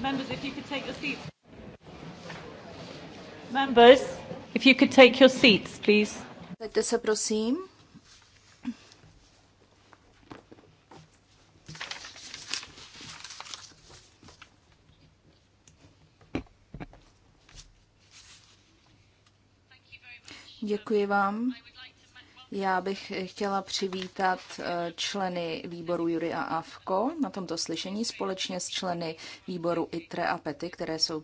Members, if you could take your seats. Members, if you could take your seats, please. Zajte se, prosím. Děkuji vám. Já bych chtěla přivítat eh, členy výboru Jury a Avko na tomto slyšení společně s členy výboru ITRE a PETY, které jsou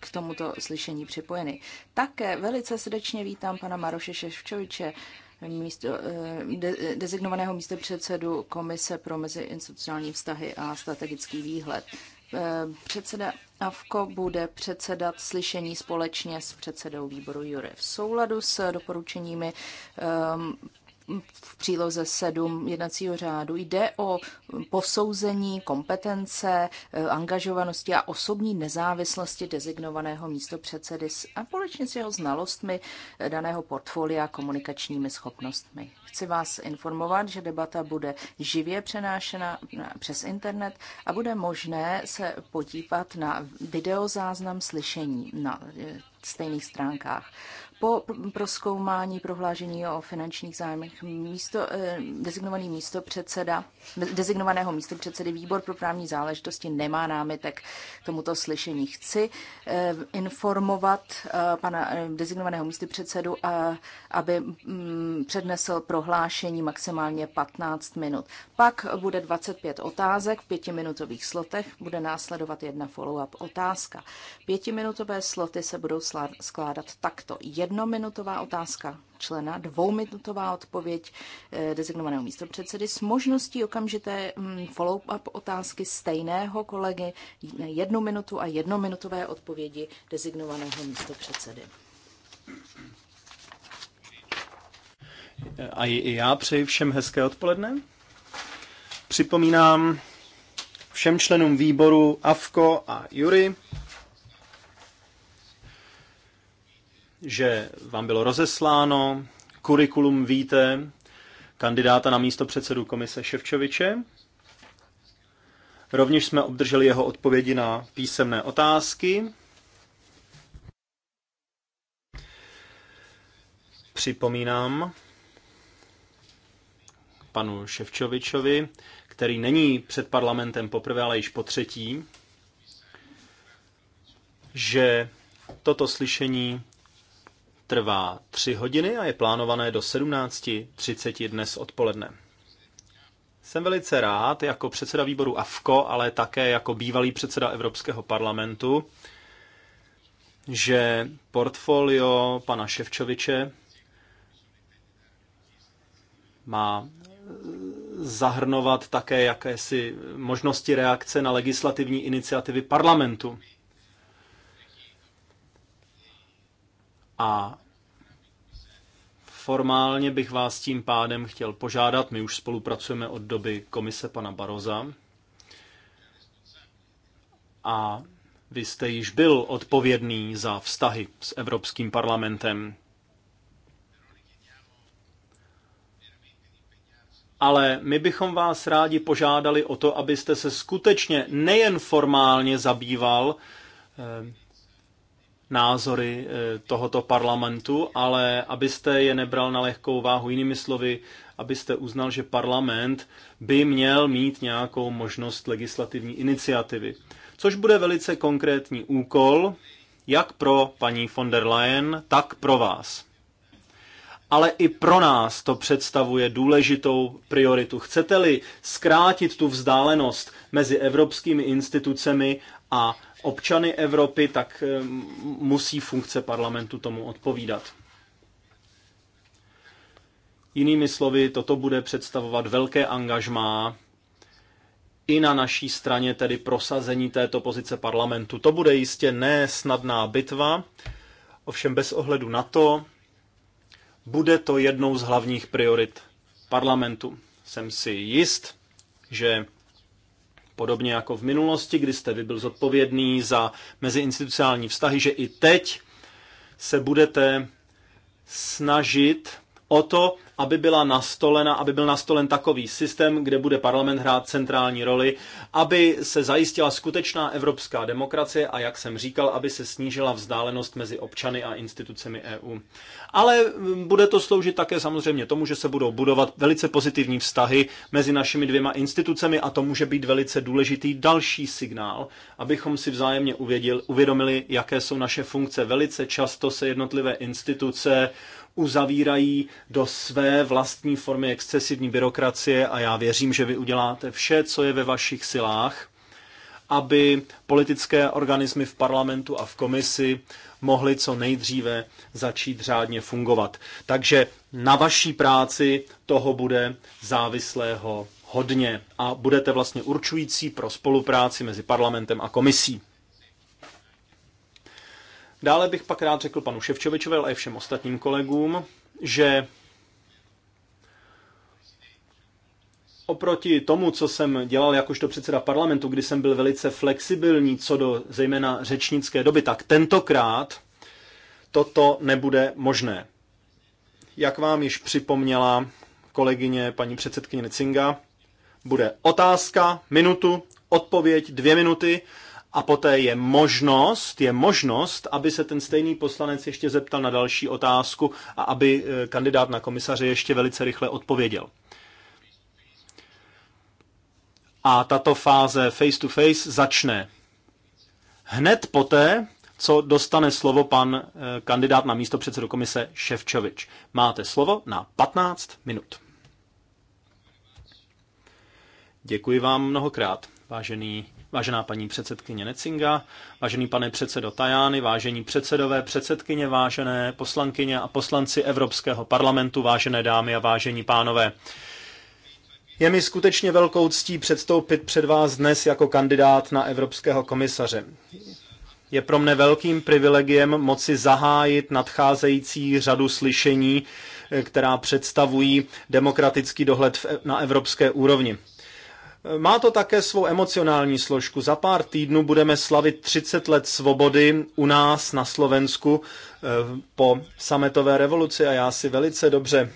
k tomuto slyšení připojeny. Také velice srdečně vítám pana Maroše Ševčoviče, místo, eh, de, dezignovaného místopředsedu Komise pro meziinstitucionální vztahy a strategický výhled. Eh, předseda AVKO bude předsedat slyšení společně s předsedou výboru Jury v souladu s doporučeními ehm, v příloze 7 jednacího řádu. Jde o posouzení kompetence, eh, angažovanosti a osobní nezávislosti designovaného místo předsedy a společně s jeho znalostmi eh, daného portfolia komunikačními schopnostmi. Chci vás informovat, že debata bude živě přenášena přes internet a bude možné se podívat na videozáznam slyšení na eh, stejných stránkách po proskoumání prohlášení o finančních zájmech místo, eh, designovaný místo předseda, designovaného místo předsedy výbor pro právní záležitosti nemá námitek tomuto slyšení. Chci eh, informovat eh, pana designovaného místo předsedu, aby mm, přednesl prohlášení maximálně 15 minut. Pak bude 25 otázek v pětiminutových slotech, bude následovat jedna follow-up otázka. Pětiminutové sloty se budou skládat takto. Jedna Jednominutová otázka člena, dvouminutová odpověď eh, designovaného předsedy s možností okamžité mm, follow-up otázky stejného kolegy jednu minutu a jednominutové odpovědi designovaného předsedy. A i já přeji všem hezké odpoledne. Připomínám všem členům výboru AFKO a Jury, že vám bylo rozesláno, kurikulum víte, kandidáta na místo předsedu komise Ševčoviče. Rovněž jsme obdrželi jeho odpovědi na písemné otázky. Připomínám panu Ševčovičovi, který není před parlamentem poprvé, ale již po třetí, že toto slyšení trvá 3 hodiny a je plánované do 17.30 dnes odpoledne. Jsem velice rád jako předseda výboru AFKO, ale také jako bývalý předseda Evropského parlamentu, že portfolio pana Ševčoviče má zahrnovat také jakési možnosti reakce na legislativní iniciativy parlamentu. A Formálně bych vás tím pádem chtěl požádat, my už spolupracujeme od doby komise pana Baroza a vy jste již byl odpovědný za vztahy s Evropským parlamentem. ale my bychom vás rádi požádali o to, abyste se skutečně nejen formálně zabýval eh, názory eh, tohoto parlamentu, ale abyste je nebral na lehkou váhu, jinými slovy, abyste uznal, že parlament by měl mít nějakou možnost legislativní iniciativy. Což bude velice konkrétní úkol, jak pro paní von der Leyen, tak pro vás. Ale i pro nás to představuje důležitou prioritu. Chcete-li zkrátit tu vzdálenost mezi evropskými institucemi a občany Evropy, tak eh, musí funkce parlamentu tomu odpovídat. Jinými slovy, toto bude představovat velké angažmá i na naší straně, tedy prosazení této pozice parlamentu. To bude jistě nesnadná bitva, ovšem bez ohledu na to, bude to jednou z hlavních priorit parlamentu. Jsem si jist, že podobně jako v minulosti, kdy jste vy byl zodpovědný za meziinstitucionální vztahy, že i teď se budete snažit o to, aby, byla nastolena, aby byl nastolen takový systém, kde bude parlament hrát centrální roli, aby se zajistila skutečná evropská demokracie a, jak jsem říkal, aby se snížila vzdálenost mezi občany a institucemi EU. Ale mm, bude to sloužit také samozřejmě tomu, že se budou budovat velice pozitivní vztahy mezi našimi dvěma institucemi a to může být velice důležitý další signál, abychom si vzájemně uvěděl, uvědomili, jaké jsou naše funkce. Velice často se jednotlivé instituce uzavírají do své vlastní formy excesivní byrokracie a já věřím, že vy uděláte vše, co je ve vašich silách, aby politické organismy v parlamentu a v komisi mohly co nejdříve začít řádně fungovat. Takže na vaší práci toho bude závislého hodně a budete vlastně určující pro spolupráci mezi parlamentem a komisí. Dále bych pak rád řekl panu Ševčovičovi, ale i všem ostatním kolegům, že oproti tomu, co jsem dělal jakožto předseda parlamentu, kdy jsem byl velice flexibilní co do zejména řečnické doby, tak tentokrát toto nebude možné. Jak vám již připomněla kolegyně paní předsedkyně Cinga, bude otázka, minutu, odpověď, dvě minuty a poté je možnost, je možnost, aby se ten stejný poslanec ještě zeptal na další otázku a aby eh, kandidát na komisaře ještě velice rychle odpověděl a tato fáze face-to-face začne hned poté, co dostane slovo pan eh, kandidát na místo předsedu komise Ševčovič. Máte slovo na 15 minut. Děkuji vám mnohokrát, vážený, vážená paní předsedkyně Necinga, vážený pane předsedo Tajány, vážení předsedové, předsedkyně, vážené poslankyně a poslanci Evropského parlamentu, vážené dámy a vážení pánové. Je mi skutečně velkou ctí předstoupit před vás dnes jako kandidát na evropského komisaře. Je pro mne velkým privilegiem moci zahájit nadcházející řadu slyšení, která představují demokratický dohled e- na evropské úrovni. Má to také svou emocionální složku. Za pár týdnů budeme slavit 30 let svobody u nás na Slovensku e, po sametové revoluci a já si velice dobře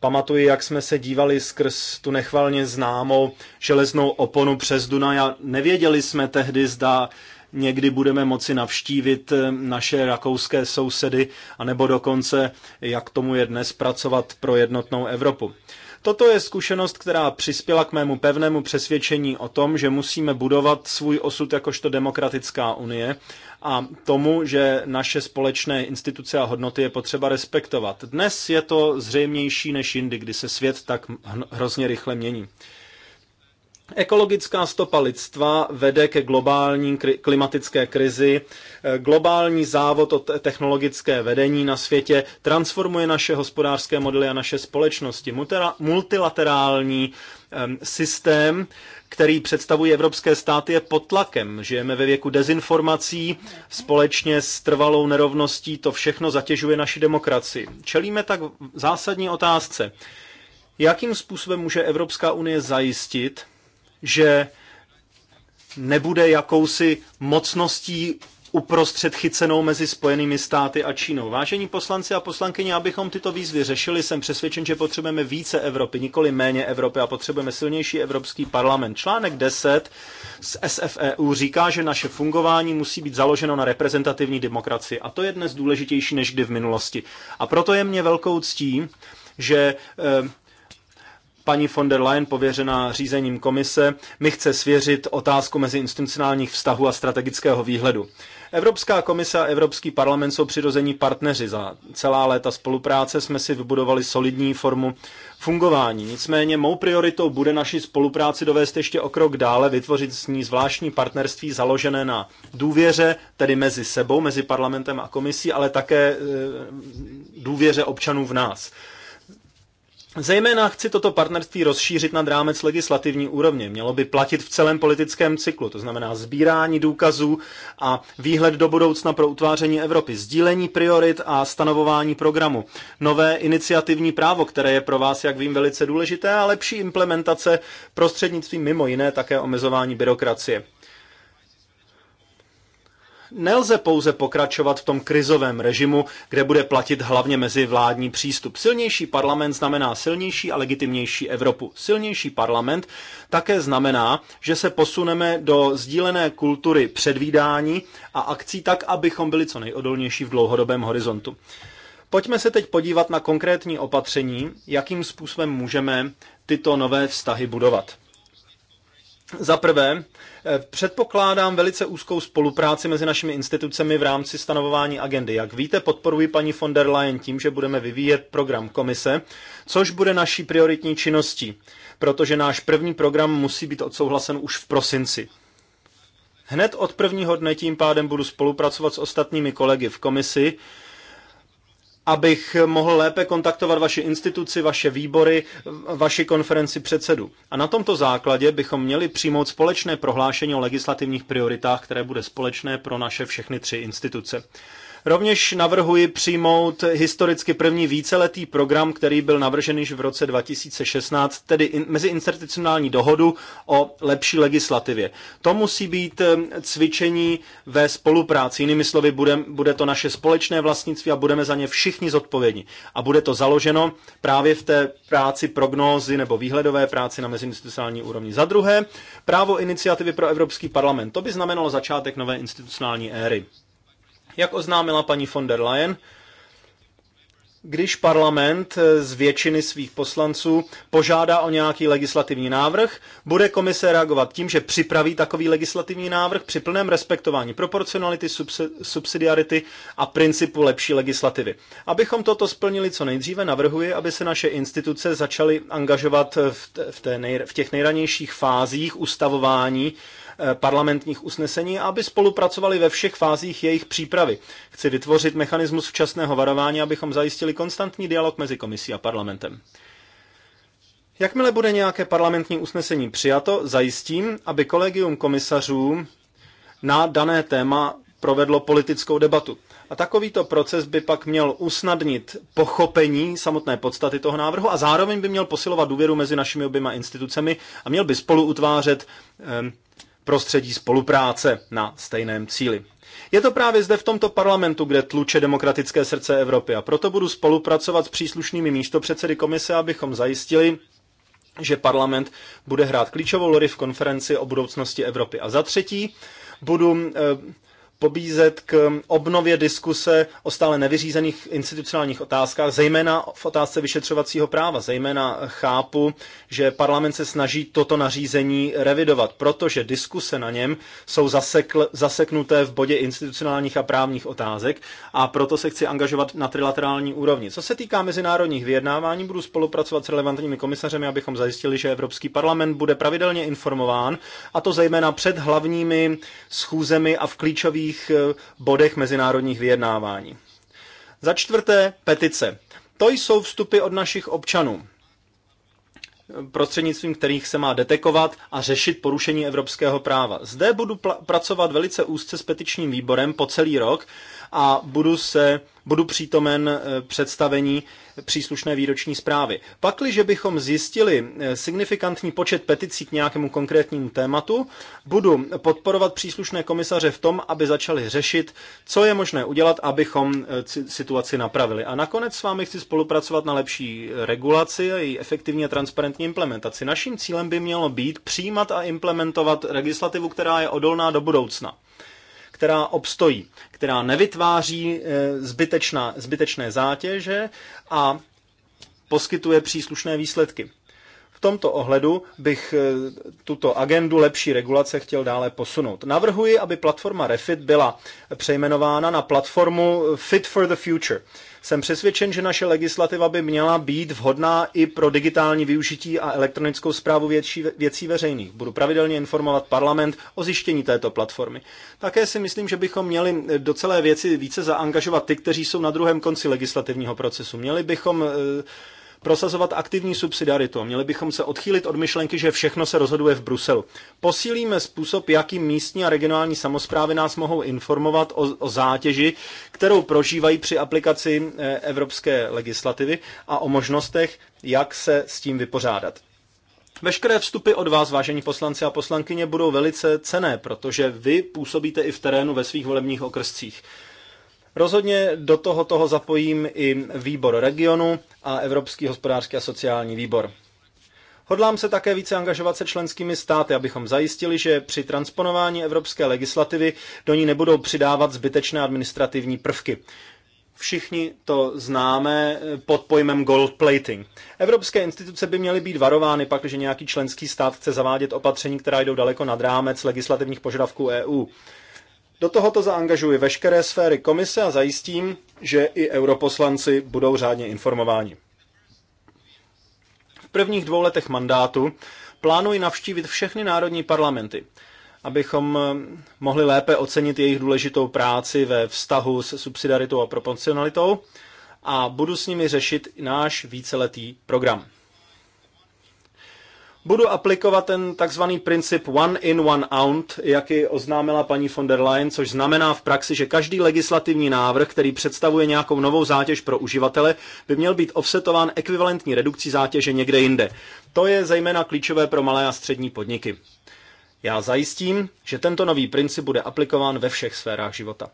Pamatuji, jak jsme se dívali skrz tu nechvalně známou železnou oponu přes Dunaj a nevěděli jsme tehdy, zda někdy budeme moci navštívit eh, naše rakouské sousedy, anebo dokonce, jak tomu je dnes, pracovat pro jednotnou Evropu. Toto je zkušenost, která přispěla k mému pevnému přesvědčení o tom, že musíme budovat svůj osud jakožto demokratická unie a tomu, že naše společné instituce a hodnoty je potřeba respektovat. Dnes je to zřejmější než jindy, kdy se svět tak hm- hrozně rychle mění. Ekologická stopa lidstva vede ke globální klimatické krizi. Eh, globální závod o technologické vedení na světě transformuje naše hospodářské modely a naše společnosti. Multilaterální ehm, systém, který představují evropské státy, je pod tlakem. Žijeme ve věku dezinformací, společně s trvalou nerovností to všechno zatěžuje naši demokracii. Čelíme tak zásadní otázce. Jakým způsobem může Evropská unie zajistit, že nebude jakousi mocností uprostřed chycenou mezi Spojenými státy a Čínou. Vážení poslanci a poslankyně, abychom tyto výzvy řešili, jsem přesvědčen, že potřebujeme více Evropy, nikoli méně Evropy a potřebujeme silnější Evropský parlament. Článek 10 z SFEU říká, že naše fungování musí být založeno na reprezentativní demokracii a to je dnes důležitější než kdy v minulosti. A proto je mě velkou ctí, že eh, paní von der Leyen, pověřená řízením komise, mi chce svěřit otázku mezi institucionálních vztahů a strategického výhledu. Evropská komise a Evropský parlament jsou přirození partneři. Za celá léta spolupráce jsme si vybudovali solidní formu fungování. Nicméně mou prioritou bude naši spolupráci dovést ještě o krok dále, vytvořit s ní zvláštní partnerství založené na důvěře, tedy mezi sebou, mezi parlamentem a komisí, ale také eh, důvěře občanů v nás. Zejména chci toto partnerství rozšířit nad rámec legislativní úrovně. Mělo by platit v celém politickém cyklu, to znamená sbírání důkazů a výhled do budoucna pro utváření Evropy, sdílení priorit a stanovování programu, nové iniciativní právo, které je pro vás, jak vím, velice důležité, a lepší implementace prostřednictvím mimo jiné také omezování byrokracie. Nelze pouze pokračovat v tom krizovém režimu, kde bude platit hlavně mezivládní přístup. Silnější parlament znamená silnější a legitimnější Evropu. Silnější parlament také znamená, že se posuneme do sdílené kultury předvídání a akcí tak, abychom byli co nejodolnější v dlouhodobém horizontu. Pojďme se teď podívat na konkrétní opatření, jakým způsobem můžeme tyto nové vztahy budovat. Za prvé, eh, předpokládám velice úzkou spolupráci mezi našimi institucemi v rámci stanovování agendy. Jak víte, podporuji paní von der Leyen tím, že budeme vyvíjet program komise, což bude naší prioritní činností, protože náš první program musí být odsouhlasen už v prosinci. Hned od prvního dne tím pádem budu spolupracovat s ostatními kolegy v komisi, abych mohl lépe kontaktovat vaši instituci, vaše výbory, vaši konferenci předsedu. A na tomto základě bychom měli přijmout společné prohlášení o legislativních prioritách, které bude společné pro naše všechny tři instituce. Rovněž navrhuji přijmout historicky první víceletý program, který byl navržen již v roce 2016, tedy meziinstitucionální dohodu o lepší legislativě. To musí být um, cvičení ve spolupráci. Jinými slovy, bude, bude to naše společné vlastnictví a budeme za ně všichni zodpovědní. A bude to založeno právě v té práci prognózy nebo výhledové práci na meziinstitucionální úrovni. Za druhé, právo iniciativy pro Evropský parlament. To by znamenalo začátek nové institucionální éry. Jak oznámila paní von der Leyen, když parlament eh, z většiny svých poslanců požádá o nějaký legislativní návrh, bude komise reagovat tím, že připraví takový legislativní návrh při plném respektování proporcionality, subsidiarity a principu lepší legislativy. Abychom toto splnili co nejdříve, navrhuji, aby se naše instituce začaly angažovat v, té nej, v těch nejranějších fázích ustavování Eh, parlamentních usnesení a aby spolupracovali ve všech fázích jejich přípravy. Chci vytvořit mechanismus včasného varování, abychom zajistili konstantní dialog mezi komisí a parlamentem. Jakmile bude nějaké parlamentní usnesení přijato, zajistím, aby kolegium komisařů na dané téma provedlo politickou debatu. A takovýto proces by pak měl usnadnit pochopení samotné podstaty toho návrhu a zároveň by měl posilovat důvěru mezi našimi oběma institucemi a měl by spolu utvářet eh, prostředí spolupráce na stejném cíli. Je to právě zde v tomto parlamentu, kde tluče demokratické srdce Evropy a proto budu spolupracovat s příslušnými místopředsedy komise, abychom zajistili, že parlament bude hrát klíčovou roli v konferenci o budoucnosti Evropy. A za třetí, budu eh, pobízet k obnově diskuse o stále nevyřízených institucionálních otázkách, zejména v otázce vyšetřovacího práva. Zejména chápu, že parlament se snaží toto nařízení revidovat, protože diskuse na něm jsou zasekl, zaseknuté v bodě institucionálních a právních otázek a proto se chci angažovat na trilaterální úrovni. Co se týká mezinárodních vyjednávání, budu spolupracovat s relevantními komisařemi, abychom zajistili, že Evropský parlament bude pravidelně informován, a to zejména před hlavními schůzemi a v klíčových klíčových eh, bodech mezinárodních vyjednávání. Za čtvrté, petice. To jsou vstupy od našich občanů, prostřednictvím kterých se má detekovat a řešit porušení evropského práva. Zde budu pracovat velice úzce s petičním výborem po celý rok, a budu, se, budu přítomen eh, představení příslušné výroční zprávy. Pakliže bychom zjistili eh, signifikantní počet peticí k nějakému konkrétnímu tématu, budu podporovat příslušné komisaře v tom, aby začali řešit, co je možné udělat, abychom eh, situaci napravili. A nakonec s vámi chci spolupracovat na lepší regulaci a její efektivní a transparentní implementaci. Naším cílem by mělo být přijímat a implementovat legislativu, která je odolná do budoucna která obstojí, která nevytváří eh, zbytečná, zbytečné zátěže a poskytuje příslušné výsledky. V tomto ohledu bych eh, tuto agendu lepší regulace chtěl dále posunout. Navrhuji, aby platforma Refit byla přejmenována na platformu Fit for the Future. Jsem přesvědčen, že naše legislativa by měla být vhodná i pro digitální využití a elektronickou zprávu větší, věcí veřejných. Budu pravidelně informovat parlament o zjištění této platformy. Také si myslím, že bychom měli do celé věci více zaangažovat ty, kteří jsou na druhém konci legislativního procesu. Měli bychom eh, prosazovat aktivní subsidiaritu. Měli bychom se odchýlit od myšlenky, že všechno se rozhoduje v Bruselu. Posílíme způsob, jakým místní a regionální samozprávy nás mohou informovat o, o zátěži, kterou prožívají při aplikaci eh, evropské legislativy a o možnostech, jak se s tím vypořádat. Veškeré vstupy od vás, vážení poslanci a poslankyně, budou velice cené, protože vy působíte i v terénu ve svých volebních okrscích. Rozhodně do toho toho zapojím i výbor regionu a Evropský hospodářský a sociální výbor. Hodlám se také více angažovat se členskými státy, abychom zajistili, že při transponování evropské legislativy do ní nebudou přidávat zbytečné administrativní prvky. Všichni to známe pod pojmem gold plating. Evropské instituce by měly být varovány, pak, že nějaký členský stát chce zavádět opatření, která jdou daleko nad rámec legislativních požadavků EU. Do tohoto zaangažuji veškeré sféry komise a zajistím, že i europoslanci budou řádně informováni. V prvních dvou letech mandátu plánuji navštívit všechny národní parlamenty, abychom eh, mohli lépe ocenit jejich důležitou práci ve vztahu s subsidiaritou a proporcionalitou a budu s nimi řešit náš víceletý program. Budu aplikovat ten takzvaný princip one in, one out, jak ji oznámila paní von der Leyen, což znamená v praxi, že každý legislativní návrh, který představuje nějakou novou zátěž pro uživatele, by měl být offsetován ekvivalentní redukcí zátěže někde jinde. To je zejména klíčové pro malé a střední podniky. Já zajistím, že tento nový princip bude aplikován ve všech sférách života.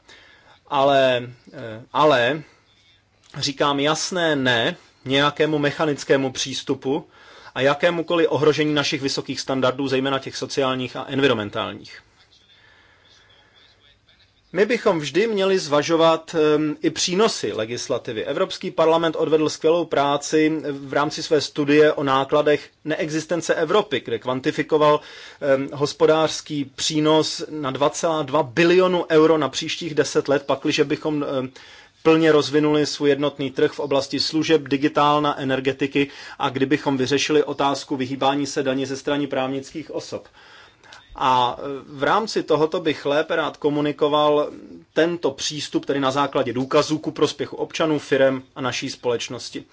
Ale, eh, ale říkám jasné ne nějakému mechanickému přístupu, a jakémukoliv ohrožení našich vysokých standardů, zejména těch sociálních a environmentálních. My bychom vždy měli zvažovat ehm, i přínosy legislativy. Evropský parlament odvedl skvělou práci ehm, v rámci své studie o nákladech neexistence Evropy, kde kvantifikoval ehm, hospodářský přínos na 2,2 bilionu euro na příštích 10 let, pakliže bychom plně rozvinuli svůj jednotný trh v oblasti služeb, digitálna, energetiky a kdybychom vyřešili otázku vyhýbání se daní ze strany právnických osob. A e, v rámci tohoto bych lépe rád komunikoval tento přístup, tedy na základě důkazů ku prospěchu občanů, firem a naší společnosti.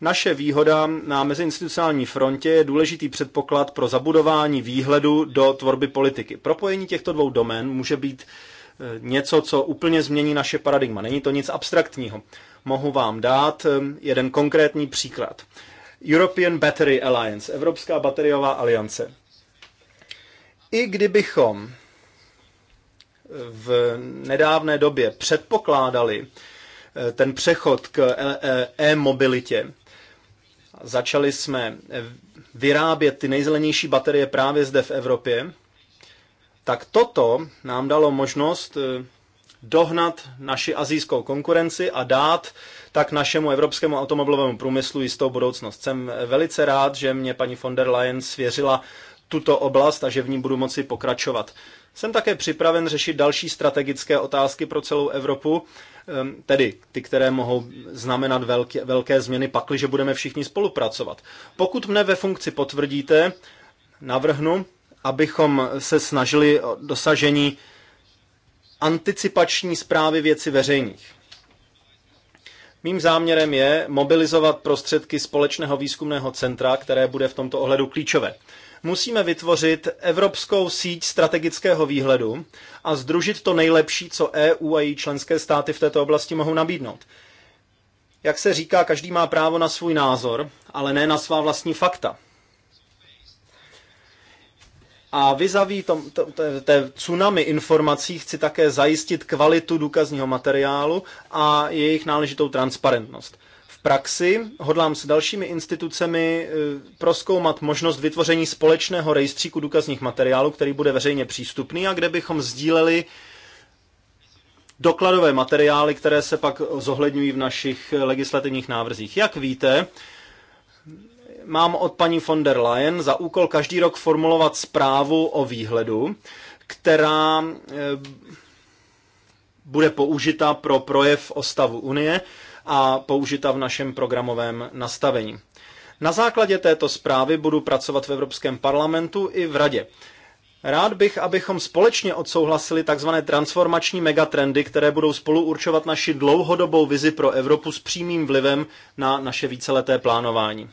Naše výhoda na meziinstitucionální frontě je důležitý předpoklad pro zabudování výhledu do tvorby politiky. Propojení těchto dvou domén může být Eh, něco, co úplně změní naše paradigma. Není to nic abstraktního. Mohu vám dát eh, jeden konkrétní příklad. European Battery Alliance, Evropská bateriová aliance. I kdybychom v nedávné době předpokládali eh, ten přechod k e, e, e-mobilitě, začali jsme vyrábět ty nejzelenější baterie právě zde v Evropě, tak toto nám dalo možnost eh, dohnat naši azijskou konkurenci a dát tak našemu evropskému automobilovému průmyslu jistou budoucnost. Jsem eh, velice rád, že mě paní von der Leyen svěřila tuto oblast a že v ní budu moci pokračovat. Jsem také připraven řešit další strategické otázky pro celou Evropu, ehm, tedy ty, které mohou znamenat velké, velké změny, pakliže budeme všichni spolupracovat. Pokud mne ve funkci potvrdíte, navrhnu, abychom se snažili o dosažení anticipační zprávy věci veřejných. Mým záměrem je mobilizovat prostředky společného výzkumného centra, které bude v tomto ohledu klíčové. Musíme vytvořit evropskou síť strategického výhledu a združit to nejlepší, co EU a její členské státy v této oblasti mohou nabídnout. Jak se říká, každý má právo na svůj názor, ale ne na svá vlastní fakta. A vizaví tom, té tsunami informací chci také zajistit kvalitu důkazního materiálu a jejich náležitou transparentnost. V praxi hodlám s dalšími institucemi eh, proskoumat možnost vytvoření společného rejstříku důkazních materiálů, který bude veřejně přístupný a kde bychom sdíleli dokladové materiály, které se pak zohledňují v našich legislativních návrzích. Jak víte, mám od paní von der Leyen za úkol každý rok formulovat zprávu o výhledu, která eh, bude použita pro projev o stavu Unie a použita v našem programovém nastavení. Na základě této zprávy budu pracovat v Evropském parlamentu i v Radě. Rád bych, abychom společně odsouhlasili tzv. transformační megatrendy, které budou spolu určovat naši dlouhodobou vizi pro Evropu s přímým vlivem na naše víceleté plánování.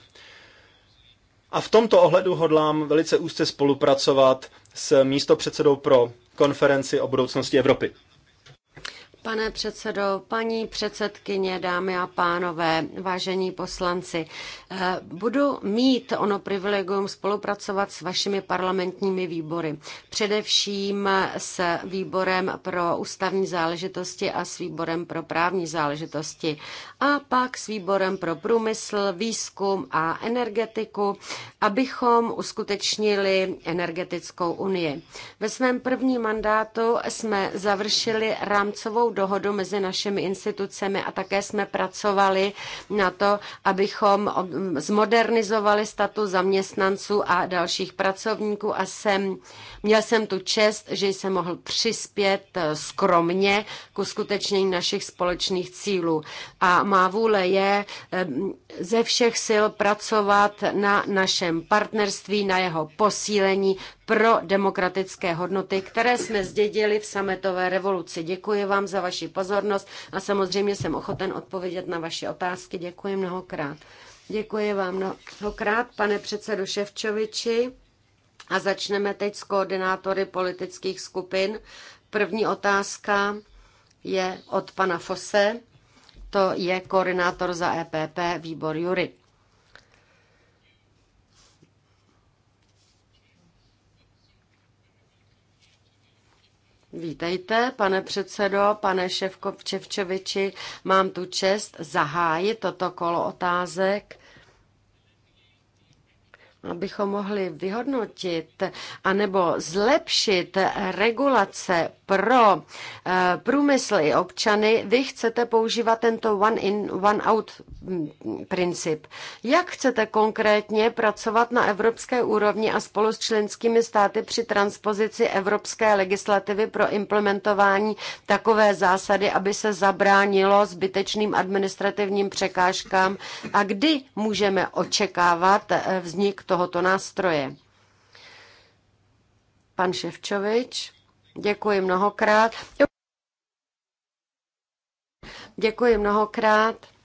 A v tomto ohledu hodlám velice úzce spolupracovat s místopředsedou pro konferenci o budoucnosti Evropy. Pane předsedo, paní předsedkyně, dámy a pánové, vážení poslanci, eh, budu mít ono privilegium spolupracovat s vašimi parlamentními výbory, především s výborem pro ústavní záležitosti a s výborem pro právní záležitosti a pak s výborem pro průmysl, výzkum a energetiku, abychom uskutečnili energetickou unii. Ve svém prvním mandátu jsme završili rámcovou dohodu mezi našimi institucemi a také jsme pracovali na to, abychom zmodernizovali status zaměstnanců a dalších pracovníků a jsem, měl jsem tu čest, že jsem mohl přispět eh, skromně k uskutečnění našich společných cílů. A má vůle je eh, ze všech sil pracovat na našem partnerství, na jeho posílení, pro demokratické hodnoty, které jsme zdědili v sametové revoluci. Děkuji vám za vaši pozornost a samozřejmě jsem ochoten odpovědět na vaše otázky. Děkuji mnohokrát. Děkuji vám mnohokrát, pane předsedu Ševčoviči. A začneme teď s koordinátory politických skupin. První otázka je od pana Fose, to je koordinátor za EPP, výbor Jury. Vítejte, pane předsedo, pane Ševko Čevčeviči. Mám tu čest zahájit toto kolo otázek abychom mohli vyhodnotit anebo zlepšit regulace pro eh, průmysl i občany, vy chcete používat tento one in, one out hm, princip. Jak chcete konkrétně pracovat na evropské úrovni a spolu s členskými státy při transpozici evropské legislativy pro implementování takové zásady, aby se zabránilo zbytečným administrativním překážkám a kdy můžeme očekávat eh, vznik toho tohoto nástroje. Pan Ševčovič, děkuji mnohokrát. Děkuji mnohokrát.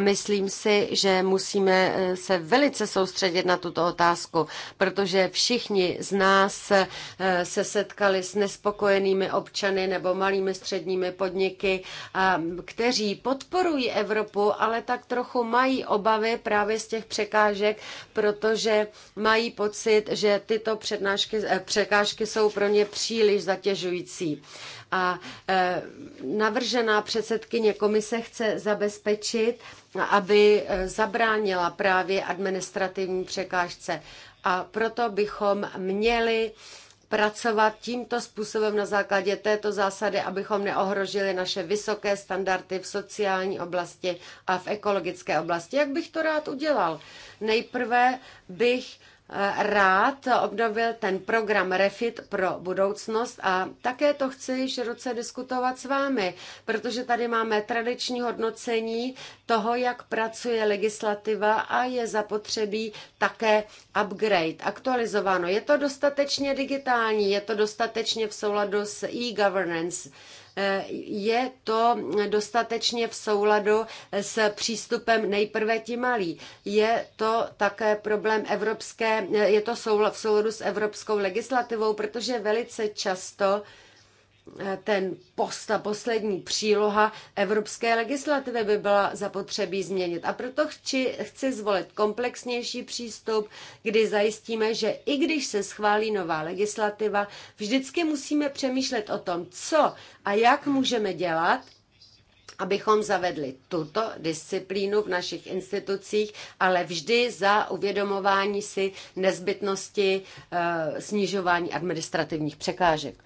Myslím si, že musíme eh, se velice soustředit na tuto otázku, protože všichni z nás eh, se setkali s nespokojenými občany nebo malými středními podniky, kteří podporují Evropu, ale tak trochu mají obavy právě z těch překážek, protože mají pocit, že tyto přednášky, eh, překážky jsou pro ně příliš zatěžující. A e, navržená předsedkyně komise chce zabezpečit, aby e, zabránila právě administrativní překážce. A proto bychom měli pracovat tímto způsobem na základě této zásady, abychom neohrožili naše vysoké standardy v sociální oblasti a v ekologické oblasti. Jak bych to rád udělal? Nejprve bych Eh, rád obnovil ten program Refit pro budoucnost a také to chci široce diskutovat s vámi, protože tady máme tradiční hodnocení toho, jak pracuje legislativa a je zapotřebí také upgrade, aktualizováno. Je to dostatečně digitální, je to dostatečně v souladu s e-governance je to dostatečně v souladu s přístupem nejprve ti malí. Je to také problém evropské, je to v souladu s evropskou legislativou, protože velice často Eh, ten post, ta poslední příloha evropské legislativy by byla zapotřebí změnit. A proto chci, chci zvolit komplexnější přístup, kdy zajistíme, že i když se schválí nová legislativa, vždycky musíme přemýšlet o tom, co a jak můžeme dělat, abychom zavedli tuto disciplínu v našich institucích, ale vždy za uvědomování si nezbytnosti eh, snižování administrativních překážek.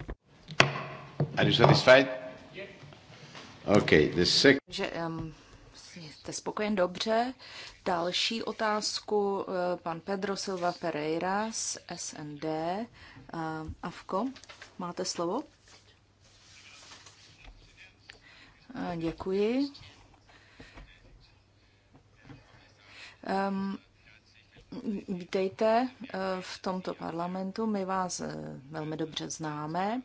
Are you satisfied? Okay, the second... Že, um, jste spokojen dobře. Další otázku eh, pan Pedro Silva Pereira z SND. Uh, eh, Avko, máte slovo? Uh, děkuji. Um, vítejte v tomto parlamentu, my vás velmi dobře známe.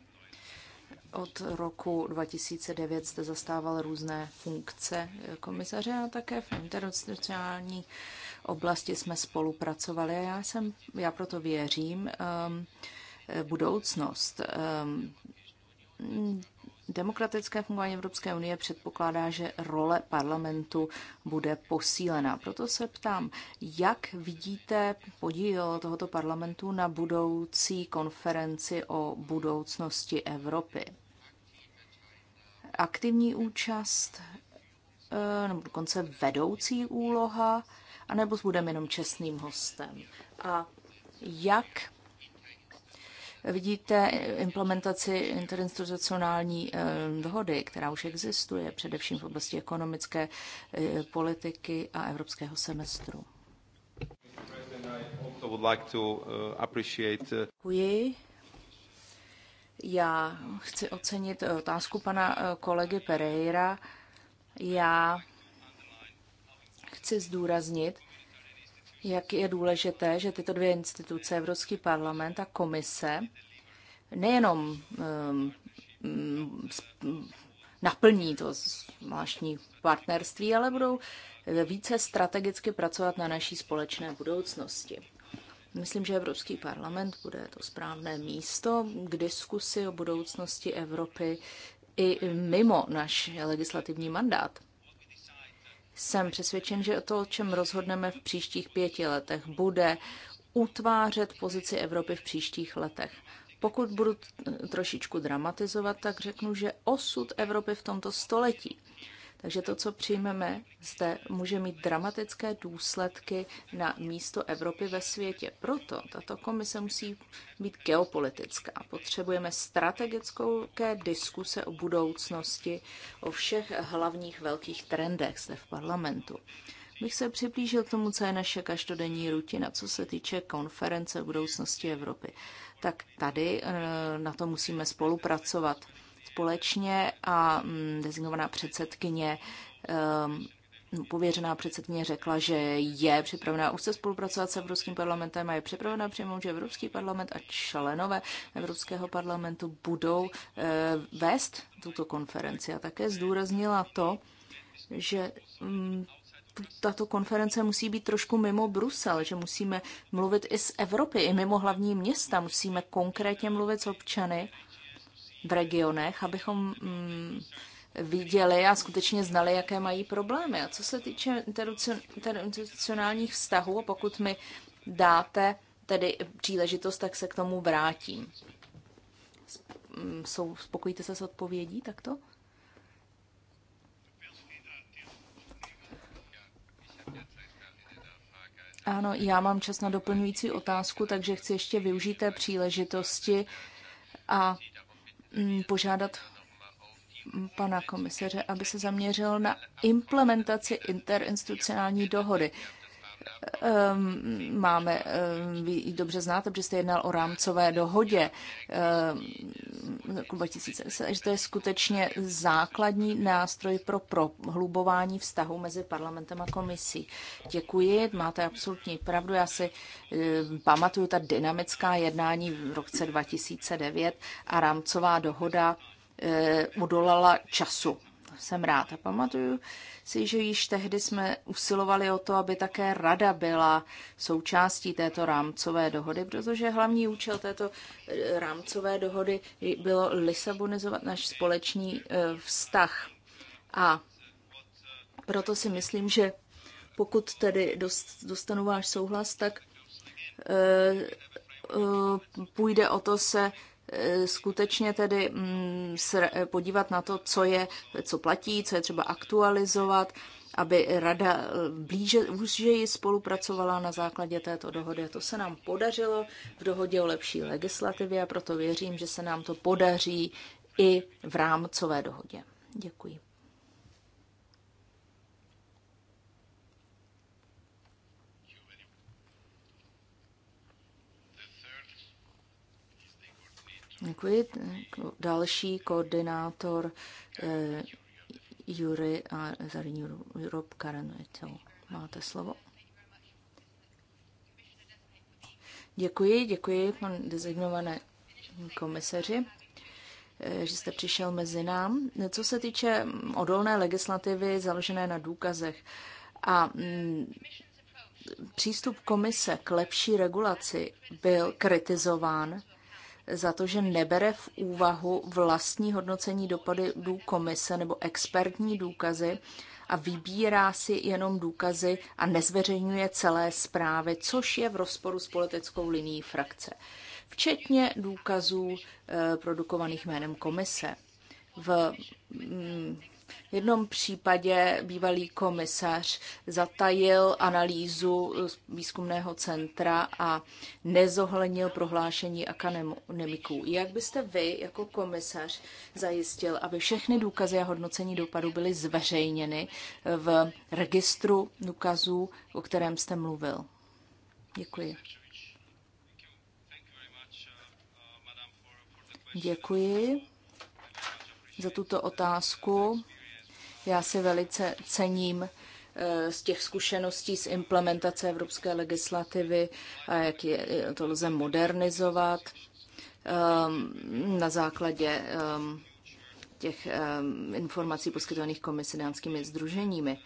Od roku 2009 jste zastával různé funkce komisaře a také v interinstitucionální oblasti jsme spolupracovali. Já, jsem, já proto věřím um, budoucnost. Um, Demokratické fungování Evropské unie předpokládá, že role parlamentu bude posílená. Proto se ptám, jak vidíte podíl tohoto parlamentu na budoucí konferenci o budoucnosti Evropy? aktivní účast, eh, nebo dokonce vedoucí úloha, anebo budeme jenom čestným hostem. A jak vidíte implementaci interinstitucionální eh, dohody, která už existuje, především v oblasti ekonomické eh, politiky a evropského semestru? Děkuji. Já chci ocenit eh, otázku pana eh, kolegy Pereira. Já chci zdůraznit, jak je důležité, že tyto dvě instituce, Evropský parlament a komise, nejenom ehm, mm, mm, naplní to zvláštní partnerství, ale budou eh, více strategicky pracovat na naší společné budoucnosti. Myslím, že Evropský parlament bude to správné místo k diskusi o budoucnosti Evropy i mimo náš legislativní mandát. Jsem přesvědčen, že to, o čem rozhodneme v příštích pěti letech, bude utvářet pozici Evropy v příštích letech. Pokud budu trošičku dramatizovat, tak řeknu, že osud Evropy v tomto století takže to, co přijmeme zde, může mít dramatické důsledky na místo Evropy ve světě. Proto tato komise musí být geopolitická. Potřebujeme strategické diskuse o budoucnosti, o všech hlavních velkých trendech zde v parlamentu. Bych se přiblížil k tomu, co je naše každodenní rutina, co se týče konference budoucnosti Evropy. Tak tady eh, na to musíme spolupracovat společně a mm, designovaná předsedkyně ehm, no, pověřená předsedkyně řekla, že je připravená se spolupracovat s Evropským parlamentem a je připravená přijmout, že Evropský parlament a členové Evropského parlamentu budou eh, vést tuto konferenci. A také zdůraznila to, že mm, tato konference musí být trošku mimo Brusel, že musíme mluvit i z Evropy, i mimo hlavní města, musíme konkrétně mluvit s občany v regionech, abychom mm, viděli a skutečně znali, jaké mají problémy. A co se týče interinstitucionálních vztahů, pokud mi dáte tedy příležitost, tak se k tomu vrátím. Mm, jsou, spokojíte se s odpovědí takto? Ano, já mám čas na doplňující otázku, takže chci ještě využít té příležitosti a Mm, požádat pana komisaře, aby se zaměřil na implementaci interinstitucionální dohody. Ehm, máme, ehm, vy ji dobře znáte, protože jste jednal o rámcové dohodě ehm, roku 2010, že to je skutečně základní nástroj pro prohlubování vztahu mezi parlamentem a komisí. Děkuji, máte absolutní pravdu. Já si pamatuju ta dynamická jednání v roce 2009 a rámcová dohoda eh, udolala odolala času. Jsem ráda, pamatuju si, že již tehdy jsme usilovali o to, aby také rada byla součástí této rámcové dohody, protože hlavní účel této eh, rámcové dohody bylo lisabonizovat náš společný eh, vztah. A proto si myslím, že pokud tedy dostanu váš souhlas, tak eh, půjde o to se Eh, skutečně tedy mm, eh, podívat na to, co je, co platí, co je třeba aktualizovat, aby rada eh, blíže, úžeji spolupracovala na základě této dohody. A to se nám podařilo v dohodě o lepší legislativě a proto věřím, že se nám to podaří i v rámcové dohodě. Děkuji. Děkuji. Další koordinátor eh, Jury a Zarin Europe Karen Etel. Máte slovo. Děkuji, děkuji, pan designované komisaři, eh, že jste přišel mezi nám. Co se týče odolné legislativy založené na důkazech a mm, přístup komise k lepší regulaci byl kritizován za to, že nebere v úvahu vlastní hodnocení dopadů komise nebo expertní důkazy a vybírá si jenom důkazy a nezveřejňuje celé zprávy, což je v rozporu s politickou linií frakce, včetně důkazů eh, produkovaných jménem komise. V mm, v jednom případě bývalý komisař zatajil analýzu výzkumného centra a nezohlednil prohlášení akademiků. Jak byste vy jako komisař zajistil, aby všechny důkazy a hodnocení dopadu byly zveřejněny v registru důkazů, o kterém jste mluvil? Děkuji. Děkuji za tuto otázku. Já si velice cením eh, z těch zkušeností z implementace evropské legislativy a jak je, eh, to lze modernizovat ehm, na základě ehm, těch ehm, informací poskytovaných komisidánskými združeními.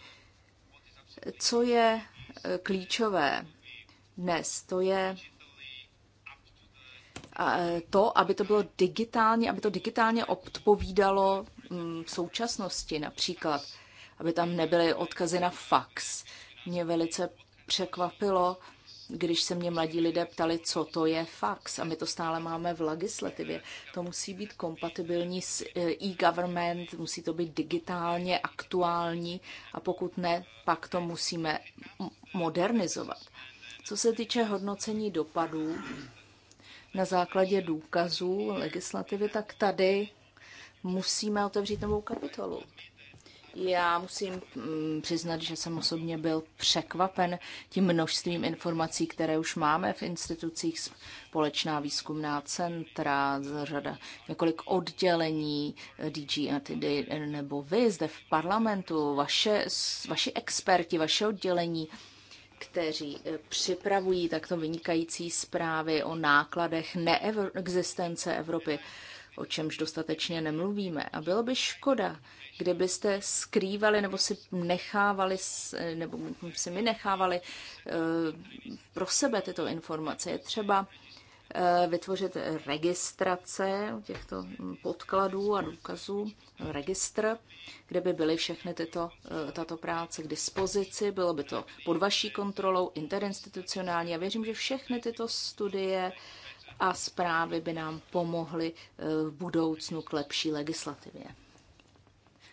Co je eh, klíčové dnes, to je to, aby to bylo digitálně, aby to digitálně odpovídalo v mm, současnosti například, aby tam nebyly odkazy na fax. Mě velice překvapilo, když se mě mladí lidé ptali, co to je fax, a my to stále máme v legislativě. To musí být kompatibilní s e, e-government, musí to být digitálně aktuální a pokud ne, pak to musíme modernizovat. Co se týče hodnocení dopadů na základě důkazů legislativy, tak tady musíme otevřít novou kapitolu. Já musím mm, přiznat, že jsem osobně byl překvapen tím množstvím informací, které už máme v institucích, společná výzkumná centra, řada několik oddělení eh, DG nebo vy zde v parlamentu, vaše, vaši experti, vaše oddělení, kteří eh, připravují takto vynikající zprávy o nákladech neexistence Evropy o čemž dostatečně nemluvíme. A bylo by škoda, kdybyste skrývali nebo si nechávali, nebo si my nechávali eh, pro sebe tyto informace. Je třeba eh, vytvořit registrace těchto podkladů a důkazů, registr, kde by byly všechny tyto, eh, tato práce k dispozici, bylo by to pod vaší kontrolou interinstitucionální. Já věřím, že všechny tyto studie a zprávy by nám pomohly eh, v budoucnu k lepší legislativě.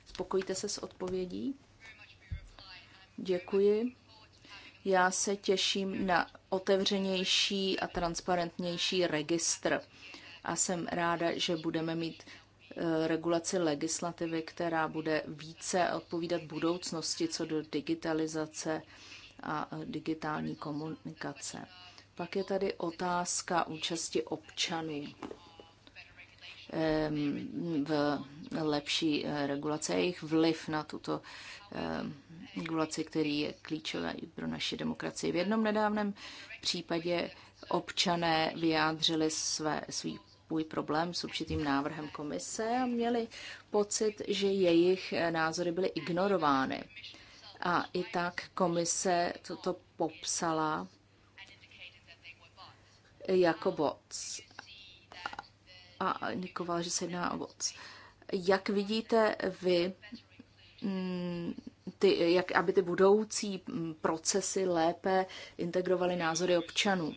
Spokojíte se s odpovědí? Děkuji. Já se těším na otevřenější a transparentnější registr a jsem ráda, že budeme mít eh, regulaci legislativy, která bude více odpovídat budoucnosti co do digitalizace a eh, digitální komunikace. Pak je tady otázka účasti občany v lepší eh, regulaci a jejich vliv na tuto regulaci, který je klíčový pro naši demokracii. V jednom nedávném případě občané vyjádřili své, svý svůj problém s určitým návrhem komise a měli pocit, že jejich eh, názory byly ignorovány. A i tak komise toto popsala jako voc. A indikoval, že se jedná o voc. Jak vidíte vy, mm, ty, jak, aby ty budoucí mm, procesy lépe integrovaly názory občanů?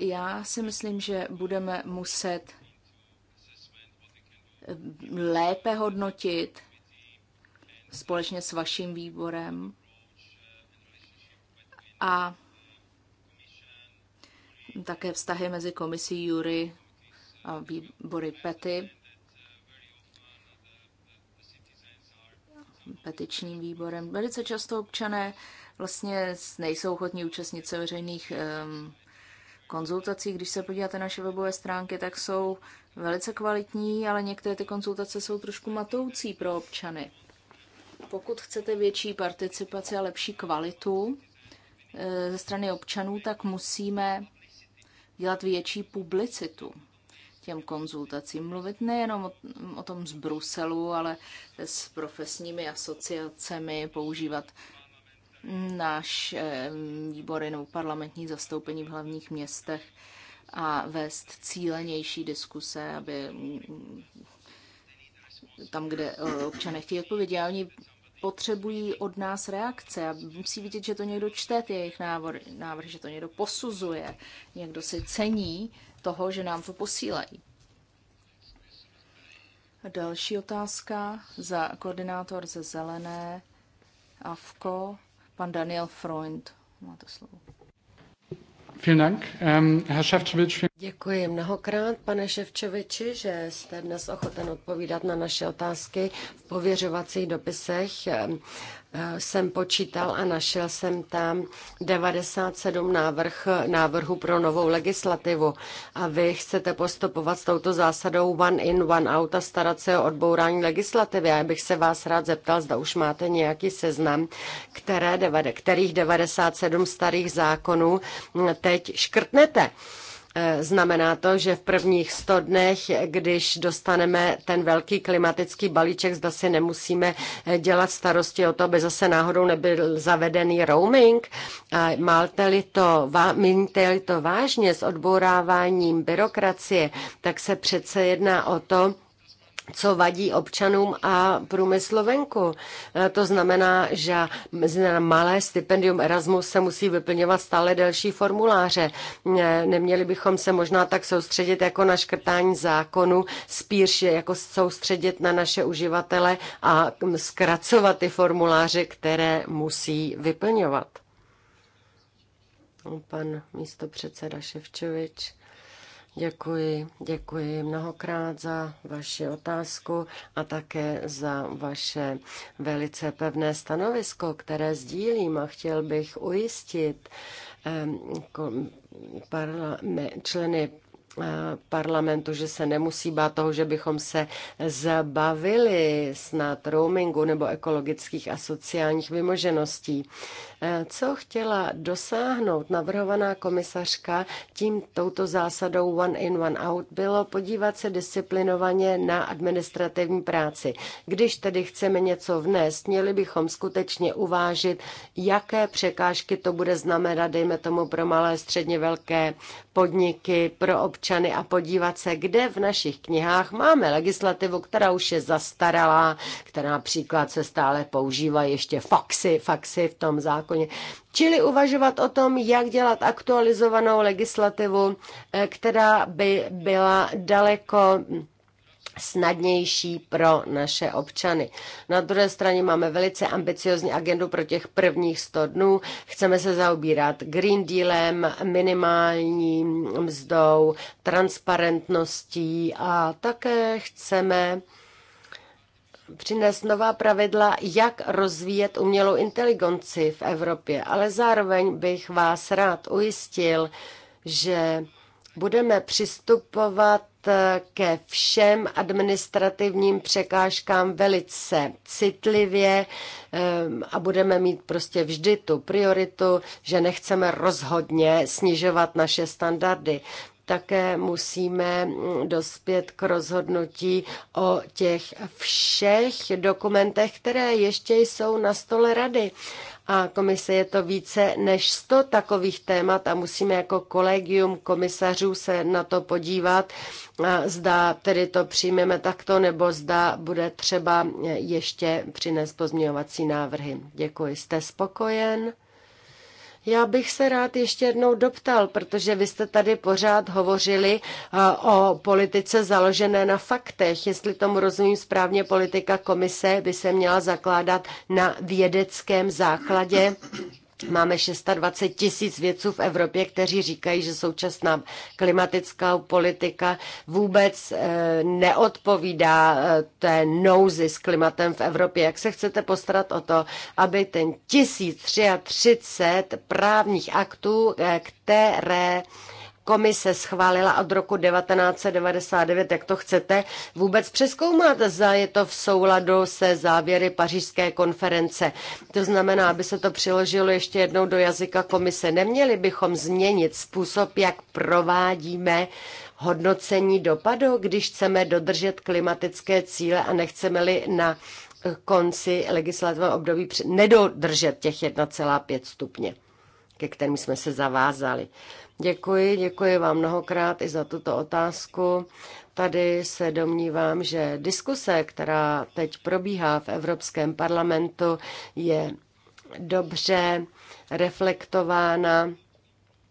Já si myslím, že budeme muset mm, lépe hodnotit společně s vaším výborem a také vztahy mezi komisí Jury a výbory Pety, petičním výborem. Velice často občané vlastně nejsou ochotní účastnit se veřejných um, konzultací. Když se podíváte na naše webové stránky, tak jsou velice kvalitní, ale některé ty konzultace jsou trošku matoucí pro občany. Pokud chcete větší participaci a lepší kvalitu eh, ze strany občanů, tak musíme dělat větší publicitu těm konzultacím. Mluvit nejenom o, o tom z Bruselu, ale s profesními asociacemi, používat náš eh, výbor nebo parlamentní zastoupení v hlavních městech a vést cílenější diskuse, aby mm, mm, tam, kde eh, občané chtějí odpovědi, a oni potřebují od nás reakce a musí vidět, že to někdo čte, ty jejich návrhy, návrh, že to někdo posuzuje, někdo si cení toho, že nám to posílají. Další otázka za koordinátor ze Zelené, AVKO, pan Daniel Freund. Máte slovo. Ähm, Děkuji mnohokrát, pane Ševčoviči, že jste dnes ochoten odpovídat na naše otázky v pověřovacích dopisech jsem počítal a našel jsem tam 97 návrh, návrhu pro novou legislativu. A vy chcete postupovat s touto zásadou one in, one out a starat se o odbourání legislativy. Já bych se vás rád zeptal, zda už máte nějaký seznam, které, kterých 97 starých zákonů teď škrtnete. E, znamená to, že v prvních 100 dnech, když dostaneme ten velký klimatický balíček, zda si nemusíme e, dělat starosti o to, aby zase náhodou nebyl zavedený roaming. Máte-li to, máte-li to vážně s odbouráváním byrokracie, tak se přece jedná o to, co vadí občanům a průmyslu venku. E, to znamená, že malé stipendium Erasmus se musí vyplňovat stále delší formuláře. E, neměli bychom se možná tak soustředit jako na škrtání zákonu, spíš jako soustředit na naše uživatele a zkracovat ty formuláře, které musí vyplňovat. Pan místo předseda Ševčovič. Děkuji, děkuji mnohokrát za vaši otázku a také za vaše velice pevné stanovisko, které sdílím a chtěl bych ujistit členy Eh, parlamentu, že se nemusí bát toho, že bychom se zbavili snad roamingu nebo ekologických a sociálních vymožeností. Eh, co chtěla dosáhnout navrhovaná komisařka tím touto zásadou one in, one out bylo podívat se disciplinovaně na administrativní práci. Když tedy chceme něco vnést, měli bychom skutečně uvážit, jaké překážky to bude znamenat, dejme tomu pro malé, středně velké podniky, pro občany a podívat se, kde v našich knihách máme legislativu, která už je zastaralá, která například se stále používá ještě faxy, faxy v tom zákoně. Čili uvažovat o tom, jak dělat aktualizovanou legislativu, eh, která by byla daleko snadnější pro naše občany. Na druhé straně máme velice ambiciozní agendu pro těch prvních 100 dnů. Chceme se zaobírat Green Dealem, minimální mzdou, transparentností a také chceme přinést nová pravidla, jak rozvíjet umělou inteligenci v Evropě. Ale zároveň bych vás rád ujistil, že budeme přistupovat ke všem administrativním překážkám velice citlivě ehm, a budeme mít prostě vždy tu prioritu, že nechceme rozhodně snižovat naše standardy také musíme mm, dospět k rozhodnutí o těch všech dokumentech, které ještě jsou na stole rady a komise je to více než 100 takových témat a musíme jako kolegium komisařů se na to podívat, zda tedy to přijmeme takto, nebo zda bude třeba ještě přinést pozměňovací návrhy. Děkuji. Jste spokojen? Já bych se rád ještě jednou doptal, protože vy jste tady pořád hovořili o politice založené na faktech. Jestli tomu rozumím správně, politika komise by se měla zakládat na vědeckém základě Máme 620 tisíc vědců v Evropě, kteří říkají, že současná klimatická politika vůbec eh, neodpovídá eh, té nouzi s klimatem v Evropě. Jak se chcete postarat o to, aby ten 1033 právních aktů, eh, které komise schválila od roku 1999, jak to chcete vůbec přeskoumat, zda je to v souladu se závěry pařížské konference. To znamená, aby se to přiložilo ještě jednou do jazyka komise. Neměli bychom změnit způsob, jak provádíme hodnocení dopadu, když chceme dodržet klimatické cíle a nechceme-li na konci legislativního období nedodržet těch 1,5 stupně, ke kterým jsme se zavázali. Děkuji, děkuji vám mnohokrát i za tuto otázku. Tady se domnívám, že diskuse, která teď probíhá v Evropském parlamentu, je dobře reflektována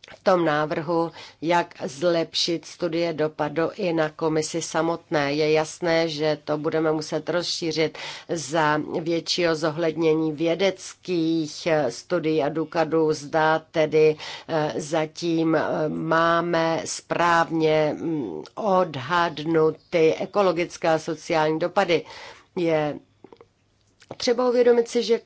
v tom návrhu, jak zlepšit studie dopadu i na komisi samotné. Je jasné, že to budeme muset rozšířit za většího zohlednění vědeckých eh, studií a důkadů. Zda tedy eh, zatím eh, máme správně mm, odhadnuty ekologické a sociální dopady. Je Třeba uvědomit si, že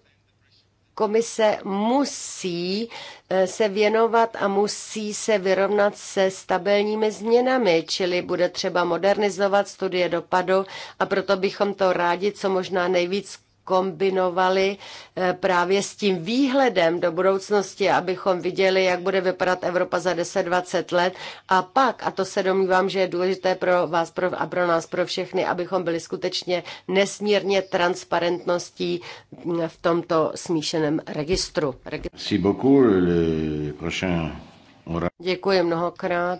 komise musí eh, se věnovat a musí se vyrovnat se stabilními změnami, čili bude třeba modernizovat studie dopadu a proto bychom to rádi co možná nejvíc kombinovali eh, právě s tím výhledem do budoucnosti, abychom viděli, jak bude vypadat Evropa za 10-20 let. A pak, a to se domnívám, že je důležité pro vás pro, a pro nás, pro všechny, abychom byli skutečně nesmírně transparentností mm, v tomto smíšeném registru. registru. Děkuji mnohokrát.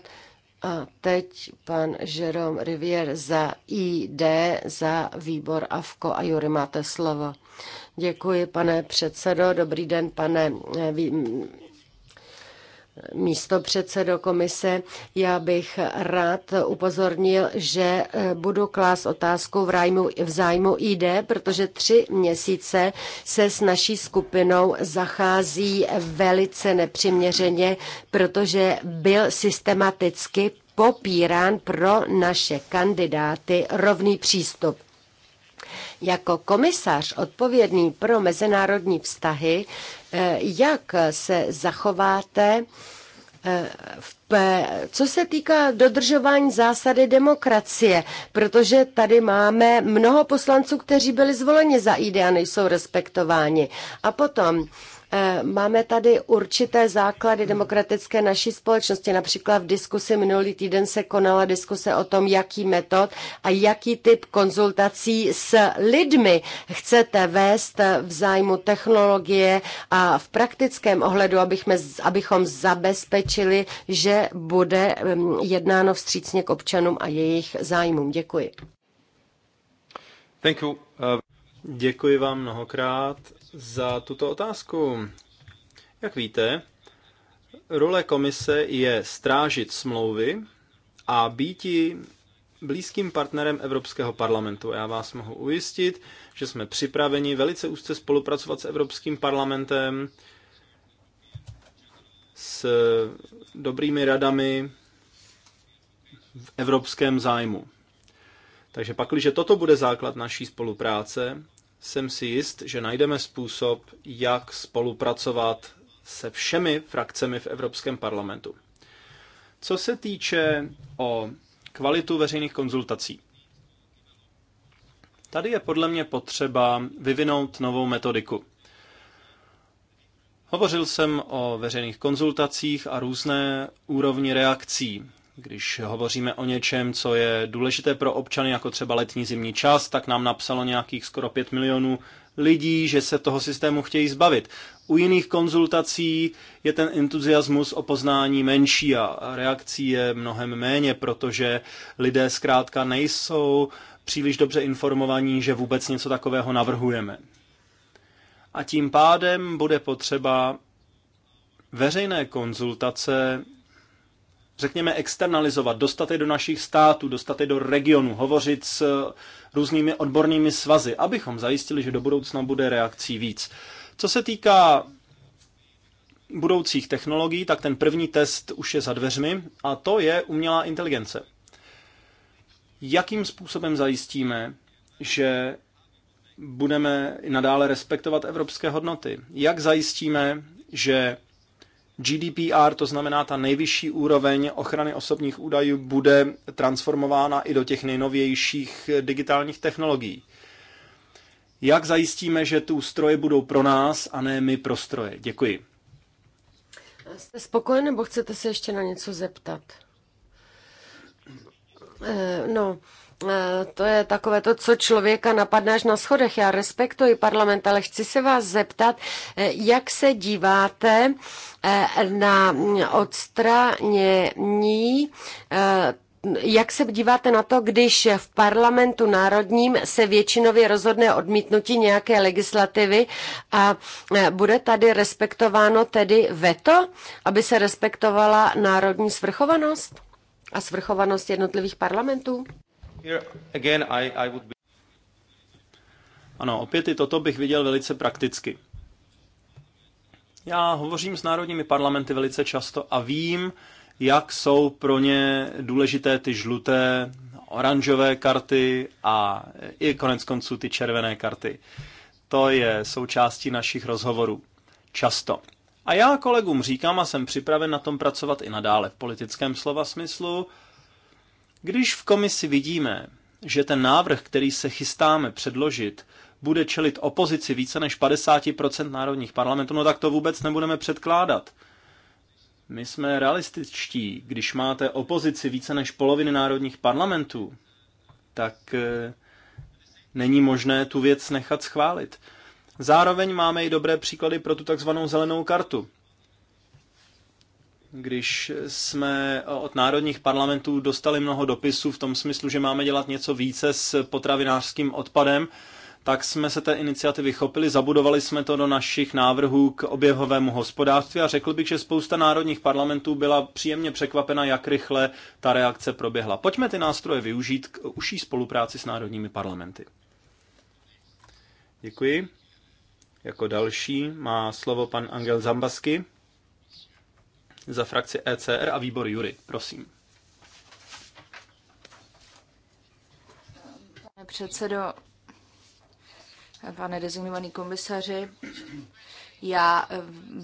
A teď pan Jerome Rivier za ID, za výbor AVKO a Jury máte slovo. Děkuji, pane předsedo. Dobrý den, pane eh, místo předsedo komise, já bych rád upozornil, že eh, budu klás otázku v, rájmu, v zájmu ID, protože tři měsíce se s naší skupinou zachází velice nepřiměřeně, protože byl systematicky popírán pro naše kandidáty rovný přístup. Jako komisař odpovědný pro mezinárodní vztahy jak se zachováte eh, co se týká dodržování zásady demokracie, protože tady máme mnoho poslanců, kteří byli zvoleni za ID a nejsou respektováni. A potom Eh, máme tady určité základy demokratické naší společnosti. Například v diskusi minulý týden se konala diskuse o tom, jaký metod a jaký typ konzultací s lidmi chcete vést v zájmu technologie a v praktickém ohledu, abychom, zabezpečili, že bude jednáno vstřícně k občanům a jejich zájmům. Děkuji. Thank you. Eh, Děkuji vám mnohokrát za tuto otázku. Jak víte, role komise je strážit smlouvy a být blízkým partnerem Evropského parlamentu. Já vás mohu ujistit, že jsme připraveni velice úzce spolupracovat s Evropským parlamentem, s dobrými radami v evropském zájmu. Takže pakliže toto bude základ naší spolupráce, jsem si jist, že najdeme způsob, jak spolupracovat se všemi frakcemi v Evropském parlamentu. Co se týče o kvalitu veřejných konzultací, tady je podle mě potřeba vyvinout novou metodiku. Hovořil jsem o veřejných konzultacích a různé úrovni reakcí když hovoříme o něčem, co je důležité pro občany, jako třeba letní zimní čas, tak nám napsalo nějakých skoro 5 milionů lidí, že se toho systému chtějí zbavit. U jiných konzultací je ten entuziasmus o poznání menší a reakcí je mnohem méně, protože lidé zkrátka nejsou příliš dobře informovaní, že vůbec něco takového navrhujeme. A tím pádem bude potřeba veřejné konzultace řekněme, externalizovat, dostat je do našich států, dostat je do regionu, hovořit s eh, různými odbornými svazy, abychom zajistili, že do budoucna bude reakcí víc. Co se týká budoucích technologií, tak ten první test už je za dveřmi a to je umělá inteligence. Jakým způsobem zajistíme, že budeme nadále respektovat evropské hodnoty? Jak zajistíme, že GDPR, to znamená ta nejvyšší úroveň ochrany osobních údajů, bude transformována i do těch nejnovějších digitálních technologií. Jak zajistíme, že tu stroje budou pro nás a ne my pro stroje? Děkuji. Jste spokojen nebo chcete se ještě na něco zeptat? Eh, no, Eh, to je takové to, co člověka napadne až na schodech. Já respektuji parlament, ale chci se vás zeptat, eh, jak se díváte eh, na odstranění jak se díváte na to, když v parlamentu národním se většinově rozhodne odmítnutí nějaké legislativy a bude tady respektováno tedy veto, aby se respektovala národní svrchovanost a svrchovanost jednotlivých parlamentů? Ano, opět i toto bych viděl velice prakticky. Já hovořím s národními parlamenty velice často a vím, jak jsou pro ně důležité ty žluté, oranžové karty a i konec konců ty červené karty. To je součástí našich rozhovorů. Často. A já kolegům říkám a jsem připraven na tom pracovat i nadále v politickém slova smyslu, když v komisi vidíme, že ten návrh, který se chystáme předložit, bude čelit opozici více než 50% národních parlamentů, no tak to vůbec nebudeme předkládat. My jsme realističtí. Když máte opozici více než poloviny národních parlamentů, tak eh, není možné tu věc nechat schválit. Zároveň máme i dobré příklady pro tu takzvanou zelenou kartu když jsme od národních parlamentů dostali mnoho dopisů v tom smyslu, že máme dělat něco více s potravinářským odpadem, tak jsme se té iniciativy chopili, zabudovali jsme to do našich návrhů k oběhovému hospodářství a řekl bych, že spousta národních parlamentů byla příjemně překvapena, jak rychle ta reakce proběhla. Pojďme ty nástroje využít k užší spolupráci s národními parlamenty. Děkuji. Jako další má slovo pan Angel Zambasky za frakci ECR a výbor Jury. Prosím. Pane předsedo, pane designovaný komisaři, já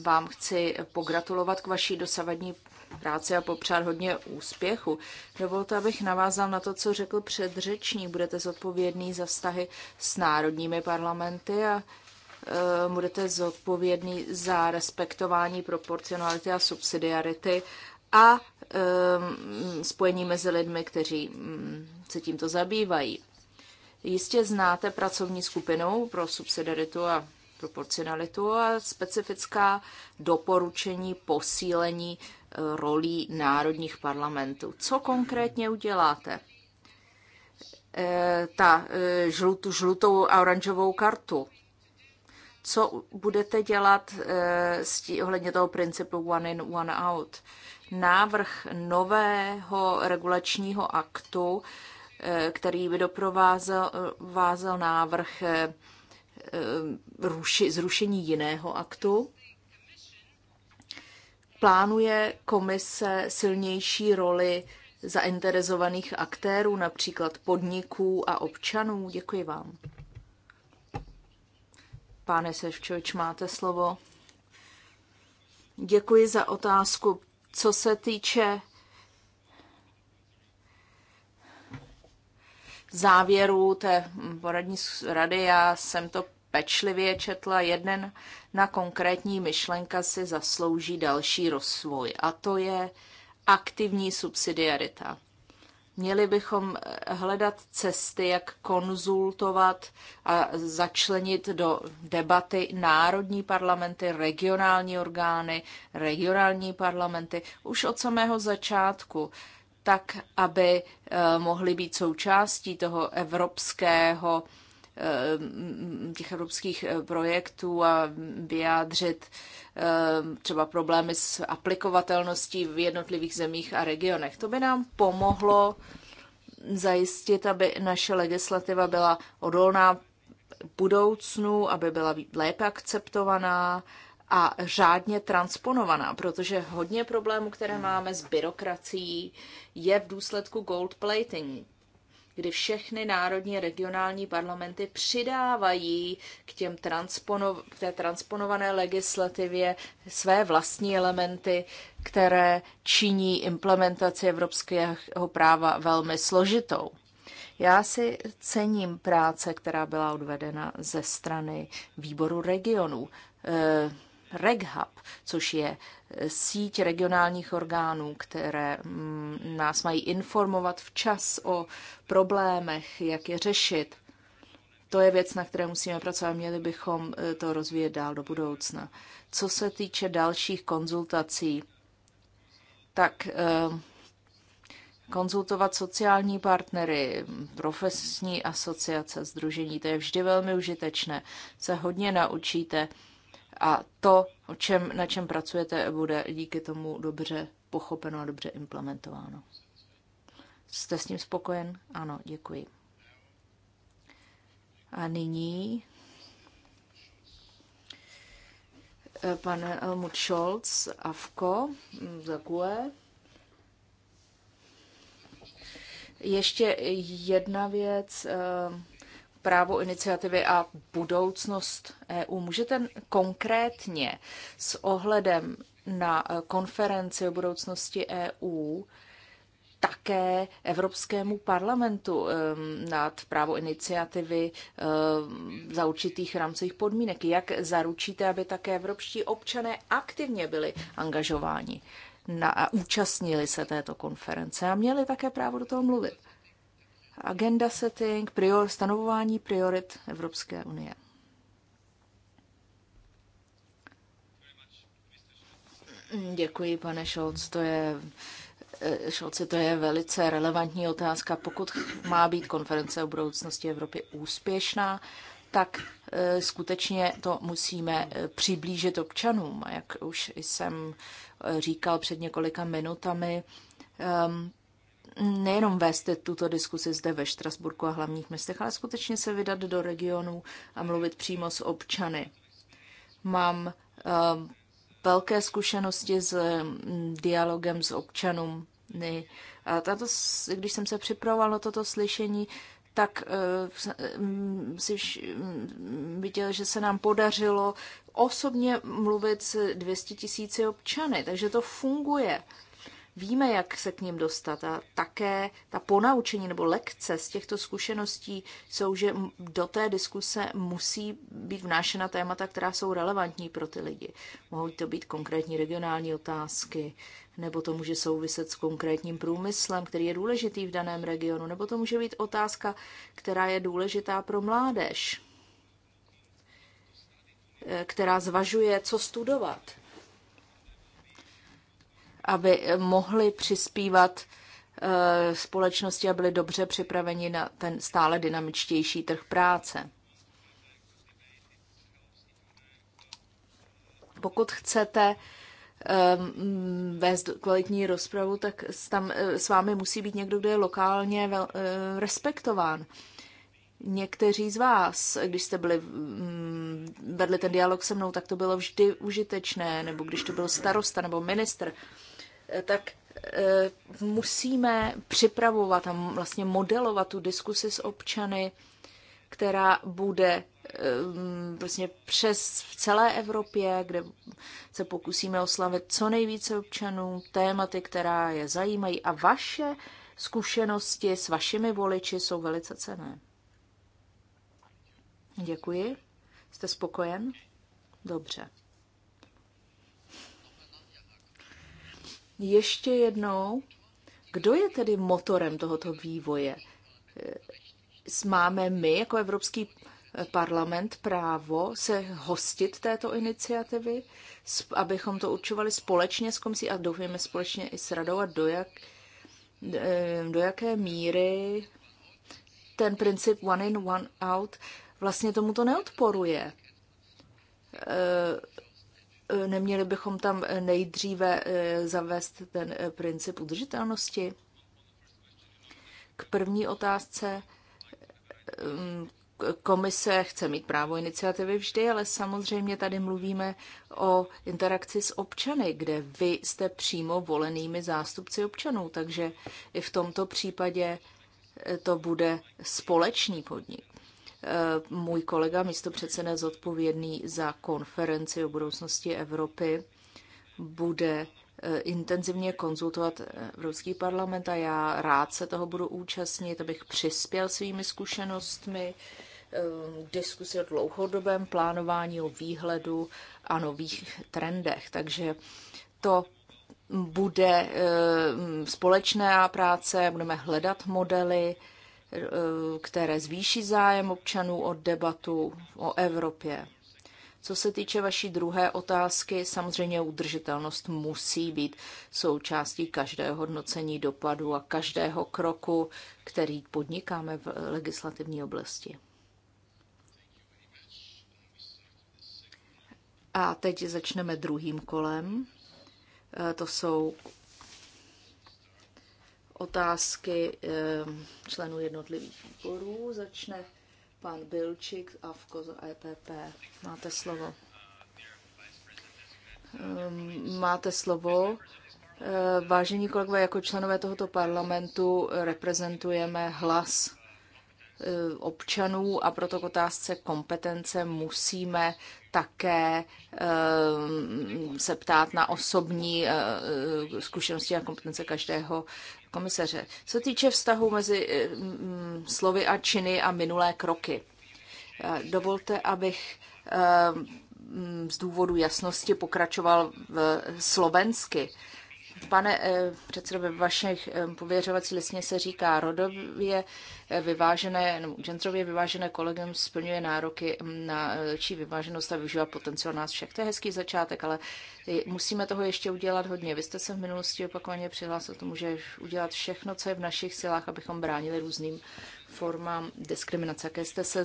vám chci pogratulovat k vaší dosavadní práci a popřát hodně úspěchu. Dovolte, abych navázal na to, co řekl předřečník. Budete zodpovědný za vztahy s národními parlamenty a Eh, budete zodpovědný za respektování proporcionality a subsidiarity a eh, spojení mezi lidmi, kteří mm, se tímto zabývají. Jistě znáte pracovní skupinu pro subsidiaritu a proporcionalitu a specifická doporučení posílení eh, rolí národních parlamentů. Co konkrétně uděláte? Ta žlutou a oranžovou kartu co budete dělat eh, s tí, ohledně toho principu one in, one out. Návrh nového regulačního aktu, eh, který by doprovázel návrh eh, ruši, zrušení jiného aktu, plánuje komise silnější roli zainteresovaných aktérů, například podniků a občanů? Děkuji vám. Pane Sevčovič, máte slovo. Děkuji za otázku. Co se týče závěrů té poradní rady, já jsem to pečlivě četla. Jeden na konkrétní myšlenka si zaslouží další rozvoj a to je aktivní subsidiarita. Měli bychom eh, hledat cesty, jak konzultovat a začlenit do debaty národní parlamenty, regionální orgány, regionální parlamenty už od samého začátku, tak aby eh, mohly být součástí toho evropského Eh, těch evropských eh, projektů a vyjádřit eh, třeba problémy s aplikovatelností v jednotlivých zemích a regionech. To by nám pomohlo zajistit, aby naše legislativa byla odolná budoucnu, aby byla lépe akceptovaná a řádně transponovaná, protože hodně problémů, které máme s byrokracií, je v důsledku gold plating kdy všechny národní a regionální parlamenty přidávají k, těm transpono, k té transponované legislativě své vlastní elementy, které činí implementaci evropského práva velmi složitou. Já si cením práce, která byla odvedena ze strany výboru regionů eh, RegHub, což je eh, síť regionálních orgánů, které mm, nás mají informovat včas o problémech, jak je řešit. To je věc, na které musíme pracovat, měli bychom eh, to rozvíjet dál do budoucna. Co se týče dalších konzultací, tak eh, konzultovat sociální partnery, profesní asociace, združení, to je vždy velmi užitečné. Se hodně naučíte a to, o čem, na čem pracujete, bude díky tomu dobře pochopeno a dobře implementováno. Jste s ním spokojen? Ano, děkuji. A nyní eh, pan Helmut Scholz, AFKO, hm, za QE. Ještě jedna věc. Uh, právo iniciativy a budoucnost EU. Můžete konkrétně s ohledem na eh, konferenci o budoucnosti EU také Evropskému parlamentu ehm, nad právo iniciativy ehm, za určitých rámcových podmínek. Jak zaručíte, aby také evropští občané aktivně byli angažováni na, a účastnili se této konference a měli také právo do toho mluvit? Agenda setting, prior, stanovování priorit Evropské unie. Děkuji, pane Scholz, to je Šolci, eh, to je velice relevantní otázka. Pokud má být konference o budoucnosti Evropy úspěšná, tak eh, skutečně to musíme eh, přiblížit občanům. Jak už jsem říkal před několika minutami, ehm, nejenom vést tuto diskusi zde ve Štrasburku a hlavních městech, ale skutečně se vydat do regionů a mluvit přímo s občany. Mám uh, velké zkušenosti s mm, dialogem s občanům. A tato, když jsem se připravovala na toto slyšení, tak eh, mm, si mm, viděl, že se nám podařilo osobně mluvit s 200 tisíci občany, takže to funguje. Víme, jak se k ním dostat a také ta ponaučení nebo lekce z těchto zkušeností jsou, že do té diskuse musí být vnášena témata, která jsou relevantní pro ty lidi. Mohou to být konkrétní regionální otázky, nebo to může souviset s konkrétním průmyslem, který je důležitý v daném regionu, nebo to může být otázka, která je důležitá pro mládež, e, která zvažuje, co studovat aby mohli přispívat eh, společnosti a byli dobře připraveni na ten stále dynamičtější trh práce. Pokud chcete ehm, vést kvalitní rozpravu, tak tam eh, s vámi musí být někdo, kdo je lokálně eh, respektován. Někteří z vás, když jste byli, mm, vedli ten dialog se mnou, tak to bylo vždy užitečné, nebo když to byl starosta nebo ministr, Eh, tak eh, musíme připravovat a vlastně modelovat tu diskusi s občany, která bude eh, vlastně přes v celé Evropě, kde se pokusíme oslavit co nejvíce občanů, tématy, která je zajímají a vaše zkušenosti s vašimi voliči jsou velice cené. Děkuji. Jste spokojen? Dobře. ještě jednou, kdo je tedy motorem tohoto vývoje? Eh, máme my jako Evropský eh, parlament právo se hostit této iniciativy, abychom to určovali společně s komisí a doufujeme společně i s radou a do, jak, eh, do jaké míry ten princip one in, one out vlastně tomuto neodporuje Eh, neměli bychom tam eh, nejdříve eh, zavést ten princip udržitelnosti? K první otázce. Ehm, komise chce mít právo iniciativy vždy, ale samozřejmě tady mluvíme o interakci s občany, kde vy jste přímo volenými zástupci občanů, takže i v tomto případě to bude společný podnik. Eh, můj kolega, místo předseda zodpovědný za konferenci o budoucnosti Evropy, bude eh, intenzivně konzultovat Evropský parlament a já rád se toho budu účastnit, abych přispěl svými zkušenostmi eh, diskusi o dlouhodobém plánování, o výhledu a nových trendech. Takže to bude společná práce, budeme hledat modely, Eh, které zvýší zájem občanů od debatu o Evropě. Co se týče vaší druhé otázky, samozřejmě udržitelnost musí být součástí každého hodnocení dopadu a každého kroku, který podnikáme v legislativní oblasti. A teď začneme druhým kolem. Eh, to jsou otázky ehm, členů jednotlivých výborů. Začne pan Bilčik a v kozo EPP. Máte slovo. Ehm, máte slovo. Ehm, vážení kolegové, jako členové tohoto parlamentu reprezentujeme hlas občanů a proto k otázce kompetence musíme také eh, se ptát na osobní eh, zkušenosti a kompetence každého komisaře. Co týče vztahu mezi eh, mm, slovy a činy a minulé kroky, dovolte, abych mm, z důvodu jasnosti pokračoval v slovensky. Pane eh, předsedo, ve vašich eh, pověřovací listně se říká rodově eh, vyvážené, nebo genderově vyvážené kolegium splňuje nároky mm, na lepší vyváženost a využívá potenciál nás všech. To je hezký začátek, ale musíme toho ještě udělat hodně. Vy jste se v minulosti opakovaně přihlásil tomu, že udělat všechno, co je v našich silách, abychom bránili různým Forma diskriminace, jaké jste se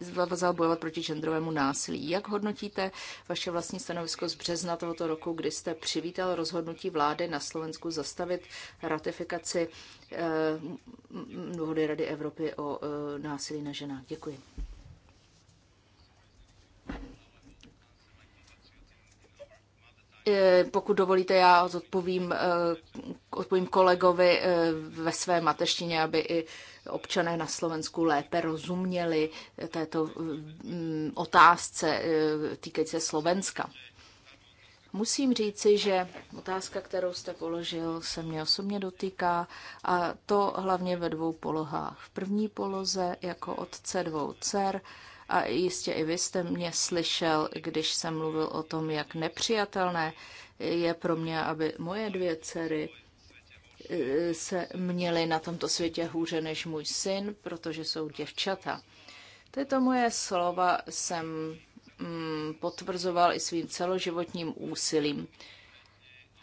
zavazal bojovat proti genderovému násilí. Jak hodnotíte vaše vlastní stanovisko z března tohoto roku, kdy jste přivítal rozhodnutí vlády na Slovensku zastavit ratifikaci eh, dohody Rady Evropy o eh, násilí na ženách? Děkuji. Eh, pokud dovolíte, já odpovím odpovím kolegovi eh, ve své mateštině, aby i občané na Slovensku lépe rozuměli eh, této eh, mm, otázce týkající se Slovenska. Musím říci, že otázka, kterou jste položil, se mě osobně dotýká a to hlavně ve dvou polohách. V první poloze jako otce dvou dcer a jistě i vy jste mě slyšel, když jsem mluvil o tom, jak nepřijatelné je pro mě, aby moje dvě dcery se měli na tomto světě hůře než můj syn, protože jsou děvčata. Tyto moje slova jsem mm, potvrzoval i svým celoživotním úsilím,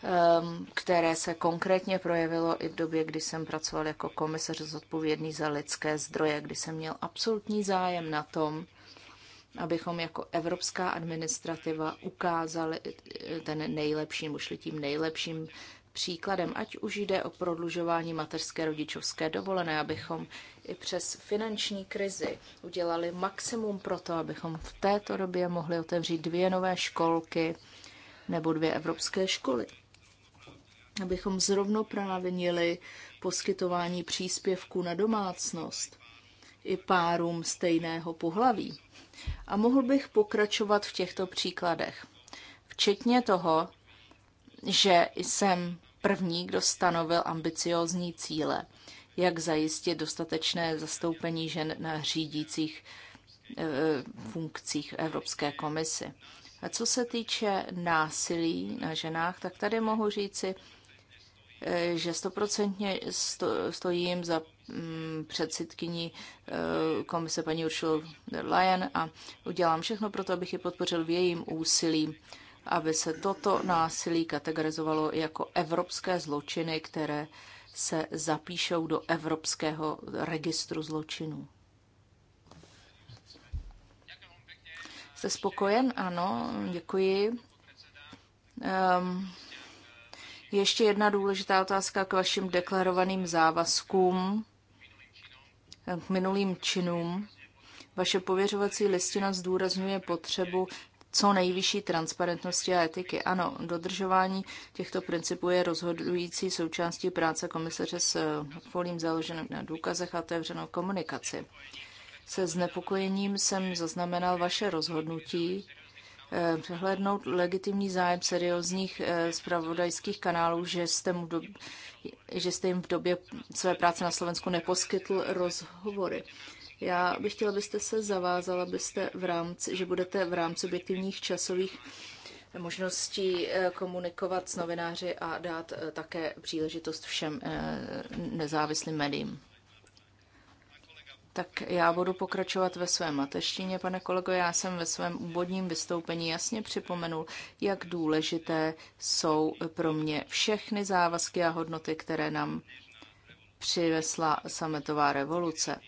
ehm, které se konkrétně projevilo i v době, kdy jsem pracoval jako komisař zodpovědný za lidské zdroje, kdy jsem měl absolutní zájem na tom, abychom jako evropská administrativa ukázali ten nejlepším, ušli tím nejlepším příkladem, ať už jde o prodlužování mateřské rodičovské dovolené, abychom i přes finanční krizi udělali maximum pro to, abychom v této době mohli otevřít dvě nové školky nebo dvě evropské školy. Abychom zrovnoprávnili poskytování příspěvků na domácnost i párům stejného pohlaví. A mohl bych pokračovat v těchto příkladech. Včetně toho, že jsem první, kdo stanovil ambiciózní cíle, jak zajistit dostatečné zastoupení žen na řídících eh, funkcích Evropské komisy. A co se týče násilí na ženách, tak tady mohu říci, eh, že stoprocentně stojím za mm, předsedkyní eh, komise paní Uršul Leyen a udělám všechno pro to, abych ji podpořil v jejím úsilí aby se toto násilí kategorizovalo jako evropské zločiny, které se zapíšou do Evropského registru zločinů. Jste spokojen? Ano, děkuji. Um, ještě jedna důležitá otázka k vašim deklarovaným závazkům, k minulým činům. Vaše pověřovací listina zdůrazňuje potřebu co nejvyšší transparentnosti a etiky. Ano, dodržování těchto principů je rozhodující součástí práce komisaře s polím založeným na důkazech a otevřenou komunikaci. Se znepokojením jsem zaznamenal vaše rozhodnutí eh, přehlednout legitimní zájem seriózních eh, zpravodajských kanálů, že jste, mu do, že jste jim v době své práce na Slovensku neposkytl rozhovory. Já bych chtěla, abyste se zavázala, abyste v rámci, že budete v rámci objektivních časových možností eh, komunikovat s novináři a dát eh, také příležitost všem eh, nezávislým médiím. Tak já budu pokračovat ve svém mateštině, pane kolego. Já jsem ve svém úvodním vystoupení jasně připomenul, jak důležité jsou pro mě všechny závazky a hodnoty, které nám přivesla sametová revoluce.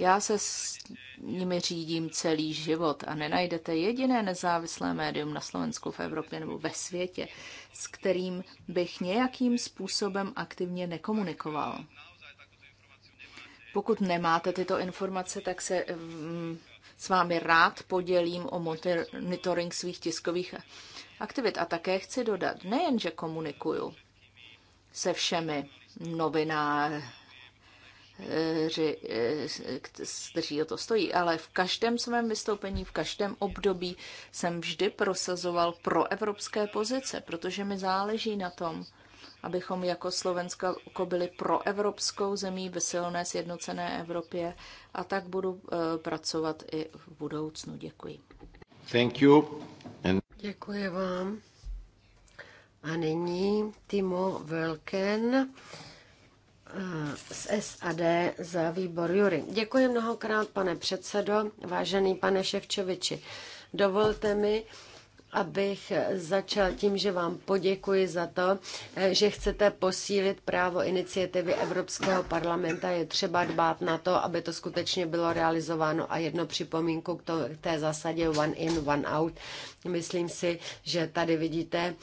Já se s nimi řídím celý život a nenajdete jediné nezávislé médium na Slovensku, v Evropě nebo ve světě, s kterým bych nějakým způsobem aktivně nekomunikoval. Pokud nemáte tyto informace, tak se mm, s vámi rád podělím o monitoring svých tiskových aktivit. A také chci dodat, nejenže komunikuju se všemi novináři, Eh, kteří o to stojí, ale v každém svém vystoupení, v každém období jsem vždy prosazoval pro evropské pozice, protože mi záleží na tom, abychom jako Slovensko jako byli pro evropskou zemí ve silné sjednocené Evropě a tak budu eh, pracovat i v budoucnu. Děkuji. Thank you. And... Děkuji vám. A nyní Timo Velken z SAD za výbor Jury. Děkuji mnohokrát, pane předsedo, vážený pane Ševčoviči. Dovolte mi, abych začal tím, že vám poděkuji za to, že chcete posílit právo iniciativy Evropského parlamenta. Je třeba dbát na to, aby to skutečně bylo realizováno a jedno připomínku k, k té zásadě one in, one out. Myslím si, že tady vidíte,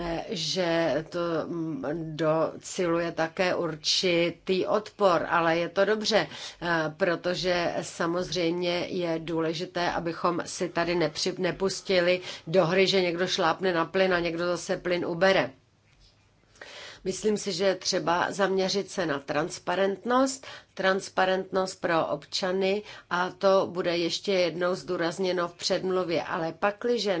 Eh, že to mm, dociluje také určitý odpor, ale je to dobře, eh, protože samozřejmě je důležité, abychom si tady nepřip, nepustili do hry, že někdo šlápne na plyn a někdo zase plyn ubere. Myslím si, že je třeba zaměřit se na transparentnost, transparentnost pro občany a to bude ještě jednou zdůrazněno v předmluvě. Ale pakliže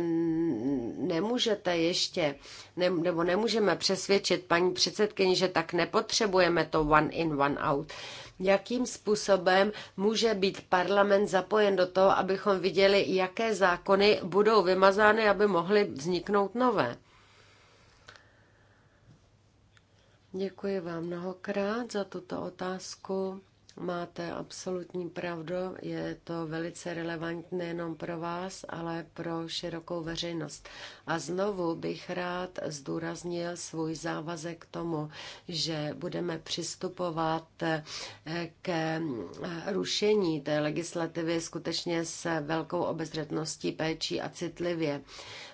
nemůžete ještě, ne, nebo nemůžeme přesvědčit paní předsedkyni, že tak nepotřebujeme to one in, one out, jakým způsobem může být parlament zapojen do toho, abychom viděli, jaké zákony budou vymazány, aby mohly vzniknout nové. Děkuji vám mnohokrát za tuto otázku. Máte absolutní pravdu, je to velice relevantní nejenom pro vás, ale pro širokou veřejnost. A znovu bych rád zdůraznil svůj závazek k tomu, že budeme přistupovat eh, k eh, rušení té legislativy skutečně s velkou obezřetností, péčí a citlivě.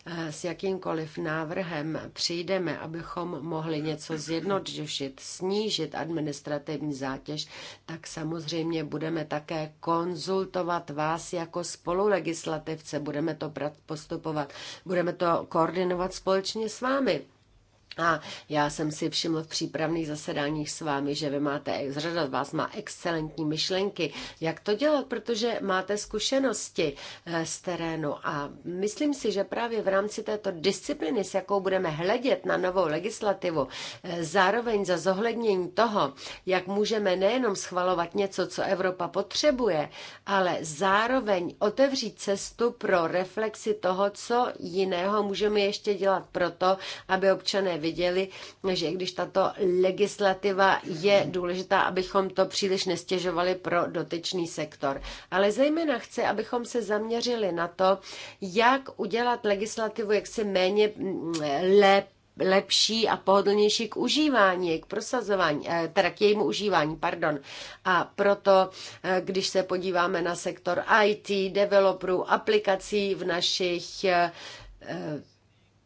Eh, s jakýmkoliv návrhem přijdeme, abychom mohli něco zjednodušit, snížit administrativní zátěž, tak samozřejmě budeme také konzultovat vás jako spolulegislativce, budeme to postupovat, budeme to koordinovat společně s vámi. A já jsem si všiml v přípravných zasedáních s vámi, že vy máte, řada z vás má excelentní myšlenky, jak to dělat, protože máte zkušenosti eh, z terénu. A myslím si, že právě v rámci této disciplíny, s jakou budeme hledět na novou legislativu, eh, zároveň za zohlednění toho, jak můžeme nejenom schvalovat něco, co Evropa potřebuje, ale zároveň otevřít cestu pro reflexi toho, co jiného můžeme ještě dělat proto, aby občané viděli, že když tato legislativa je důležitá, abychom to příliš nestěžovali pro dotyčný sektor. Ale zejména chci, abychom se zaměřili na to, jak udělat legislativu jaksi méně mm, lépe lepší a pohodlnější k užívání, k prosazování, eh, teda k jejímu užívání, pardon. A proto, eh, když se podíváme na sektor IT, developerů, aplikací v našich eh,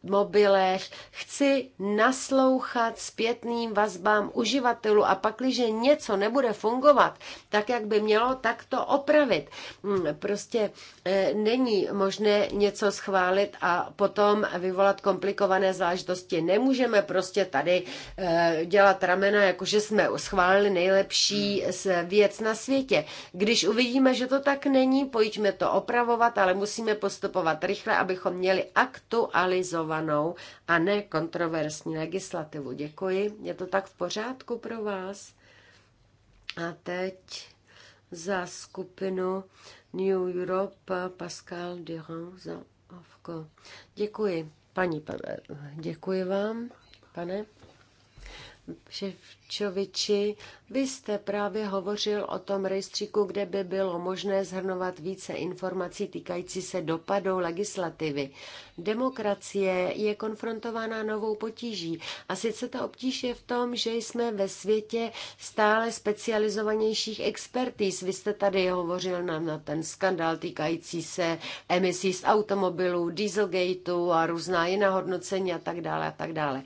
mobilech, chci naslouchat zpětným vazbám uživatelů a pak, když něco nebude fungovat tak, jak by mělo, tak to opravit. Hmm, prostě eh, není možné něco schválit a potom vyvolat komplikované zážitosti. Nemůžeme prostě tady eh, dělat ramena, jakože jsme schválili nejlepší věc na světě. Když uvidíme, že to tak není, pojďme to opravovat, ale musíme postupovat rychle, abychom měli aktualizovat komplikovanou a ne kontroverzní legislativu. Děkuji. Je to tak v pořádku pro vás? A teď za skupinu New Europe Pascal Durand za Ovko. Děkuji, paní, pane, děkuji vám, pane, že Ševčoviči, jste právě hovořil o tom rejstříku, kde by bylo možné zhrnovat více informací týkající se dopadů legislativy. Demokracie je konfrontována novou potíží a sice ta obtíž je v tom, že jsme ve světě stále specializovanějších expertíz. Vy jste tady hovořil nám na ten skandal týkající se emisí z automobilů, dieselgateu a různá jiná hodnocení a tak dále a tak dále.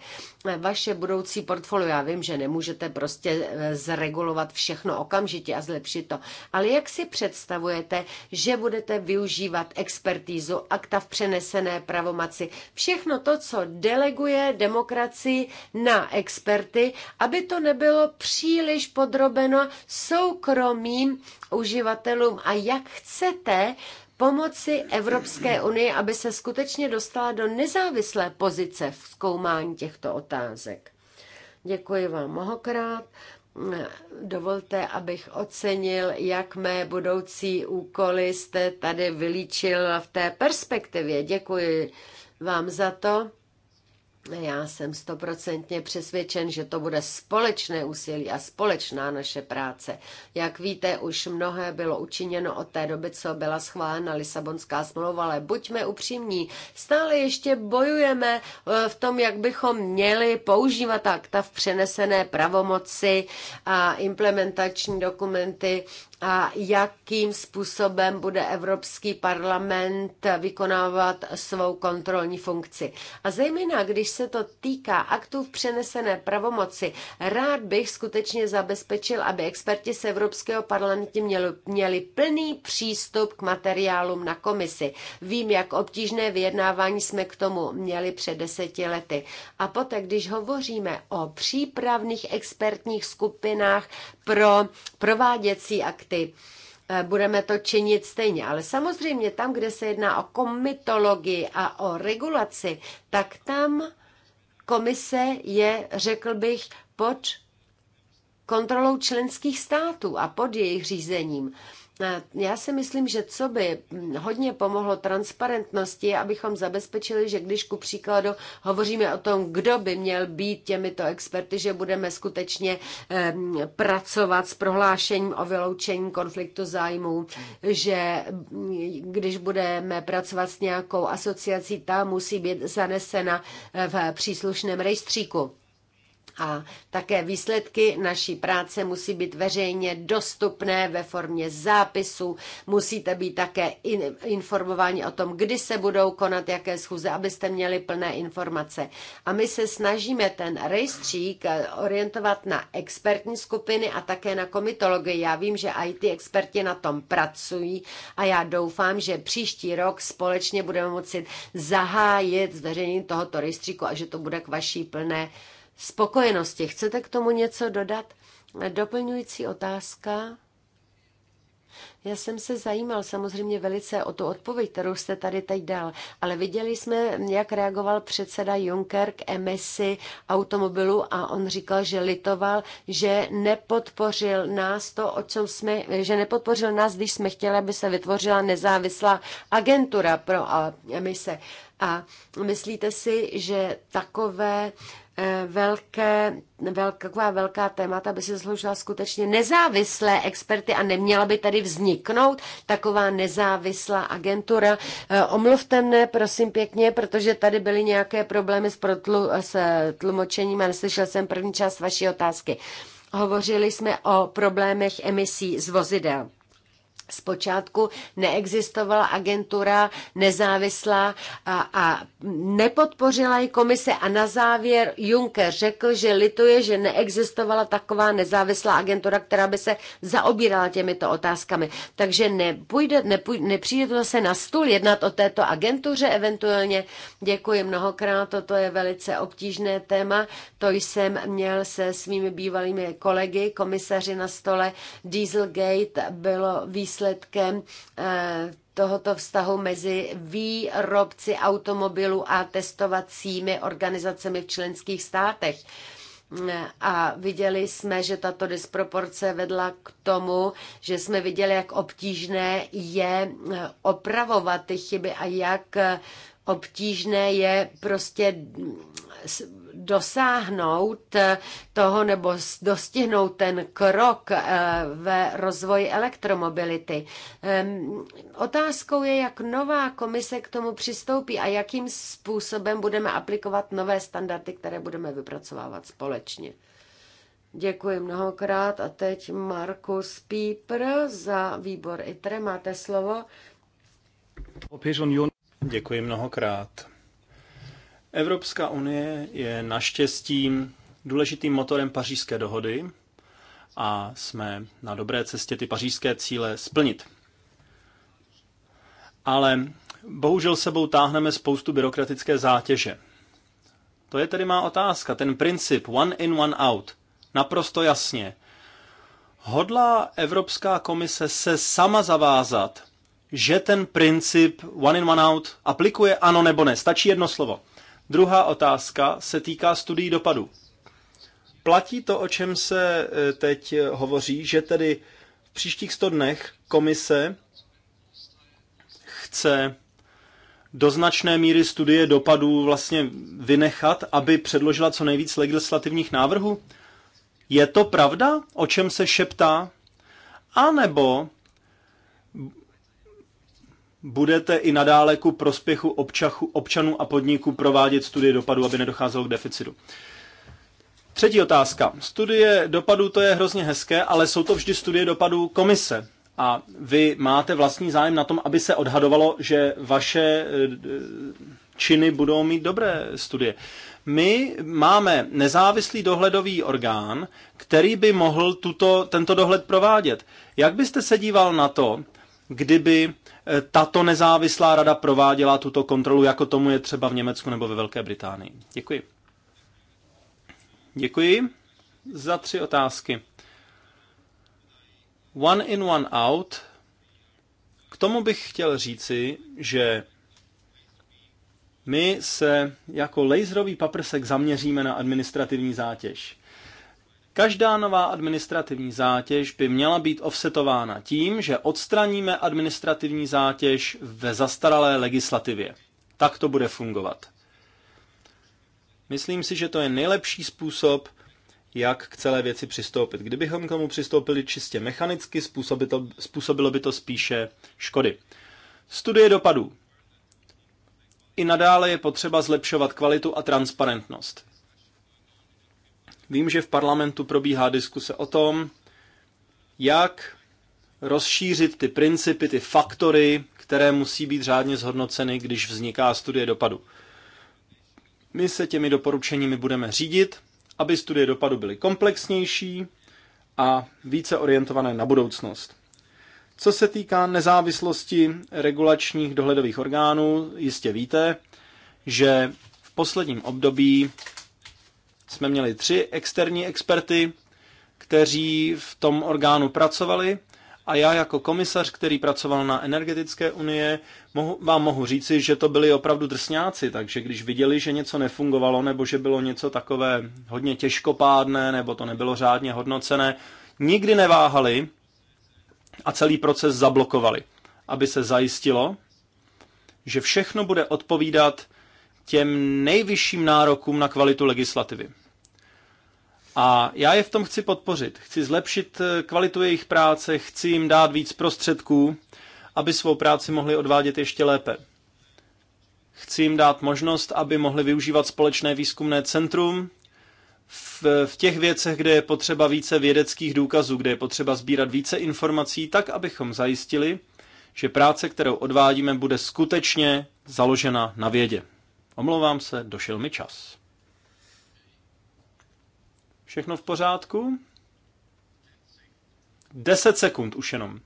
Vaše budoucí portfolio, já vím, že nemůžete nemůžete prostě eh, zregulovat všechno okamžitě a zlepšit to. Ale jak si představujete, že budete využívat expertízu, akta v přenesené pravomaci, všechno to, co deleguje demokracii na experty, aby to nebylo příliš podrobeno soukromým uživatelům a jak chcete pomoci Evropské unii, aby se skutečně dostala do nezávislé pozice v zkoumání těchto otázek. Děkuji vám mnohokrát. Dovolte, abych ocenil, jak mé budoucí úkoly jste tady vylíčil v té perspektivě. Děkuji vám za to. Já jsem stoprocentně přesvědčen, že to bude společné úsilí a společná naše práce. Jak víte, už mnohé bylo učiněno od té doby, co byla schválena Lisabonská smlouva, ale buďme upřímní, stále ještě bojujeme eh, v tom, jak bychom měli používat akta v přenesené pravomoci a implementační dokumenty a jakým způsobem bude Evropský parlament vykonávat svou kontrolní funkci. A zejména, když se to týká aktů v přenesené pravomoci, rád bych skutečně zabezpečil, aby experti z Evropského parlamentu měli, měli plný přístup k materiálům na komisi. Vím, jak obtížné vyjednávání jsme k tomu měli před deseti lety. A poté, když hovoříme o přípravných expertních skupinách pro prováděcí akty, projekty, e, Budeme to činit stejně, ale samozřejmě tam, kde se jedná o komitologii a o regulaci, tak tam komise je, řekl bych, pod kontrolou členských států a pod jejich řízením. E, já si myslím, že co by hodně pomohlo transparentnosti, abychom zabezpečili, že když ku příkladu hovoříme o tom, kdo by měl být těmito experty, že budeme skutečně pracovat s prohlášením o vyloučení konfliktu zájmů, že mm, když budeme pracovat s nějakou asociací, ta musí být zanesena e, v příslušném rejstříku. A také výsledky naší práce musí být veřejně dostupné ve formě zápisu. Musíte být také informováni o tom, kdy se budou konat jaké schůze, abyste měli plné informace. A my se snažíme ten rejstřík eh, orientovat na expertní skupiny a také na komitologii. Já vím, že IT experti na tom pracují a já doufám, že příští rok společně budeme moci zahájit zveřejnění tohoto rejstříku a že to bude k vaší plné spokojenosti. Chcete k tomu něco dodat? Doplňující otázka. Já jsem se zajímal samozřejmě velice o tu odpověď, kterou jste tady teď dal, ale viděli jsme, jak reagoval předseda Juncker k emisi automobilu, a on říkal, že litoval, že nepodpořil nás to, o čem jsme, že nepodpořil nás, když jsme chtěli, aby se vytvořila nezávislá agentura pro emise. A myslíte si, že takové velké, velká, velká témata aby se zložila skutečně nezávislé experty a neměla by tady vzniknout taková nezávislá agentura. Eh, omluvte mne, prosím pěkně, protože tady byly nějaké problémy s, protlu, s eh, tlumočením a neslyšel jsem první část vaší otázky. Hovořili jsme o problémech emisí z vozidel. Zpočátku neexistovala agentura nezávislá a, a nepodpořila ji komise a na závěr Juncker řekl, že lituje, že neexistovala taková nezávislá agentura, která by se zaobírala těmito otázkami. Takže nepůjde, nepůjde, nepřijde to se na stůl jednat o této agentuře eventuálně. Děkuji mnohokrát, toto je velice obtížné téma. To jsem měl se svými bývalými kolegy, komisaři na stole. Dieselgate bylo výsledek výsledkem eh, tohoto vztahu mezi výrobci automobilů a testovacími organizacemi v členských státech. A viděli jsme, že tato disproporce vedla k tomu, že jsme viděli, jak obtížné je eh, opravovat ty chyby a jak eh, obtížné je prostě dosáhnout eh, toho nebo dostihnout ten krok eh, ve rozvoji elektromobility. Otázkou je, jak nová komise k tomu přistoupí a jakým způsobem budeme aplikovat nové standardy, které budeme vypracovávat společně. Děkuji mnohokrát a teď Markus Pípr za výbor ITRE. Máte slovo. Děkuji mnohokrát. Evropská unie je naštěstí důležitým motorem pařížské dohody a jsme na dobré cestě ty pařížské cíle splnit. Ale bohužel sebou táhneme spoustu byrokratické zátěže. To je tedy má otázka, ten princip one in, one out. Naprosto jasně. Hodlá Evropská komise se sama zavázat, že ten princip one in, one out aplikuje ano nebo ne? Stačí jedno slovo. Druhá otázka se týká studií dopadu. Platí to, o čem se e, teď hovoří, že tedy v příštích 100 dnech komise chce do značné míry studie dopadů vlastně vynechat, aby předložila co nejvíc legislativních návrhů? Je to pravda, o čem se šeptá? A nebo budete i nadále ku prospěchu občachu, občanů a podniků provádět studie dopadu, aby nedocházelo k deficitu. Třetí otázka. Studie dopadů to je hrozně hezké, ale jsou to vždy studie dopadů komise. A vy máte vlastní zájem na tom, aby se odhadovalo, že vaše eh, činy budou mít dobré studie. My máme nezávislý dohledový orgán, který by mohl tuto, tento dohled provádět. Jak byste se díval na to, kdyby Eh, tato nezávislá rada prováděla tuto kontrolu, jako tomu je třeba v Německu nebo ve Velké Británii. Děkuji. Děkuji za tři otázky. One in, one out. K tomu bych chtěl říci, že my se jako laserový paprsek zaměříme na administrativní zátěž. Každá nová administrativní zátěž by měla být offsetována tím, že odstraníme administrativní zátěž ve zastaralé legislativě. Tak to bude fungovat. Myslím si, že to je nejlepší způsob, jak k celé věci přistoupit. Kdybychom k tomu přistoupili čistě mechanicky, způsobilo, by to spíše škody. Studie dopadů. I nadále je potřeba zlepšovat kvalitu a transparentnost. Vím, že v parlamentu probíhá diskuse o tom, jak rozšířit ty principy, ty faktory, které musí být řádně zhodnoceny, když vzniká studie dopadu. My se těmi doporučeními budeme řídit, aby studie dopadu byly komplexnější a více orientované na budoucnost. Co se týká nezávislosti regulačních dohledových orgánů, jistě víte, že v posledním období jsme měli tři externí experty, kteří v tom orgánu pracovali a já jako komisař, který pracoval na energetické unie, mohu, vám mohu říci, že to byli opravdu drsňáci, takže když viděli, že něco nefungovalo nebo že bylo něco takové hodně těžkopádné nebo to nebylo řádně hodnocené, nikdy neváhali a celý proces zablokovali, aby se zajistilo, že všechno bude odpovídat těm nejvyšším nárokům na kvalitu legislativy. A já je v tom chci podpořit. Chci zlepšit eh, kvalitu jejich práce, chci jim dát víc prostředků, aby svou práci mohli odvádět ještě lépe. Chci jim dát možnost, aby mohli využívat společné výzkumné centrum v, v těch věcech, kde je potřeba více vědeckých důkazů, kde je potřeba sbírat více informací, tak abychom zajistili, že práce, kterou odvádíme, bude skutečně založena na vědě. Omlouvám se, došel mi čas. Všechno v pořádku? 10 sekund už jenom.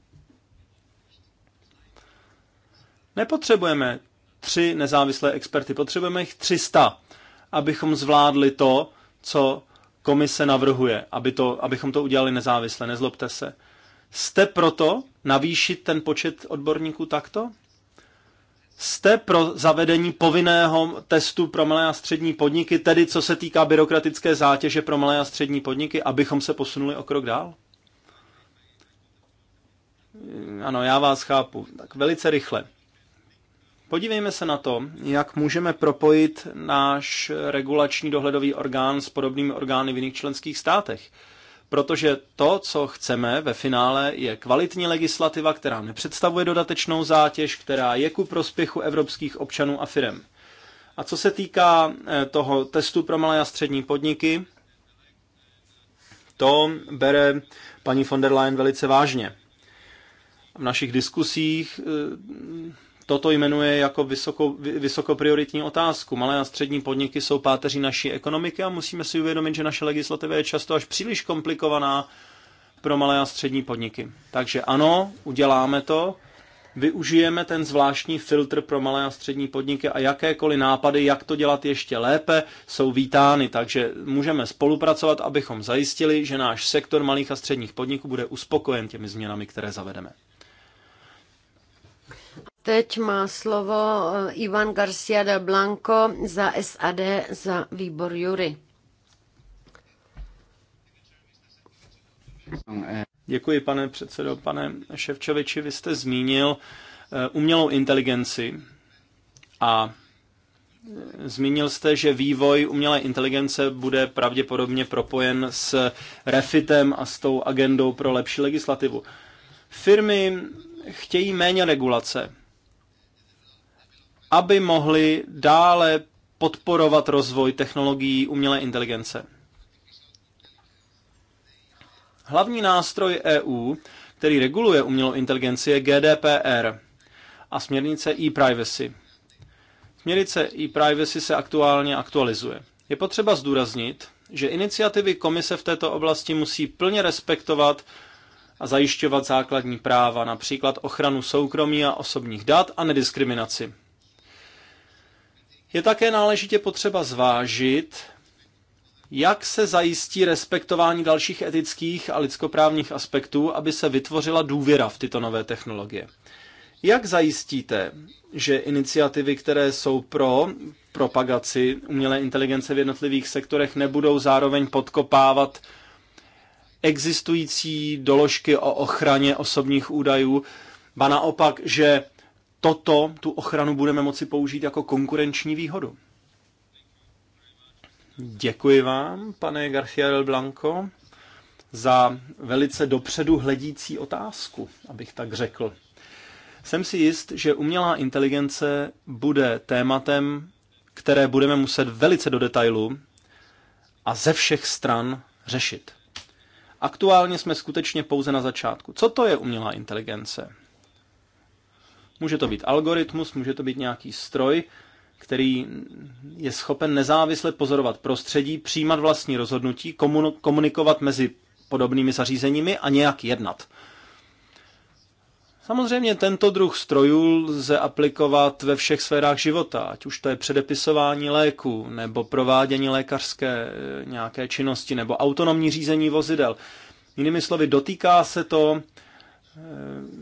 Nepotřebujeme tři nezávislé experty, potřebujeme jich 300, abychom zvládli to, co komise navrhuje, aby to, abychom to udělali nezávisle, nezlobte se. Jste proto navýšit ten počet odborníků takto? Jste pro zavedení povinného testu pro malé a střední podniky, tedy co se týká byrokratické zátěže pro malé a střední podniky, abychom se posunuli o krok dál? Ano, já vás chápu. Tak velice rychle. Podívejme se na to, jak můžeme propojit náš regulační dohledový orgán s podobnými orgány v jiných členských státech protože to, co chceme ve finále, je kvalitní legislativa, která nepředstavuje dodatečnou zátěž, která je ku prospěchu evropských občanů a firem. A co se týká eh, toho testu pro malé a střední podniky, to bere paní von der Leyen velice vážně. V našich diskusích eh, toto jmenuje jako vysoko, vysokoprioritní otázku. Malé a střední podniky jsou páteří naší ekonomiky a musíme si uvědomit, že naše legislativa je často až příliš komplikovaná pro malé a střední podniky. Takže ano, uděláme to, využijeme ten zvláštní filtr pro malé a střední podniky a jakékoliv nápady, jak to dělat ještě lépe, jsou vítány. Takže můžeme spolupracovat, abychom zajistili, že náš sektor malých a středních podniků bude uspokojen těmi změnami, které zavedeme. Teď má slovo eh, Ivan Garcia del Blanco za SAD za výbor Jury. Děkuji, pane předsedo. Pane Ševčoviči, vy jste zmínil eh, umělou inteligenci a eh, Zmínil jste, že vývoj umělé inteligence bude pravděpodobně propojen s refitem a s tou agendou pro lepší legislativu. Firmy chtějí méně regulace, aby mohli dále podporovat rozvoj technologií umělé inteligence. Hlavní nástroj EU, který reguluje umělou inteligenci, je GDPR a směrnice e-privacy. Směrnice e-privacy se aktuálně aktualizuje. Je potřeba zdůraznit, že iniciativy komise v této oblasti musí plně respektovat a zajišťovat základní práva, například ochranu soukromí a osobních dat a nediskriminaci. Je také náležitě potřeba zvážit, jak se zajistí respektování dalších etických a lidskoprávních aspektů, aby se vytvořila důvěra v tyto nové technologie. Jak zajistíte, že iniciativy, které jsou pro propagaci umělé inteligence v jednotlivých sektorech, nebudou zároveň podkopávat existující doložky o ochraně osobních údajů, ba naopak, že toto, tu ochranu budeme moci použít jako konkurenční výhodu. Děkuji vám, pane García del Blanco, za velice dopředu hledící otázku, abych tak řekl. Jsem si jist, že umělá inteligence bude tématem, které budeme muset velice do detailu a ze všech stran řešit. Aktuálně jsme skutečně pouze na začátku. Co to je umělá inteligence? Může to být algoritmus, může to být nějaký stroj, který je schopen nezávisle pozorovat prostředí, přijímat vlastní rozhodnutí, komunikovat mezi podobnými zařízeními a nějak jednat. Samozřejmě tento druh strojů lze aplikovat ve všech sférách života, ať už to je předepisování léku, nebo provádění lékařské eh, nějaké činnosti, nebo autonomní řízení vozidel. Jinými slovy, dotýká se to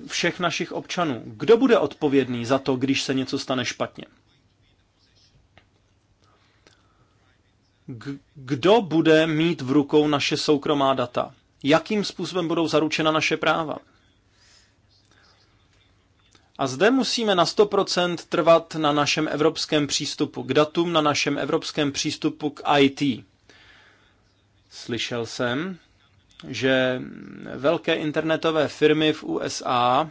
všech našich občanů. Kdo bude odpovědný za to, když se něco stane špatně? Kdo bude mít v rukou naše soukromá data? Jakým způsobem budou zaručena naše práva? A zde musíme na 100% trvat na našem evropském přístupu k datům, na našem evropském přístupu k IT. Slyšel jsem, že velké internetové firmy v USA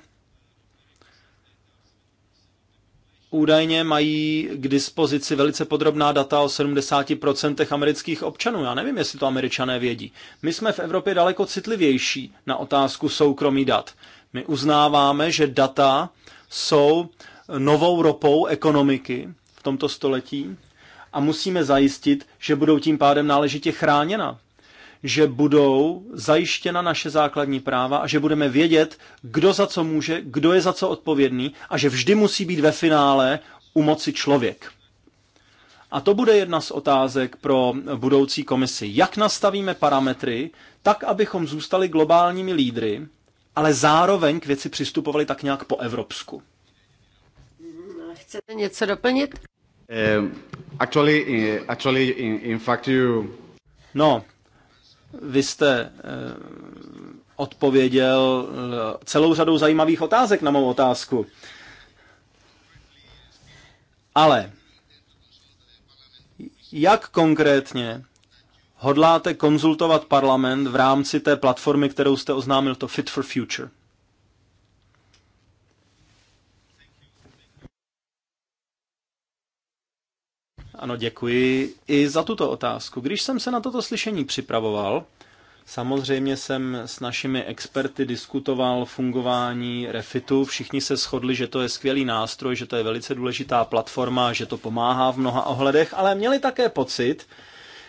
údajně mají k dispozici velice podrobná data o 70% amerických občanů. Já nevím, jestli to američané vědí. My jsme v Evropě daleko citlivější na otázku soukromí dat. My uznáváme, že data jsou novou ropou ekonomiky v tomto století a musíme zajistit, že budou tím pádem náležitě chráněna že budou zajištěna naše základní práva a že budeme vědět, kdo za co může, kdo je za co odpovědný a že vždy musí být ve finále u moci člověk. A to bude jedna z otázek pro budoucí komisi. Jak nastavíme parametry, tak abychom zůstali globálními lídry, ale zároveň k věci přistupovali tak nějak po evropsku. Chcete něco doplnit? Um, actually, eh, actually in, in fact you... No, vy jste eh, odpověděl eh, celou řadou zajímavých otázek na mou otázku. Ale jak konkrétně hodláte konzultovat parlament v rámci té platformy, kterou jste oznámil, to Fit for Future? Ano, děkuji i za tuto otázku. Když jsem se na toto slyšení připravoval, samozřejmě jsem s našimi experty diskutoval fungování Refitu. Všichni se shodli, že to je skvělý nástroj, že to je velice důležitá platforma, že to pomáhá v mnoha ohledech, ale měli také pocit,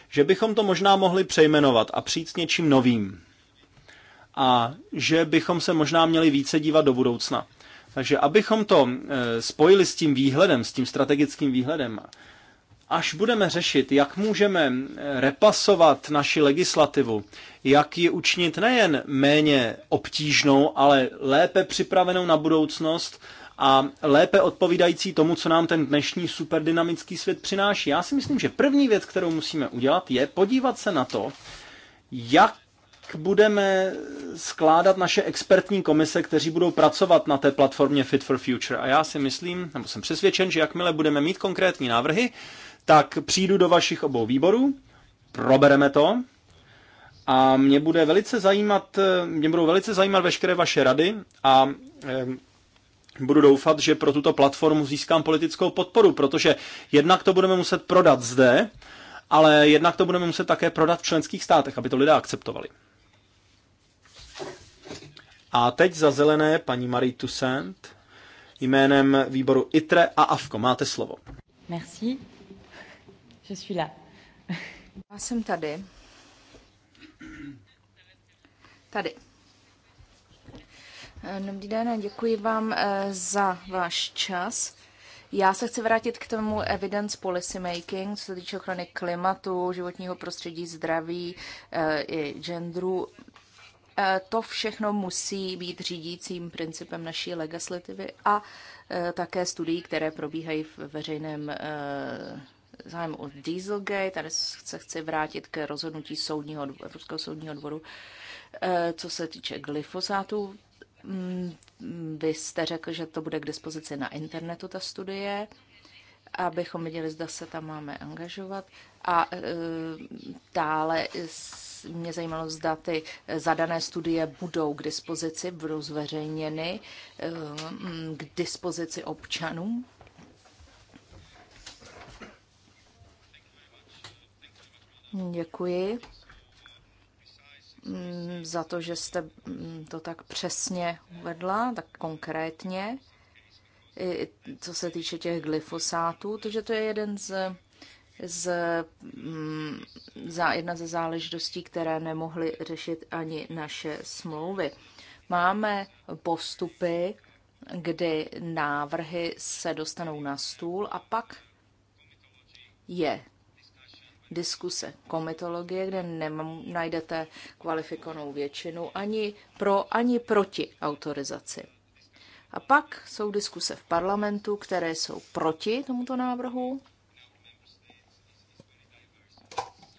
že bychom to možná mohli přejmenovat a přijít s něčím novým. A že bychom se možná měli více dívat do budoucna. Takže abychom to eh, spojili s tím výhledem, s tím strategickým výhledem, až budeme řešit, jak můžeme eh, repasovat naši legislativu, jak ji učinit nejen méně obtížnou, ale lépe připravenou na budoucnost a lépe odpovídající tomu, co nám ten dnešní superdynamický svět přináší. Já si myslím, že první věc, kterou musíme udělat, je podívat se na to, jak budeme skládat naše expertní komise, kteří budou pracovat na té platformě Fit for Future. A já si myslím, nebo jsem přesvědčen, že jakmile budeme mít konkrétní návrhy, tak přijdu do vašich obou výborů, probereme to a mě bude velice zajímat, mě budou velice zajímat veškeré vaše rady a eh, budu doufat, že pro tuto platformu získám politickou podporu, protože jednak to budeme muset prodat zde, ale jednak to budeme muset také prodat v členských státech, aby to lidé akceptovali. A teď za zelené paní Marie Toussaint jménem výboru ITRE a AFKO. Máte slovo. Merci. Je suis là. Já jsem tady. Tady. Eh, dobrý den, děkuji vám eh, za váš čas. Já se chci vrátit k tomu evidence policy making, co se týče ochrany klimatu, životního prostředí, zdraví eh, i genderu. To všechno musí být řídícím principem naší legislativy a také studií, které probíhají v veřejném zájem o Dieselgate, tady se chci vrátit k rozhodnutí soudního, Evropského soudního dvoru, eh, co se týče glyfosátu. Mm, vy jste řekl, že to bude k dispozici na internetu, ta studie, abychom viděli, zda se tam máme angažovat. A eh, dále mě zajímalo, zda ty zadané studie budou k dispozici, budou zveřejněny eh, mm, k dispozici občanům Děkuji mm, za to, že jste mm, to tak přesně uvedla, tak konkrétně, co se týče těch glyfosátů, takže to je jeden z, z mm, za jedna ze záležitostí, které nemohly řešit ani naše smlouvy. Máme postupy, kdy návrhy se dostanou na stůl a pak je diskuse komitologie, kde nemám najdete kvalifikovanou většinu ani pro, ani proti autorizaci. A pak jsou diskuse v parlamentu, které jsou proti tomuto návrhu.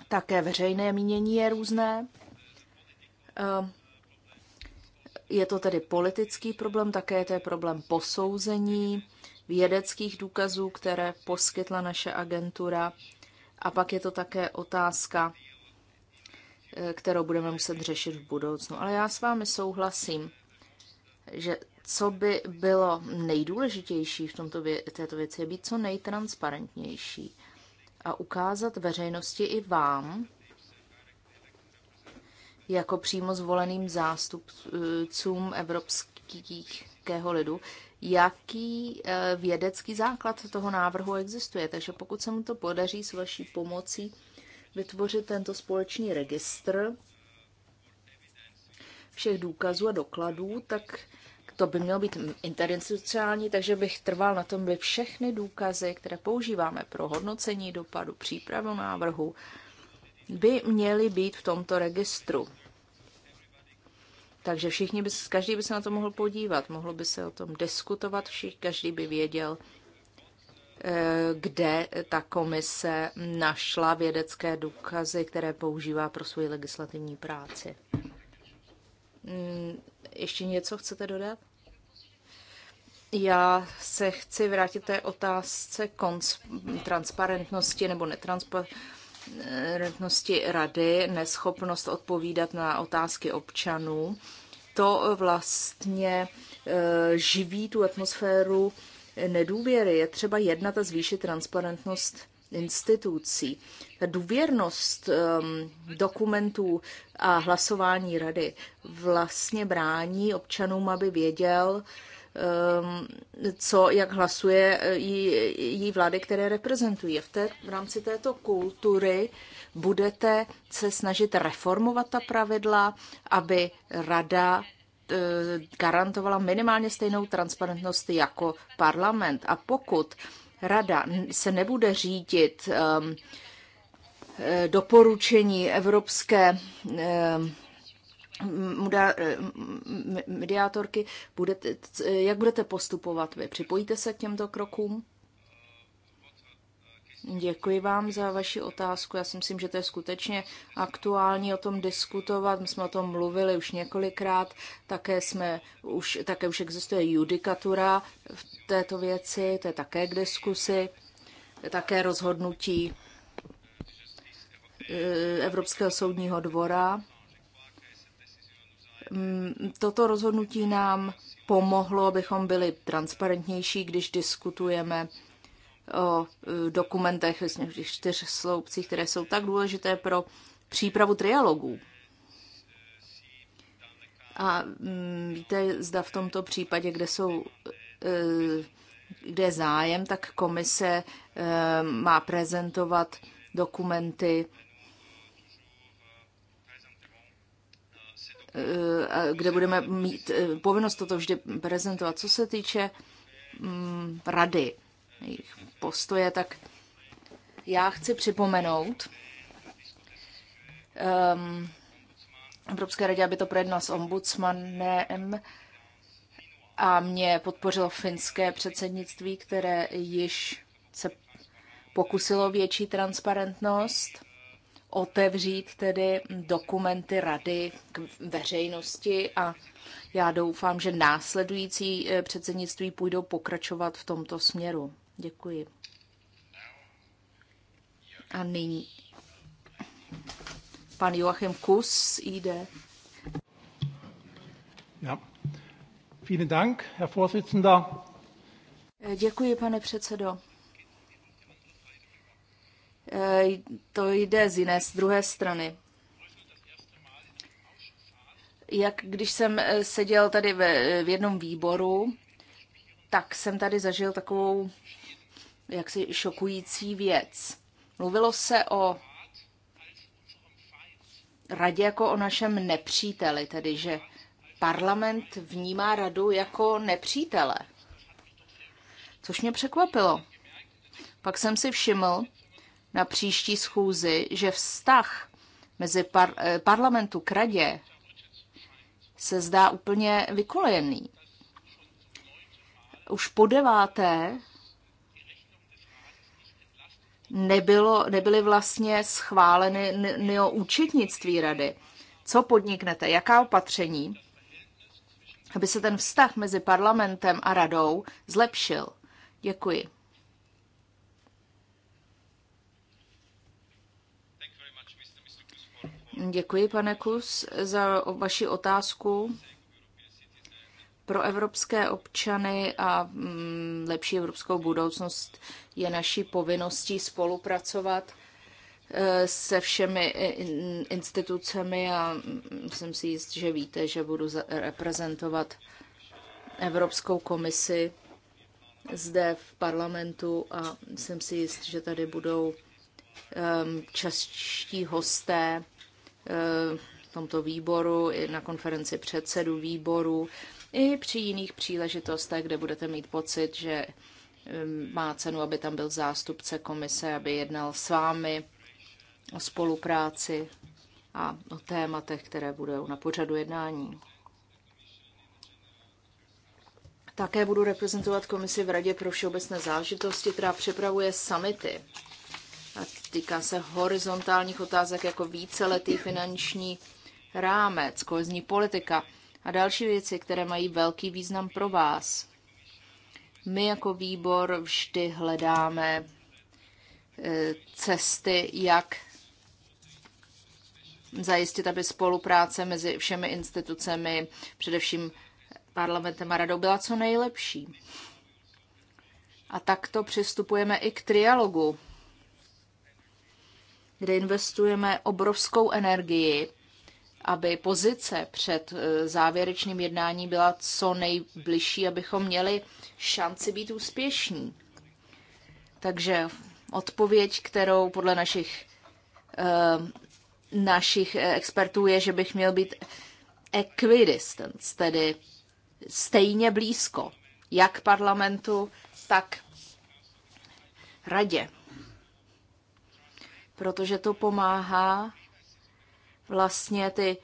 Také veřejné mínění je různé. Ehm, je to tedy politický problém, také to je problém posouzení vědeckých důkazů, které poskytla naše agentura a pak je to také otázka, eh, kterou budeme muset řešit v budoucnu. Ale já s vámi souhlasím, že co by bylo nejdůležitější v tomto vě- této věci, je být co nejtransparentnější a ukázat veřejnosti i vám, jako přímo zvoleným zástupcům evropského lidu, jaký eh, vědecký základ toho návrhu existuje. Takže pokud se mu to podaří s vaší pomocí vytvořit tento společný registr všech důkazů a dokladů, tak to by mělo být interinstitucionální, takže bych trval na tom, by všechny důkazy, které používáme pro hodnocení dopadu, přípravu návrhu, by měly být v tomto registru. Takže všichni by, každý by se na to mohl podívat, mohlo by se o tom diskutovat, všich, každý by věděl, eh, kde ta komise našla vědecké důkazy, které používá pro svoji legislativní práci. Mm, ještě něco chcete dodat? Já se chci vrátit té otázce transparentnosti nebo netransparentnosti nekoherentnosti rady, neschopnost odpovídat na otázky občanů, to vlastně e, živí tu atmosféru nedůvěry. Je třeba jednat a zvýšit transparentnost institucí. Ta důvěrnost um, dokumentů a hlasování rady vlastně brání občanům, aby věděl, Um, co, jak hlasuje eh, jí, jí vlády, které reprezentují. V, té, v rámci této kultury budete se snažit reformovat ta pravidla, aby rada eh, garantovala minimálně stejnou transparentnost jako parlament. A pokud rada se nebude řídit ehm, eh, doporučení Evropské ehm, Eh, mediátorky, budete, eh, jak budete postupovat vy? Připojíte se k těmto krokům? Děkuji vám za vaši otázku. Já si myslím, že to je skutečně aktuální o tom diskutovat. My jsme o tom mluvili už několikrát. Také, jsme, už, také už existuje judikatura v této věci. To je také k diskusi. Také rozhodnutí eh, Evropského soudního dvora Mm, toto rozhodnutí nám pomohlo, abychom byli transparentnější, když diskutujeme o e, dokumentech, vlastně těch čtyř sloupcích, které jsou tak důležité pro přípravu trialogů. A mm, víte, zda v tomto případě, kde jsou e, kde je zájem, tak komise e, má prezentovat dokumenty Eh, kde budeme mít eh, povinnost toto vždy prezentovat. Co se týče mm, rady, jejich postoje, tak já chci připomenout um, Evropské radě, aby to projednal s ombudsmanem a mě podpořilo finské předsednictví, které již se pokusilo větší transparentnost otevřít tedy dokumenty rady k veřejnosti a já doufám, že následující eh, předsednictví půjdou pokračovat v tomto směru. Děkuji. A nyní pan Joachim Kus jde. Ja. Vielen Dank, Herr Vorsitzender. Eh, děkuji, pane předsedo. Eh, to jde z jiné, z druhé strany. Jak když jsem eh, seděl tady ve, v jednom výboru, tak jsem tady zažil takovou jaksi šokující věc. Mluvilo se o radě jako o našem nepříteli, tedy že parlament vnímá radu jako nepřítele. Což mě překvapilo. Pak jsem si všiml, na příští schůzi, že vztah mezi par- eh, parlamentu k radě se zdá úplně vykolejený. Už po deváté nebylo, nebyly vlastně schváleny neo účetnictví rady. Co podniknete? Jaká opatření, aby se ten vztah mezi parlamentem a radou zlepšil? Děkuji. Děkuji, pane Kus, za vaši otázku. Pro evropské občany a mm, lepší evropskou budoucnost je naší povinností spolupracovat e, se všemi institucemi a mm, jsem si jist, že víte, že budu reprezentovat Evropskou komisi zde v parlamentu a jsem si jist, že tady budou e, častí hosté Eh, v tomto výboru, i na konferenci předsedu výboru, i při jiných příležitostech, kde budete mít pocit, že má cenu, aby tam byl zástupce komise, aby jednal s vámi o spolupráci a o tématech, které budou na pořadu jednání. Také budu reprezentovat komisi v Radě pro všeobecné záležitosti, která připravuje summity Týká se horizontálních otázek jako víceletý finanční rámec, kohezní politika a další věci, které mají velký význam pro vás. My jako výbor vždy hledáme e, cesty, jak zajistit, aby spolupráce mezi všemi institucemi, především parlamentem a radou, byla co nejlepší. A takto přistupujeme i k trialogu kde investujeme obrovskou energii, aby pozice před eh, závěrečným jednáním byla co nejbližší, abychom měli šanci být úspěšní. Takže odpověď, kterou podle našich, eh, našich expertů je, že bych měl být equidistance, tedy stejně blízko, jak parlamentu, tak radě protože to pomáhá vlastně ty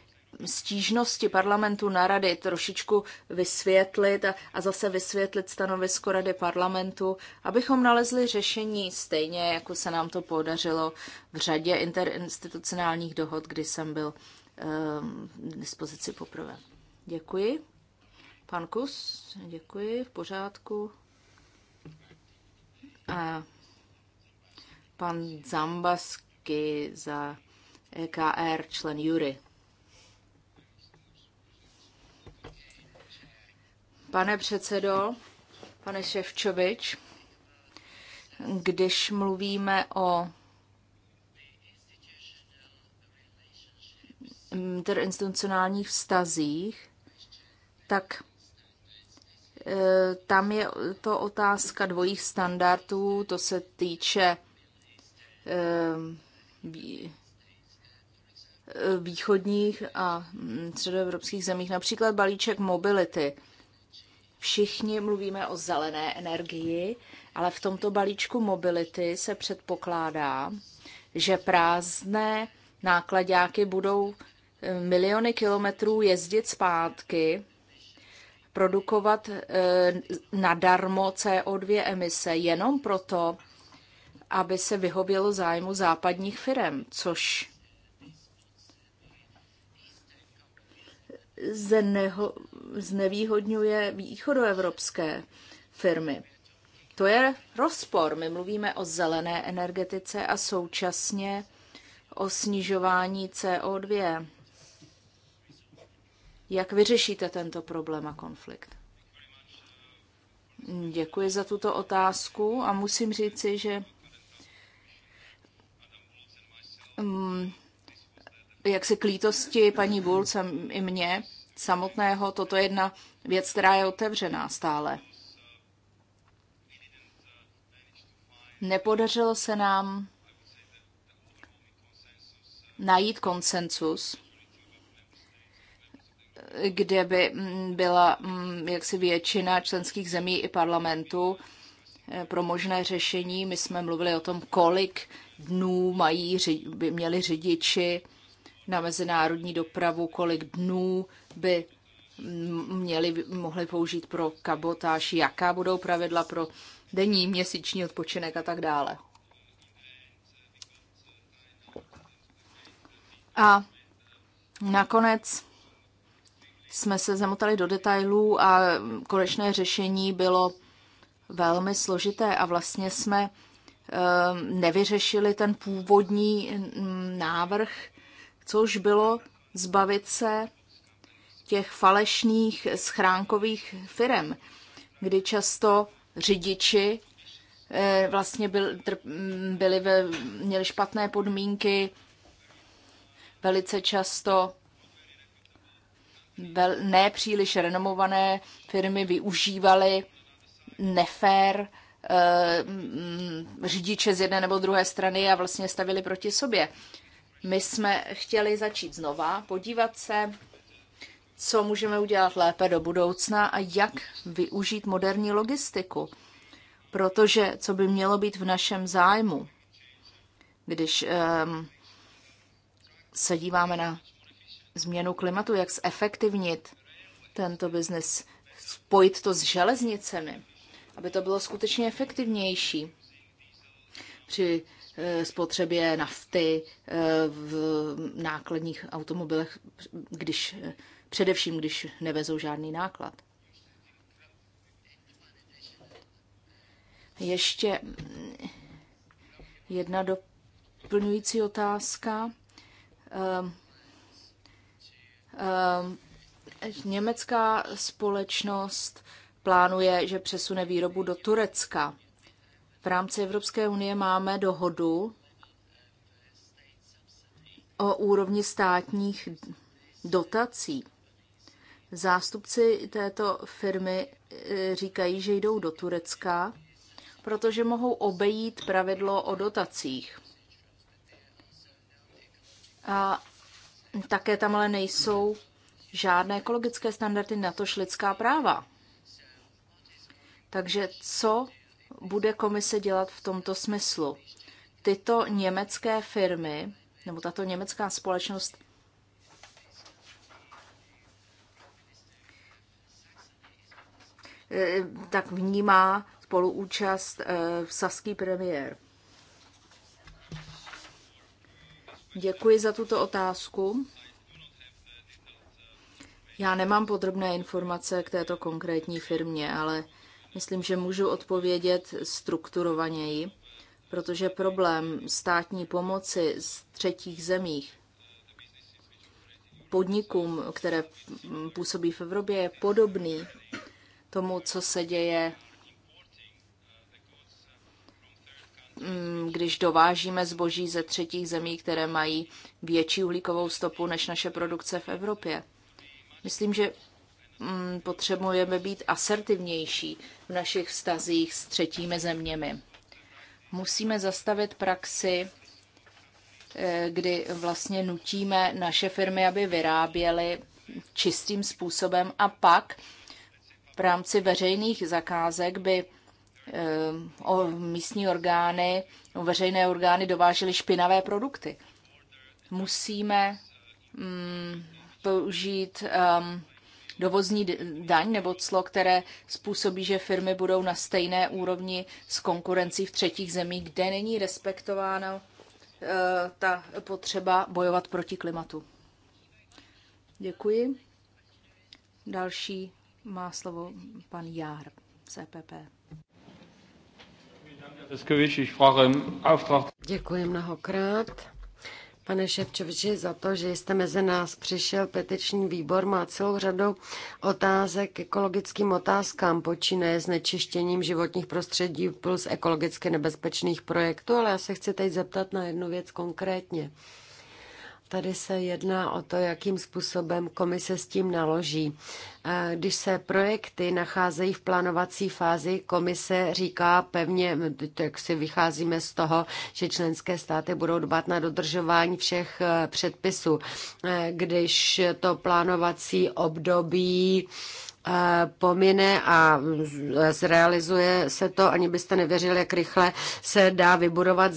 stížnosti parlamentu na rady trošičku vysvětlit a, a zase vysvětlit stanovisko rady parlamentu, abychom nalezli řešení stejně, jako se nám to podařilo v řadě interinstitucionálních dohod, kdy jsem byl um, dispozici poprvé. Děkuji. Pan Kus, děkuji, v pořádku. A pan Zambas Čáky za EKR, člen Jury. Pane předsedo, pane Ševčovič, když mluvíme o interinstitucionálních vztazích, tak eh, tam je to otázka dvojích standardů, to se týče eh, Eh, východních a mm, středoevropských zemích, například balíček mobility. Všichni mluvíme o zelené energii, ale v tomto balíčku mobility se předpokládá, že prázdné nákladňáky budou eh, miliony kilometrů jezdit zpátky, produkovat eh, nadarmo CO2 emise jenom proto, aby se vyhovělo zájmu západních firm, což zneho, znevýhodňuje východoevropské firmy. To je rozpor. My mluvíme o zelené energetice a současně o snižování CO2. Jak vyřešíte tento problém a konflikt? Děkuji za tuto otázku a musím říci, že jak k lítosti paní Bulc i mě samotného, toto je jedna věc, která je otevřená stále. Nepodařilo se nám najít konsensus, kde by mm, byla mm, jaksi většina členských zemí i parlamentu eh, pro možné řešení. My jsme mluvili o tom, kolik dnů mají, by měli řidiči na mezinárodní dopravu, kolik dnů by měli, mohli použít pro kabotáž, jaká budou pravidla pro denní, měsíční odpočinek a tak dále. A nakonec jsme se zamotali do detailů a konečné řešení bylo velmi složité a vlastně jsme eh, nevyřešili ten původní mm, návrh což bylo zbavit se těch falešných schránkových firem, kdy často řidiči eh, vlastně byl, mm, byli ve, měli špatné podmínky, velice často vel, nepříliš renomované firmy využívaly nefér eh, mm, řidiče z jedné nebo druhé strany a vlastně stavili proti sobě. My jsme chtěli začít znova, podívat se, co můžeme udělat lépe do budoucna a jak využít moderní logistiku. Protože co by mělo být v našem zájmu, když um, se díváme na změnu klimatu, jak zefektivnit tento biznis, spojit to s železnicemi, aby to bylo skutečně efektivnější. Při Eh, spotřebě nafty eh, v nákladních automobilech, když, eh, především když nevezou žádný náklad. Ještě jedna doplňující otázka. Ehm, ehm, německá společnost plánuje, že přesune výrobu do Turecka. V rámci Evropské unie máme dohodu o úrovni státních dotací. Zástupci této firmy eh, říkají, že jdou do Turecka, protože mohou obejít pravidlo o dotacích. A také tam ale nejsou žádné ekologické standardy, natož lidská práva. Takže co bude komise dělat v tomto smyslu? Tyto německé firmy, nebo tato německá společnost, eh, tak vnímá spoluúčast v eh, saský premiér. Děkuji za tuto otázku. Já nemám podrobné informace k této konkrétní firmě, ale Myslím, že můžu odpovědět strukturovaněji, protože problém státní pomoci z třetích zemích podnikům, které působí v Evropě, je podobný tomu, co se děje, mm, když dovážíme zboží ze třetích zemí, které mají větší uhlíkovou stopu než naše produkce v Evropě. Myslím, že Mm, potřebujeme být asertivnější v našich vztazích s třetími zeměmi. Musíme zastavit praxi, eh, kdy vlastně nutíme naše firmy, aby vyráběly čistým způsobem a pak v rámci veřejných zakázek by eh, o místní orgány, veřejné orgány dovážely špinavé produkty. Musíme mm, použít um, dovozní daň nebo clo, které způsobí, že firmy budou na stejné úrovni s konkurencí v třetích zemích, kde není respektována eh, ta potřeba bojovat proti klimatu. Děkuji. Další má slovo pan Jár, CPP. E Děkuji mnohokrát pane Ševčoviči, za to, že jste mezi nás přišel. Petiční výbor má celou řadu otázek k ekologickým otázkám, počínaje znečištěním životních prostředí plus ekologicky nebezpečných projektů, ale já se chci teď zeptat na jednu věc konkrétně. Tady se jedná o to, jakým způsobem komise s tím naloží. E, když se projekty nacházejí v plánovací fázi, komise říká pevně, tak si vycházíme z toho, že členské státy budou dbat na dodržování všech e, předpisů. E, když to plánovací období pomine a zrealizuje se to, ani byste nevěřili, jak rychle se dá vybudovat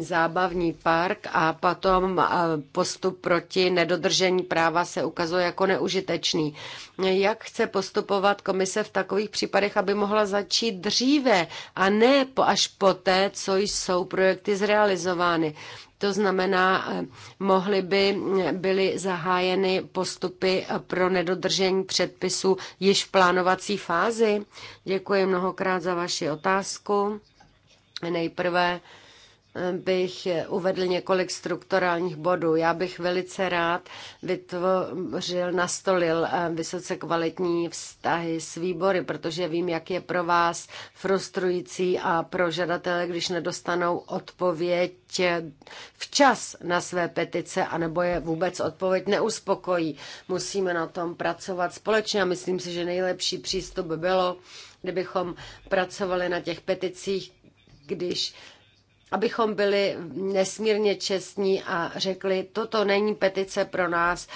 zábavní park a potom postup proti nedodržení práva se ukazuje jako neužitečný. Jak chce postupovat komise v takových případech, aby mohla začít dříve a ne až poté, co jsou projekty zrealizovány? To znamená, eh, mohly by eh, byly zahájeny postupy eh, pro nedodržení předpisů již v plánovací fázi. Děkuji mnohokrát za vaši otázku. Nejprve bych uvedl několik strukturálních bodů. Já bych velice rád vytvořil, nastolil eh, vysoce kvalitní vztahy s výbory, protože vím, jak je pro vás frustrující a pro žadatele, když nedostanou odpověď eh, včas na své petice, anebo je vůbec odpověď neuspokojí. Musíme na tom pracovat společně a myslím si, že nejlepší přístup by bylo, kdybychom pracovali na těch peticích, když abychom byli nesmírně čestní a řekli, toto není petice pro nás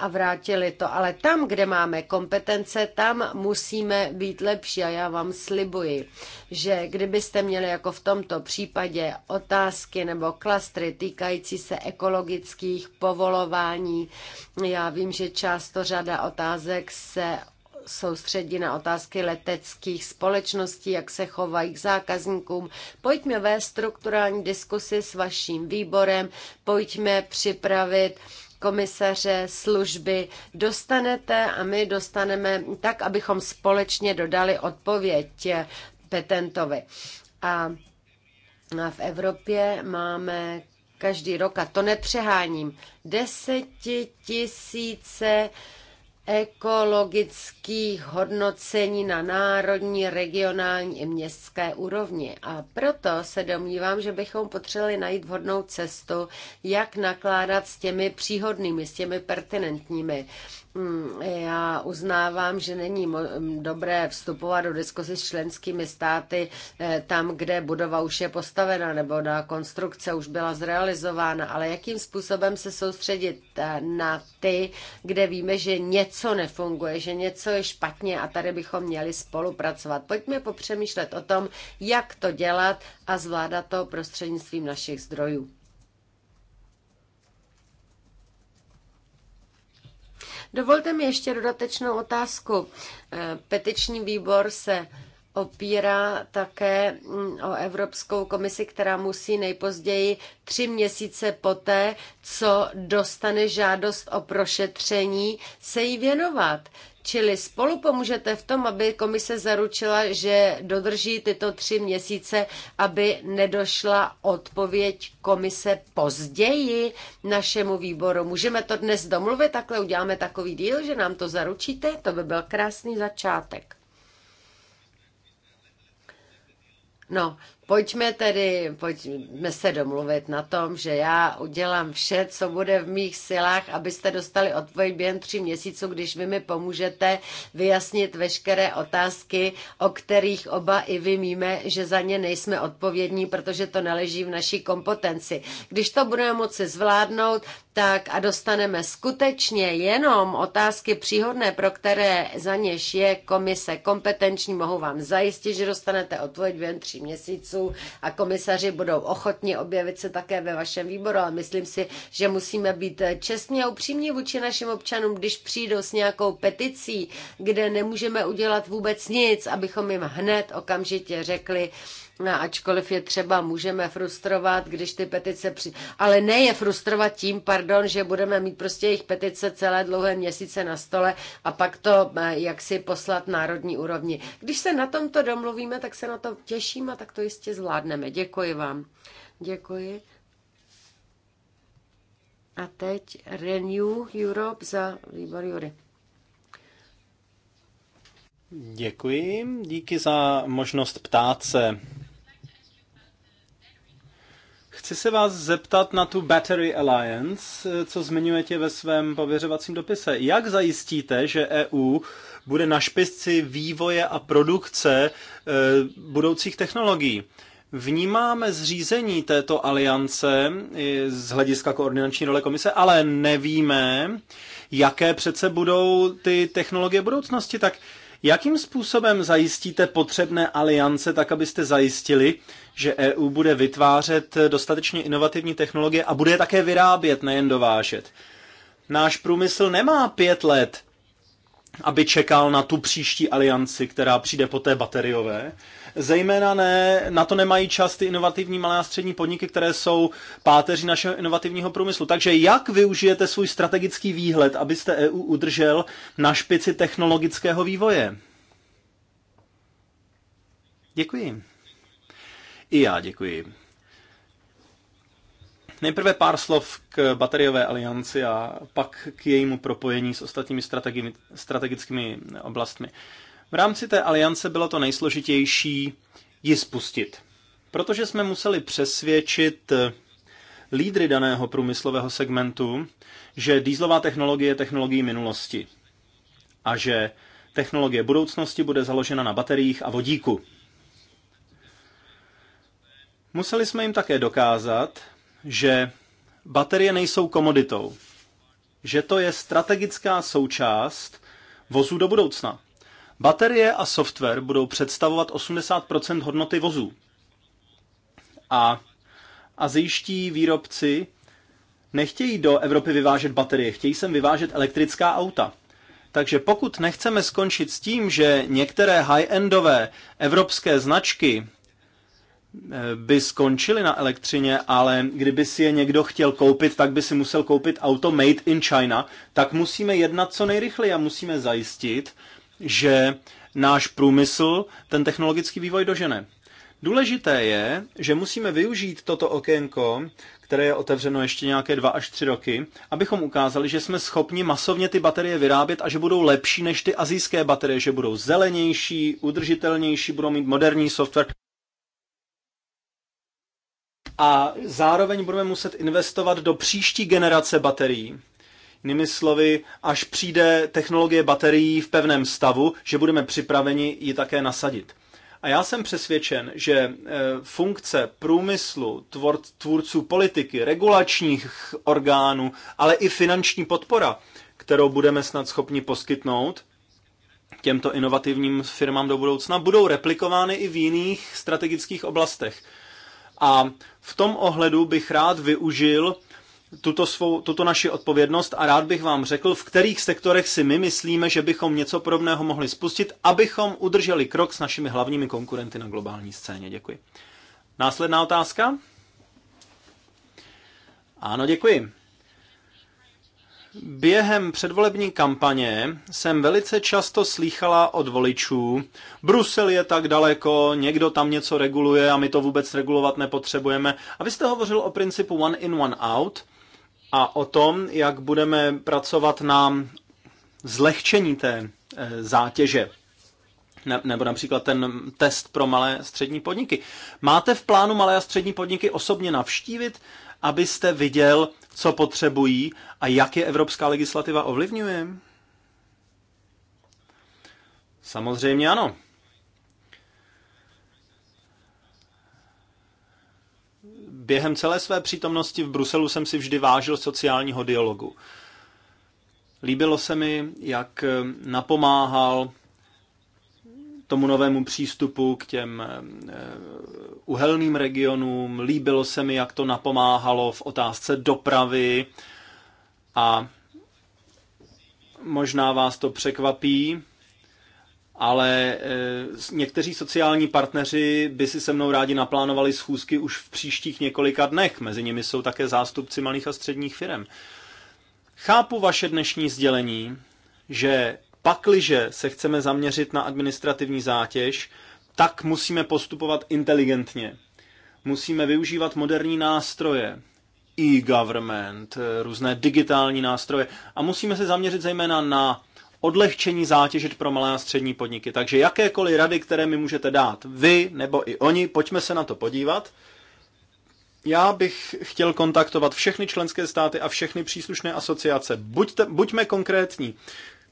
a vrátili to. Ale tam, kde máme kompetence, tam musíme být lepší a já vám slibuji, že kdybyste měli jako v tomto případě otázky nebo klastry týkající se ekologických povolování, já vím, že často řada otázek se soustředí na otázky leteckých společností, jak se chovají k zákazníkům. Pojďme ve strukturální diskusi s vaším výborem, pojďme připravit komisaře, služby dostanete a my dostaneme tak, abychom společně dodali odpověď petentovi. A v Evropě máme každý rok, a to nepřeháním, desetitisíce tisíce ekologických hodnocení na národní, regionální i městské úrovni. A proto se domnívám, že bychom potřebovali najít vhodnou cestu, jak nakládat s těmi příhodnými, s těmi pertinentními já uznávám, že není dobré vstupovat do diskuzi s členskými státy eh, tam, kde budova už je postavena nebo na konstrukce už byla zrealizována, ale jakým způsobem se soustředit eh, na ty, kde víme, že něco nefunguje, že něco je špatně a tady bychom měli spolupracovat. Pojďme popřemýšlet o tom, jak to dělat a zvládat to prostřednictvím našich zdrojů. Dovolte mi ještě dodatečnou otázku. Eh, petiční výbor se opírá také mm, o Evropskou komisi, která musí nejpozději tři měsíce poté, co dostane žádost o prošetření, se jí věnovat. Čili spolu pomůžete v tom, aby komise zaručila, že dodrží tyto tři měsíce, aby nedošla odpověď komise později našemu výboru. Můžeme to dnes domluvit, takhle uděláme takový díl, že nám to zaručíte? To by byl krásný začátek. No, Pojďme tedy, pojďme se domluvit na tom, že já udělám vše, co bude v mých silách, abyste dostali odpověď během tří měsíců, když vy mi pomůžete vyjasnit veškeré otázky, o kterých oba i vy víme, že za ně nejsme odpovědní, protože to neleží v naší kompetenci. Když to budeme moci zvládnout, tak a dostaneme skutečně jenom otázky příhodné, pro které za něž je komise kompetenční, mohu vám zajistit, že dostanete odpověď během tří měsíců poslanců a komisaři budou ochotni objevit se také ve vašem výboru, ale myslím si, že musíme být čestní a upřímní vůči našim občanům, když přijdou s nějakou peticí, kde nemůžeme udělat vůbec nic, abychom jim hned okamžitě řekli, No, ačkoliv je třeba můžeme frustrovat, když ty petice při... Ale ne je frustrovat tím, pardon, že budeme mít prostě jejich petice celé dlouhé měsíce na stole a pak to eh, jak si poslat národní úrovni. Když se na tomto domluvíme, tak se na to těším a tak to jistě zvládneme. Děkuji vám. Děkuji. A teď Renew Europe za výbor Jury. Děkuji, díky za možnost ptát se. Chci se vás zeptat na tu Battery Alliance, eh, co zmiňujete ve svém pověřovacím dopise. Jak zajistíte, že EU bude na špici vývoje a produkce eh, budoucích technologií? Vnímáme zřízení této aliance eh, z hlediska koordinační role komise, ale nevíme, jaké přece budou ty technologie budoucnosti. Tak Jakým způsobem zajistíte potřebné aliance, tak abyste zajistili, že EU bude vytvářet dostatečně inovativní technologie a bude je také vyrábět, nejen dovážet? Náš průmysl nemá pět let aby čekal na tu příští alianci, která přijde po té bateriové. Zejména ne, na to nemají čas ty inovativní malé a střední podniky, které jsou páteří našeho inovativního průmyslu. Takže jak využijete svůj strategický výhled, abyste EU udržel na špici technologického vývoje? Děkuji. I já děkuji. Nejprve pár slov k bateriové alianci a pak k jejímu propojení s ostatními strategi- strategickými oblastmi. V rámci té aliance bylo to nejsložitější ji spustit, protože jsme museli přesvědčit lídry daného průmyslového segmentu, že dýzlová technologie je technologií minulosti a že technologie budoucnosti bude založena na bateriích a vodíku. Museli jsme jim také dokázat, že baterie nejsou komoditou, že to je strategická součást vozů do budoucna. Baterie a software budou představovat 80 hodnoty vozů. A azijští výrobci nechtějí do Evropy vyvážet baterie, chtějí sem vyvážet elektrická auta. Takže pokud nechceme skončit s tím, že některé high-endové evropské značky Eh, by skončily na elektřině, ale kdyby si je někdo chtěl koupit, tak by si musel koupit auto made in China, tak musíme jednat co nejrychleji a musíme zajistit, že náš průmysl ten technologický vývoj dožene. Důležité je, že musíme využít toto okénko, které je otevřeno ještě nějaké dva až tři roky, abychom ukázali, že jsme schopni masovně ty baterie vyrábět a že budou lepší než ty azijské baterie, že budou zelenější, udržitelnější, budou mít moderní software a zároveň budeme muset investovat do příští generace baterií. Jinými slovy, až přijde technologie baterií v pevném stavu, že budeme připraveni ji také nasadit. A já jsem přesvědčen, že e, funkce průmyslu, tvor, tvůrců politiky, regulačních orgánů, ale i finanční podpora, kterou budeme snad schopni poskytnout těmto inovativním firmám do budoucna, budou replikovány i v jiných strategických oblastech. A v tom ohledu bych rád využil tuto, svou, tuto naši odpovědnost a rád bych vám řekl, v kterých sektorech si my myslíme, že bychom něco podobného mohli spustit, abychom udrželi krok s našimi hlavními konkurenty na globální scéně. Děkuji. Následná otázka? Ano, děkuji. Během předvolební kampaně jsem velice často slýchala od voličů, Brusel je tak daleko, někdo tam něco reguluje a my to vůbec regulovat nepotřebujeme. A vy jste hovořil o principu one in, one out a o tom, jak budeme pracovat na zlehčení té eh, zátěže. Ne, nebo například ten test pro malé střední podniky. Máte v plánu malé a střední podniky osobně navštívit? abyste viděl, co potřebují a jak je evropská legislativa ovlivňuje? Samozřejmě ano. Během celé své přítomnosti v Bruselu jsem si vždy vážil sociálního dialogu. Líbilo se mi, jak napomáhal tomu novému přístupu k těm eh, uhelným regionům. Líbilo se mi, jak to napomáhalo v otázce dopravy a možná vás to překvapí, ale eh, někteří sociální partneři by si se mnou rádi naplánovali schůzky už v příštích několika dnech. Mezi nimi jsou také zástupci malých a středních firm. Chápu vaše dnešní sdělení, že Pakliže se chceme zaměřit na administrativní zátěž, tak musíme postupovat inteligentně. Musíme využívat moderní nástroje, e-government, různé digitální nástroje a musíme se zaměřit zejména na odlehčení zátěže pro malé a střední podniky. Takže jakékoliv rady, které mi můžete dát, vy nebo i oni, pojďme se na to podívat. Já bych chtěl kontaktovat všechny členské státy a všechny příslušné asociace. Buďte, buďme konkrétní.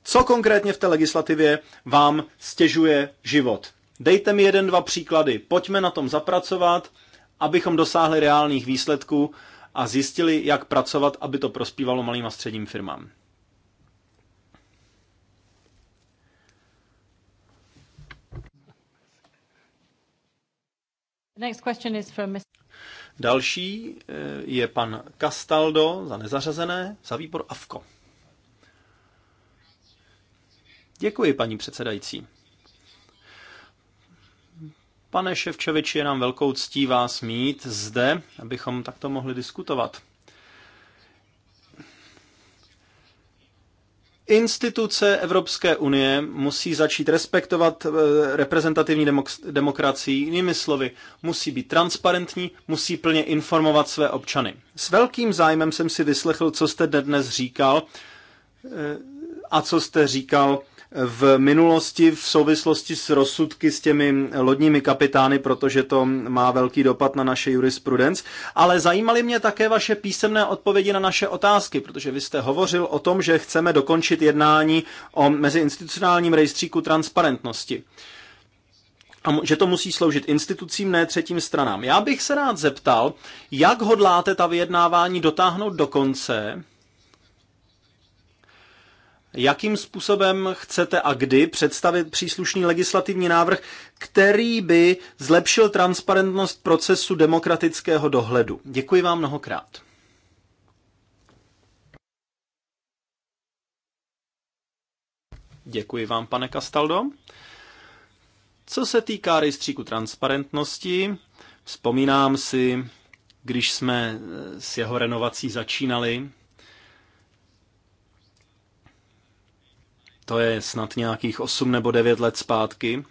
Co konkrétně v té legislativě vám stěžuje život? Dejte mi jeden, dva příklady. Pojďme na tom zapracovat, abychom dosáhli reálných výsledků a zjistili, jak pracovat, aby to prospívalo malým a středním firmám. Další eh, je pan Castaldo za nezařazené za výbor AFKO. Děkuji, paní předsedající. Pane Ševčeviči, je nám velkou ctí vás mít zde, abychom takto mohli diskutovat. Instituce Evropské unie musí začít respektovat eh, reprezentativní demok- demokracii, jinými slovy, musí být transparentní, musí plně informovat své občany. S velkým zájmem jsem si vyslechl, co jste dnes říkal eh, a co jste říkal v minulosti v souvislosti s rozsudky s těmi lodními kapitány, protože to má velký dopad na naše jurisprudence, ale zajímaly mě také vaše písemné odpovědi na naše otázky, protože vy jste hovořil o tom, že chceme dokončit jednání o meziinstitucionálním rejstříku transparentnosti. A že to musí sloužit institucím, ne třetím stranám. Já bych se rád zeptal, jak hodláte ta vyjednávání dotáhnout do konce, jakým způsobem chcete a kdy představit příslušný legislativní návrh, který by zlepšil transparentnost procesu demokratického dohledu. Děkuji vám mnohokrát. Děkuji vám, pane Castaldo. Co se týká rejstříku transparentnosti, vzpomínám si, když jsme s jeho renovací začínali, to je snad nějakých 8 nebo 9 let zpátky.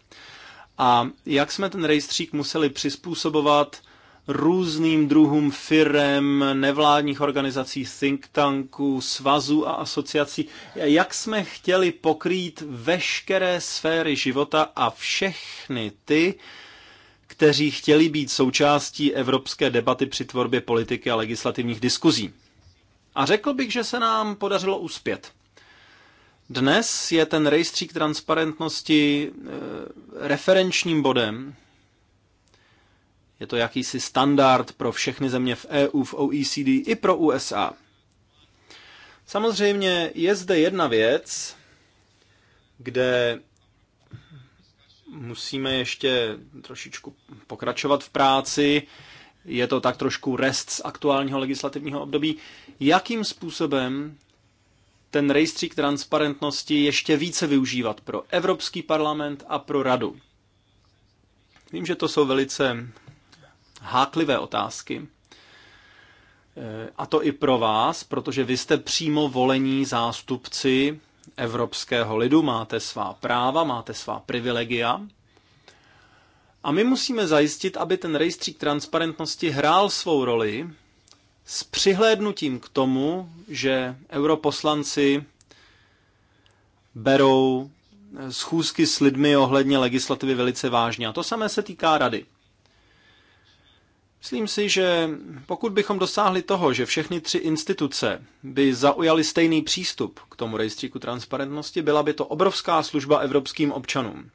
A jak jsme ten rejstřík museli přizpůsobovat různým druhům firem, nevládních organizací, think tanků, svazů a asociací. Jak jsme chtěli pokrýt veškeré sféry života a všechny ty, kteří chtěli být součástí evropské debaty při tvorbě politiky a legislativních diskuzí. A řekl bych, že se nám podařilo uspět. Dnes je ten rejstřík transparentnosti eh, referenčním bodem. Je to jakýsi standard pro všechny země v EU, v OECD i pro USA. Samozřejmě je zde jedna věc, kde musíme ještě trošičku pokračovat v práci. Je to tak trošku rest z aktuálního legislativního období. Jakým způsobem ten rejstřík transparentnosti ještě více využívat pro Evropský parlament a pro radu. Vím, že to jsou velice háklivé otázky. E, a to i pro vás, protože vy jste přímo volení zástupci evropského lidu, máte svá práva, máte svá privilegia. A my musíme zajistit, aby ten rejstřík transparentnosti hrál svou roli s přihlédnutím k tomu, že europoslanci berou eh, schůzky s lidmi ohledně legislativy velice vážně. A to samé se týká rady. Myslím si, že pokud bychom dosáhli toho, že všechny tři instituce by zaujaly stejný přístup k tomu rejstříku transparentnosti, byla by to obrovská služba evropským občanům.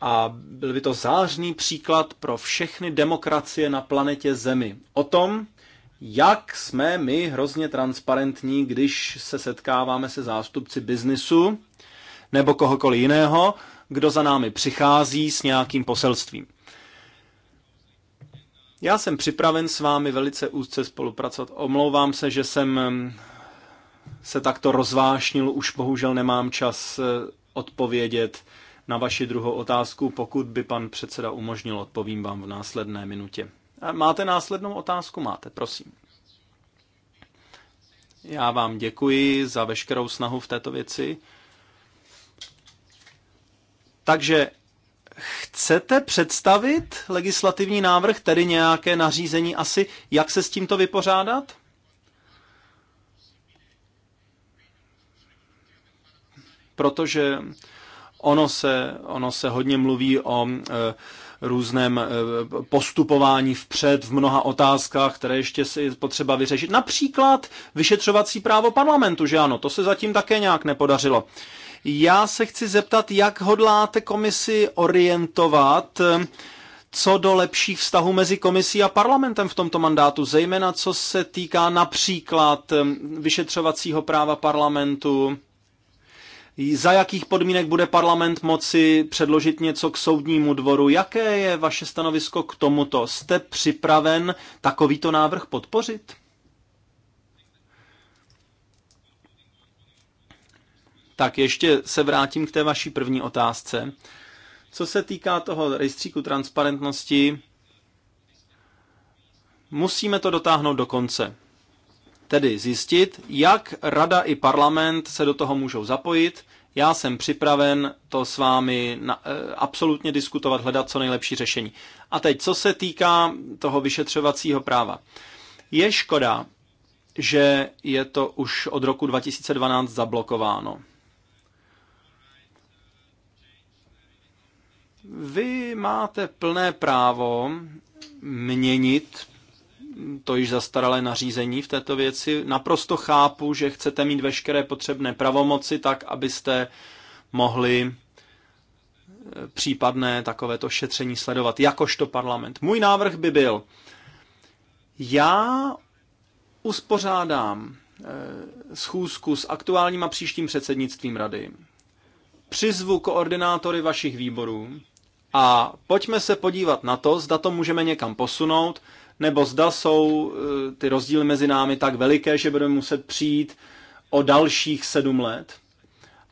A byl by to zářný příklad pro všechny demokracie na planetě Zemi. O tom, jak jsme my hrozně transparentní, když se setkáváme se zástupci biznisu nebo kohokoliv jiného, kdo za námi přichází s nějakým poselstvím. Já jsem připraven s vámi velice úzce spolupracovat. Omlouvám se, že jsem mm, se takto rozvášnil, už bohužel nemám čas eh, odpovědět na vaši druhou otázku. Pokud by pan předseda umožnil, odpovím vám v následné minutě. Máte následnou otázku? Máte, prosím. Já vám děkuji za veškerou snahu v této věci. Takže chcete představit legislativní návrh, tedy nějaké nařízení asi, jak se s tímto vypořádat? Protože ono se, ono se hodně mluví o e, různém eh, postupování vpřed v mnoha otázkách, které ještě si je potřeba vyřešit. Například vyšetřovací právo parlamentu, že ano, to se zatím také nějak nepodařilo. Já se chci zeptat, jak hodláte komisi orientovat eh, co do lepších vztahů mezi komisí a parlamentem v tomto mandátu, zejména co se týká například eh, vyšetřovacího práva parlamentu, za jakých podmínek bude parlament moci předložit něco k soudnímu dvoru? Jaké je vaše stanovisko k tomuto? Jste připraven takovýto návrh podpořit? Tak ještě se vrátím k té vaší první otázce. Co se týká toho rejstříku transparentnosti, musíme to dotáhnout do konce tedy zjistit, jak rada i parlament se do toho můžou zapojit. Já jsem připraven to s vámi na, e, absolutně diskutovat, hledat co nejlepší řešení. A teď, co se týká toho vyšetřovacího práva. Je škoda, že je to už od roku 2012 zablokováno. Vy máte plné právo měnit to již zastaralé nařízení v této věci. Naprosto chápu, že chcete mít veškeré potřebné pravomoci tak, abyste mohli e, případné takovéto šetření sledovat, jakožto parlament. Můj návrh by byl, já uspořádám e, schůzku s aktuálním a příštím předsednictvím rady. Přizvu koordinátory vašich výborů a pojďme se podívat na to, zda to můžeme někam posunout, nebo zda jsou eh, ty rozdíly mezi námi tak veliké, že budeme muset přijít o dalších sedm let,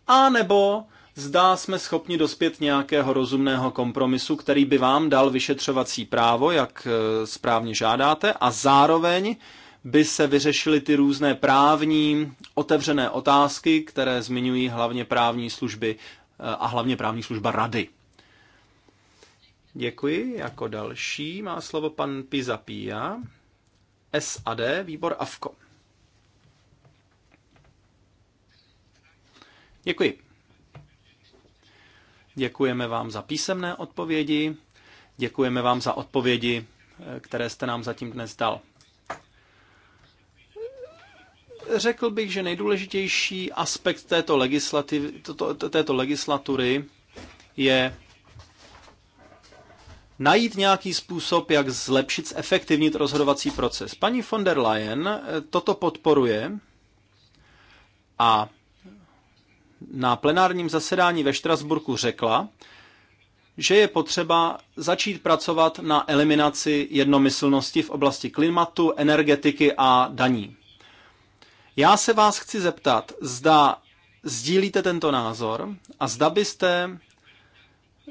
a nebo zda jsme schopni dospět nějakého rozumného kompromisu, který by vám dal vyšetřovací právo, jak eh, správně žádáte, a zároveň by se vyřešily ty různé právní otevřené otázky, které zmiňují hlavně právní služby eh, a hlavně právní služba rady. Děkuji. Jako další má slovo pan Pizapia, SAD, výbor AFKO. Děkuji. Děkujeme vám za písemné odpovědi. Děkujeme vám za odpovědi, eh, které jste nám zatím dnes dal. Řekl bych, že nejdůležitější aspekt této, legislativy to, to, této legislatury je najít nějaký způsob, jak zlepšit, zefektivnit rozhodovací proces. Paní von der Leyen eh, toto podporuje a na plenárním zasedání ve Štrasburku řekla, že je potřeba začít pracovat na eliminaci jednomyslnosti v oblasti klimatu, energetiky a daní. Já se vás chci zeptat, zda sdílíte tento názor a zda byste,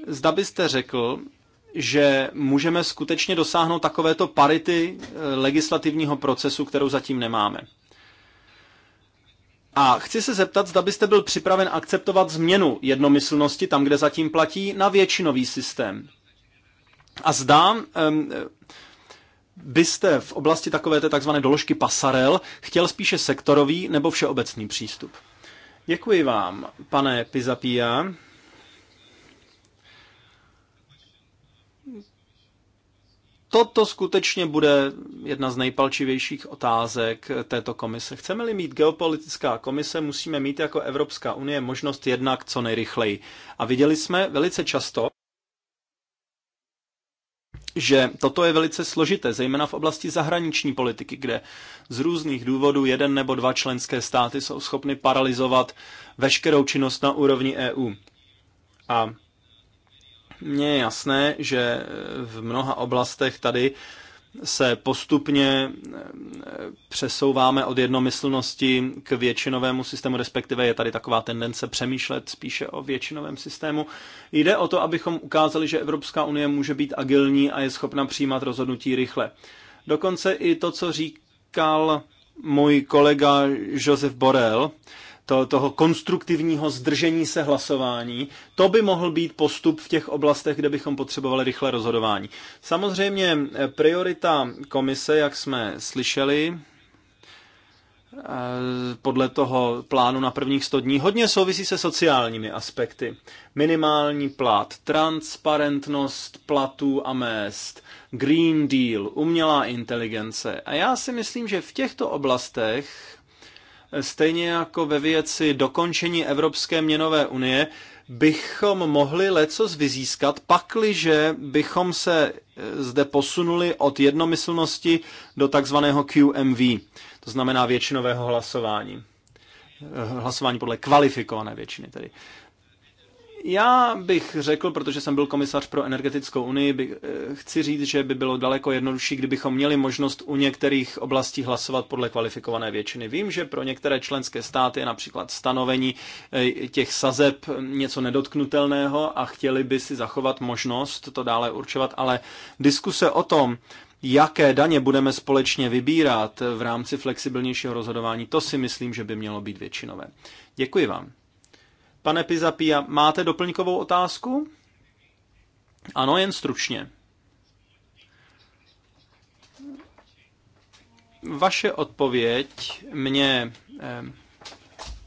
zda byste řekl, že můžeme skutečně dosáhnout takovéto parity eh, legislativního procesu, kterou zatím nemáme. A chci se zeptat, zda byste byl připraven akceptovat změnu jednomyslnosti tam, kde zatím platí, na většinový systém. A zda um, byste v oblasti takové té takzvané doložky pasarel chtěl spíše sektorový nebo všeobecný přístup. Děkuji vám, pane Pizapia. toto skutečně bude jedna z nejpalčivějších otázek této komise. Chceme-li mít geopolitická komise, musíme mít jako Evropská unie možnost jednak co nejrychleji. A viděli jsme velice často, že toto je velice složité, zejména v oblasti zahraniční politiky, kde z různých důvodů jeden nebo dva členské státy jsou schopny paralizovat veškerou činnost na úrovni EU. A mně je jasné, že v mnoha oblastech tady se postupně eh, přesouváme od jednomyslnosti k většinovému systému, respektive je tady taková tendence přemýšlet spíše o většinovém systému. Jde o to, abychom ukázali, že Evropská unie může být agilní a je schopna přijímat rozhodnutí rychle. Dokonce i to, co říkal můj kolega Josef Borel, to, toho konstruktivního zdržení se hlasování. To by mohl být postup v těch oblastech, kde bychom potřebovali rychle rozhodování. Samozřejmě eh, priorita komise, jak jsme slyšeli, eh, podle toho plánu na prvních 100 dní hodně souvisí se sociálními aspekty. Minimální plat, transparentnost platů a mest, Green Deal, umělá inteligence. A já si myslím, že v těchto oblastech stejně jako ve věci dokončení Evropské měnové unie, bychom mohli lecos vyzískat, pakliže bychom se eh, zde posunuli od jednomyslnosti do takzvaného QMV, to znamená většinového hlasování. Eh, hlasování podle kvalifikované většiny tedy. Já bych řekl, protože jsem byl komisař pro energetickou unii, bych, eh, chci říct, že by bylo daleko jednodušší, kdybychom měli možnost u některých oblastí hlasovat podle kvalifikované většiny. Vím, že pro některé členské státy je například stanovení eh, těch sazeb něco nedotknutelného a chtěli by si zachovat možnost to dále určovat, ale diskuse o tom, jaké daně budeme společně vybírat v rámci flexibilnějšího rozhodování, to si myslím, že by mělo být většinové. Děkuji vám. Pane Pizapia, máte doplňkovou otázku? Ano, jen stručně. Vaše odpověď mě eh,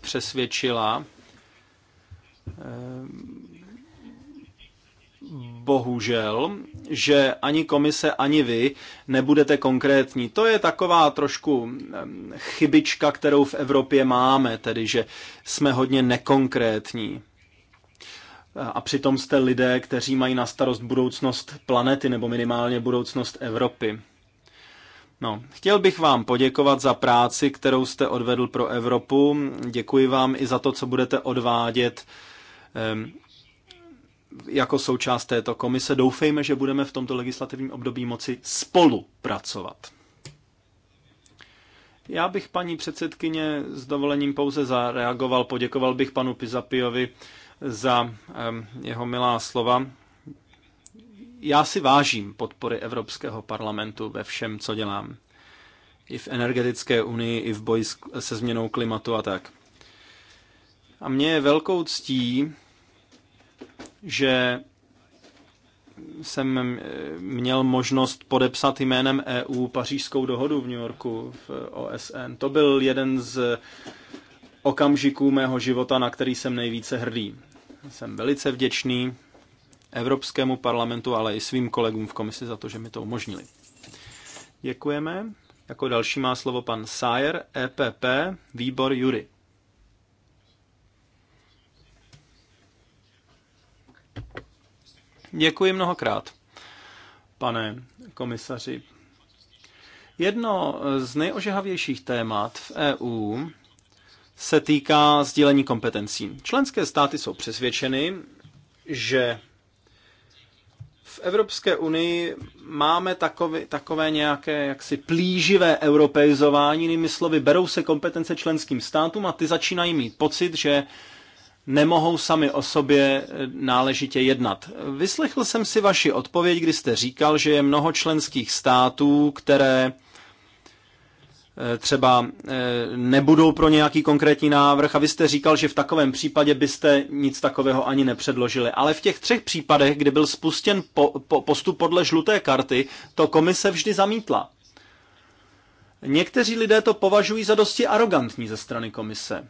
přesvědčila eh, bohužel, že ani komise, ani vy nebudete konkrétní. To je taková trošku chybička, kterou v Evropě máme, tedy že jsme hodně nekonkrétní. A přitom jste lidé, kteří mají na starost budoucnost planety nebo minimálně budoucnost Evropy. No, chtěl bych vám poděkovat za práci, kterou jste odvedl pro Evropu. Děkuji vám i za to, co budete odvádět jako součást této komise. Doufejme, že budeme v tomto legislativním období moci spolupracovat. Já bych paní předsedkyně s dovolením pouze zareagoval, poděkoval bych panu Pizapiovi za jeho milá slova. Já si vážím podpory Evropského parlamentu ve všem, co dělám. I v energetické unii, i v boji se změnou klimatu a tak. A mně je velkou ctí, že jsem eh, měl možnost podepsat jménem EU pařížskou dohodu v New Yorku v OSN. To byl jeden z okamžiků mého života, na který jsem nejvíce hrdý. Jsem velice vděčný Evropskému parlamentu, ale i svým kolegům v komisi za to, že mi to umožnili. Děkujeme. Jako další má slovo pan Sayer, EPP, výbor Jury. Děkuji mnohokrát, pane komisaři. Jedno z nejožehavějších témat v EU se týká sdílení kompetencí. Členské státy jsou přesvědčeny, že v Evropské unii máme takové, takové nějaké jaksi plíživé europeizování, jinými slovy, berou se kompetence členským státům a ty začínají mít pocit, že nemohou sami o sobě eh, náležitě jednat. Vyslechl jsem si vaši odpověď, kdy jste říkal, že je mnoho členských států, které eh, třeba eh, nebudou pro nějaký konkrétní návrh a vy jste říkal, že v takovém případě byste nic takového ani nepředložili. Ale v těch třech případech, kdy byl spustěn po, po, postup podle žluté karty, to komise vždy zamítla. Někteří lidé to považují za dosti arrogantní ze strany komise.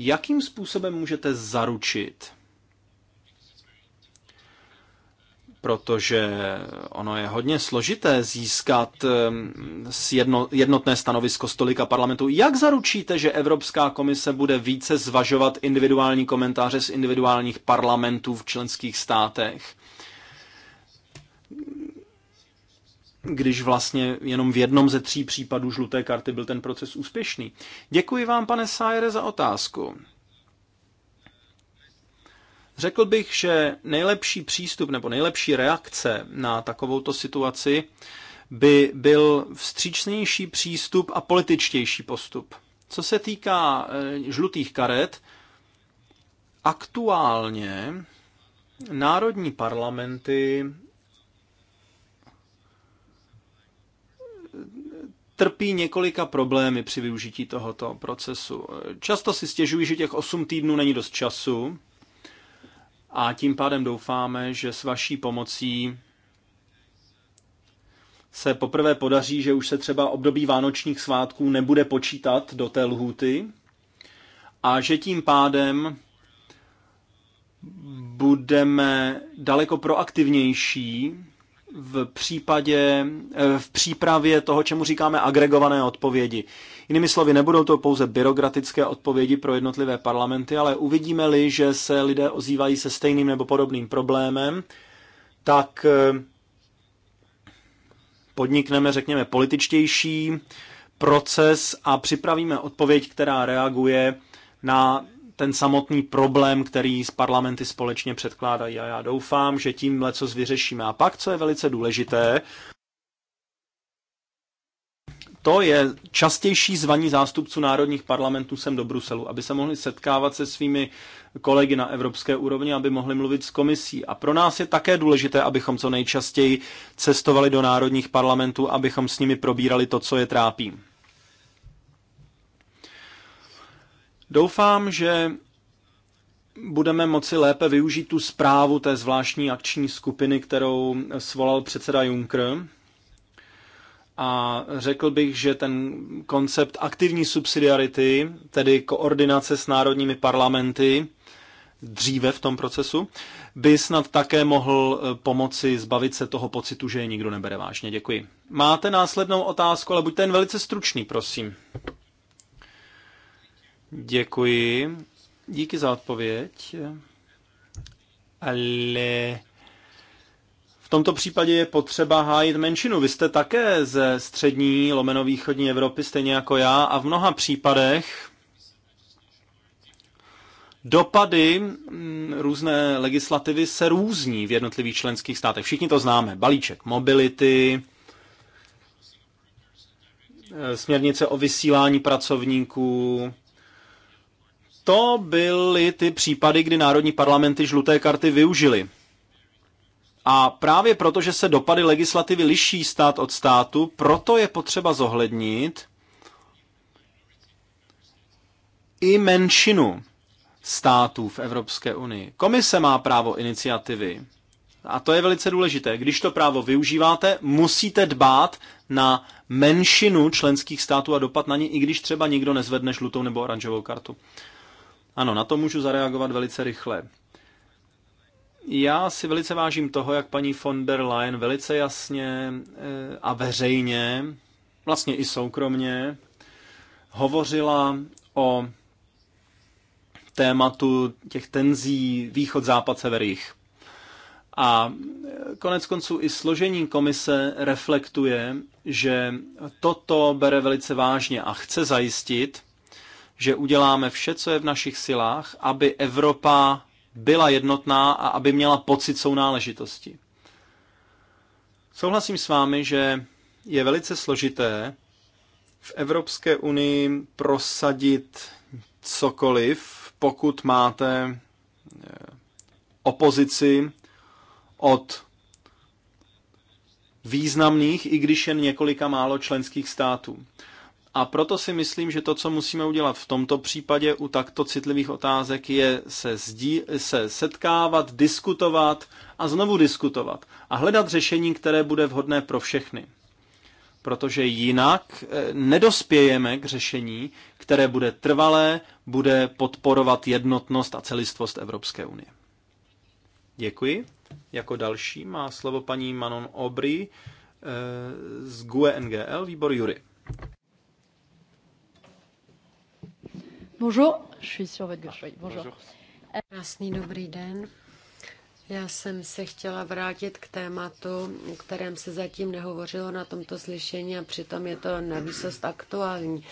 Jakým způsobem můžete zaručit, protože ono je hodně složité získat jednotné stanovisko stolika parlamentu. Jak zaručíte, že Evropská komise bude více zvažovat individuální komentáře z individuálních parlamentů v členských státech? když vlastně jenom v jednom ze tří případů žluté karty byl ten proces úspěšný. Děkuji vám, pane Sajere, za otázku. Řekl bych, že nejlepší přístup nebo nejlepší reakce na takovouto situaci by byl vstřícnější přístup a političtější postup. Co se týká eh, žlutých karet, aktuálně národní parlamenty trpí několika problémy při využití tohoto procesu. Často si stěžují, že těch 8 týdnů není dost času a tím pádem doufáme, že s vaší pomocí se poprvé podaří, že už se třeba období vánočních svátků nebude počítat do té lhůty a že tím pádem budeme daleko proaktivnější v případě, eh, v přípravě toho, čemu říkáme agregované odpovědi. Jinými slovy, nebudou to pouze byrokratické odpovědi pro jednotlivé parlamenty, ale uvidíme-li, že se lidé ozývají se stejným nebo podobným problémem, tak eh, podnikneme, řekněme, političtější proces a připravíme odpověď, která reaguje na ten samotný problém, který z parlamenty společně předkládají. A já doufám, že tím co vyřešíme. A pak, co je velice důležité, to je častější zvaní zástupců národních parlamentů sem do Bruselu, aby se mohli setkávat se svými kolegy na evropské úrovni, aby mohli mluvit s komisí. A pro nás je také důležité, abychom co nejčastěji cestovali do národních parlamentů, abychom s nimi probírali to, co je trápí. Doufám, že budeme moci lépe využít tu zprávu té zvláštní akční skupiny, kterou svolal předseda Juncker. A řekl bych, že ten koncept aktivní subsidiarity, tedy koordinace s národními parlamenty, dříve v tom procesu, by snad také mohl eh, pomoci zbavit se toho pocitu, že je nikdo nebere vážně. Děkuji. Máte následnou otázku, ale buďte jen velice stručný, prosím. Děkuji. Díky za odpověď. Ale v tomto případě je potřeba hájit menšinu. Vy jste také ze střední lomenovýchodní Evropy, stejně jako já, a v mnoha případech dopady mm, různé legislativy se různí v jednotlivých členských státech. Všichni to známe. Balíček mobility, e, směrnice o vysílání pracovníků, to byly ty případy, kdy národní parlamenty žluté karty využily. A právě proto, že se dopady legislativy liší stát od státu, proto je potřeba zohlednit i menšinu států v Evropské unii. Komise má právo iniciativy. A to je velice důležité. Když to právo využíváte, musíte dbát na menšinu členských států a dopad na ně, i když třeba nikdo nezvedne žlutou nebo oranžovou kartu. Ano, na to můžu zareagovat velice rychle. Já si velice vážím toho, jak paní von der Leyen velice jasně eh, a veřejně, vlastně i soukromně, hovořila o tématu těch tenzí východ-západ-severých. A eh, konec konců i složení komise reflektuje, že toto bere velice vážně a chce zajistit, že uděláme vše, co je v našich silách, aby Evropa byla jednotná a aby měla pocit sounáležitosti. Souhlasím s vámi, že je velice složité v Evropské unii prosadit cokoliv, pokud máte eh, opozici od významných, i když jen několika málo členských států. A proto si myslím, že to, co musíme udělat v tomto případě u takto citlivých otázek, je se, zdí, se setkávat, diskutovat a znovu diskutovat a hledat řešení, které bude vhodné pro všechny. Protože jinak eh, nedospějeme k řešení, které bude trvalé, bude podporovat jednotnost a celistvost Evropské unie. Děkuji. Jako další má slovo paní Manon Obry eh, z GUE NGL, výbor Jury. Bonjour, je suis sur votre gauche. Oui, ah, bonjour. bonjour. Krásný dobrý den. Já jsem se chtěla vrátit k tématu, o kterém se zatím nehovořilo na tomto slyšení a přitom je to navýsost aktuální.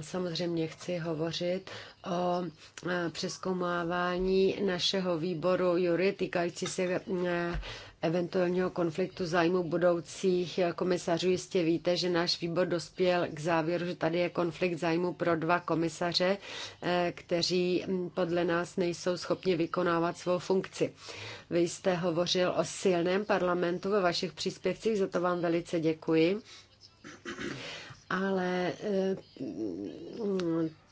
Samozřejmě chci hovořit o eh, přeskoumávání našeho výboru jury týkající se eh, eventuálního konfliktu zájmu budoucích komisařů. Jistě víte, že náš výbor dospěl k závěru, že tady je konflikt zájmu pro dva komisaře, eh, kteří hm, podle nás nejsou schopni vykonávat svou funkci. Vy jste hovořil o silném parlamentu ve vašich příspěvcích, za to vám velice děkuji ale eh,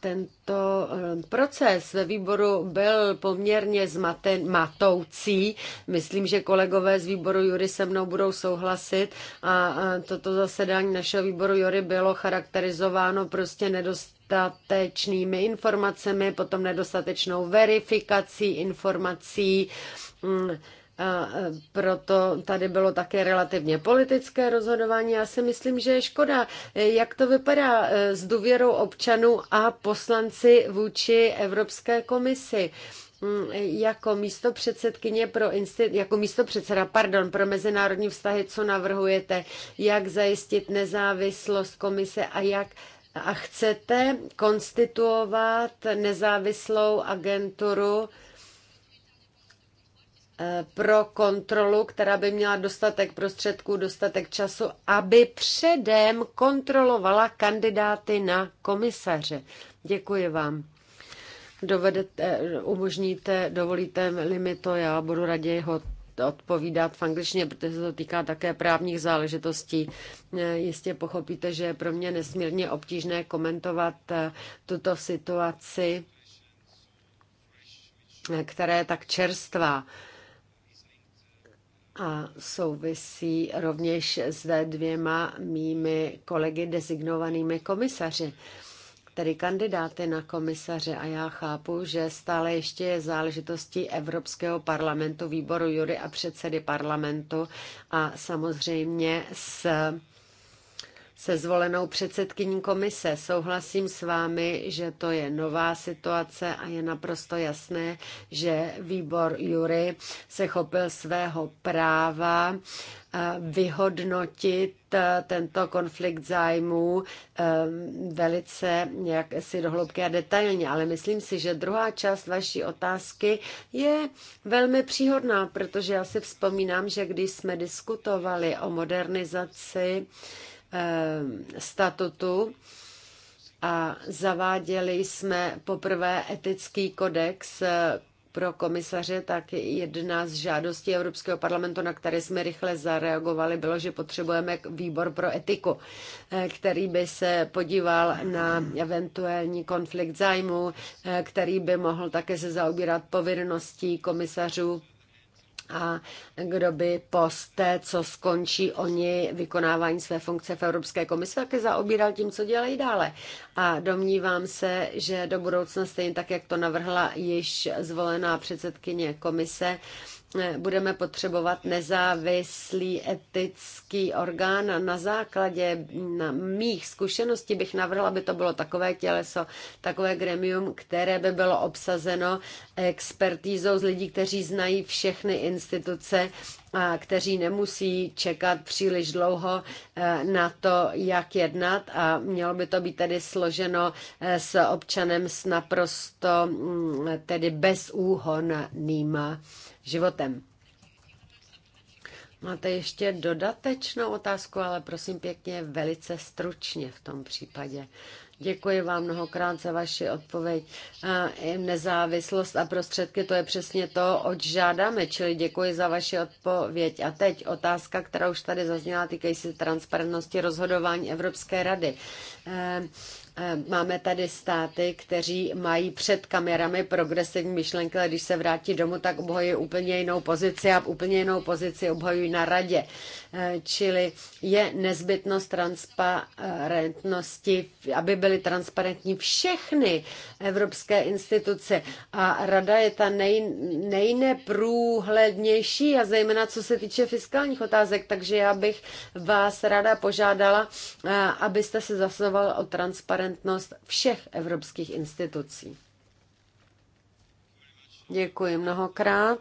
tento eh, proces ve výboru byl poměrně zmaten, matoucí. Myslím, že kolegové z výboru Jury se mnou budou souhlasit a toto zasedání našeho výboru Jury bylo charakterizováno prostě nedostatečnými informacemi, potom nedostatečnou verifikací informací, mm, a e, proto tady bylo také relativně politické rozhodování. Já si myslím, že je škoda, e, jak to vypadá e, s důvěrou občanů a poslanci vůči Evropské komisi mm, jako místo předsedkyně pro instit, jako místo předseda, pardon, pro mezinárodní vztahy, co navrhujete, jak zajistit nezávislost komise a jak a chcete konstituovat nezávislou agenturu pro kontrolu, která by měla dostatek prostředků, dostatek času, aby předem kontrolovala kandidáty na komisaře. Děkuji vám. Dovedete, umožníte, dovolíte mi to, já budu raději ho odpovídat v angličtině, protože se to týká také právních záležitostí. Jistě pochopíte, že je pro mě nesmírně obtížné komentovat eh, tuto situaci, eh, která je tak čerstvá a souvisí rovněž s dvěma mými kolegy designovanými komisaři tedy kandidáty na komisaře a já chápu, že stále ještě je záležitostí Evropského parlamentu, výboru Jury a předsedy parlamentu a samozřejmě s se zvolenou předsedkyní komise. Souhlasím s vámi, že to je nová situace a je naprosto jasné, že výbor Jury se chopil svého práva eh, vyhodnotit eh, tento konflikt zájmů eh, velice jak si dohloubky a detailně, ale myslím si, že druhá část vaší otázky je velmi příhodná, protože já si vzpomínám, že když jsme diskutovali o modernizaci Eh, statutu a zaváděli jsme poprvé etický kodex eh, pro komisaře, tak jedna z žádostí Evropského parlamentu, na které jsme rychle zareagovali, bylo, že potřebujeme výbor pro etiku, eh, který by se podíval na eventuální konflikt zájmu, který by mohl také se zaobírat povinností komisařů a kdo by poté, co skončí oni vykonávání své funkce v Evropské komisi, taky zaobíral tím, co dělají dále. A domnívám se, že do budoucna stejně tak, jak to navrhla již zvolená předsedkyně komise, Eh, budeme potřebovat nezávislý etický orgán a na základě na mých zkušeností bych navrhla, aby to bylo takové těleso, takové gremium, které by bylo obsazeno expertízou z lidí, kteří znají všechny instituce a kteří nemusí čekat příliš dlouho eh, na to, jak jednat a mělo by to být tedy složeno eh, s občanem s naprosto mm, tedy bezúhonným životem. Máte ještě dodatečnou otázku, ale prosím pěkně, velice stručně v tom případě. Děkuji vám mnohokrát za vaši odpověď. Nezávislost a prostředky, to je přesně to, oč žádáme, čili děkuji za vaši odpověď. A teď otázka, která už tady zazněla, týkají se transparentnosti rozhodování Evropské rady. Ehm, Eh, máme tady státy, kteří mají před kamerami progresivní myšlenky, ale když se vrátí domů, tak obhojí úplně jinou pozici a úplně jinou pozici obhojují na radě. Eh, čili je nezbytnost transparentnosti, aby byly transparentní všechny evropské instituce. A rada je ta nej, nejneprůhlednější a zejména co se týče fiskálních otázek, takže já bych vás rada požádala, eh, abyste se zasazoval o transparentnost transparentnost všech evropských institucí. Děkuji mnohokrát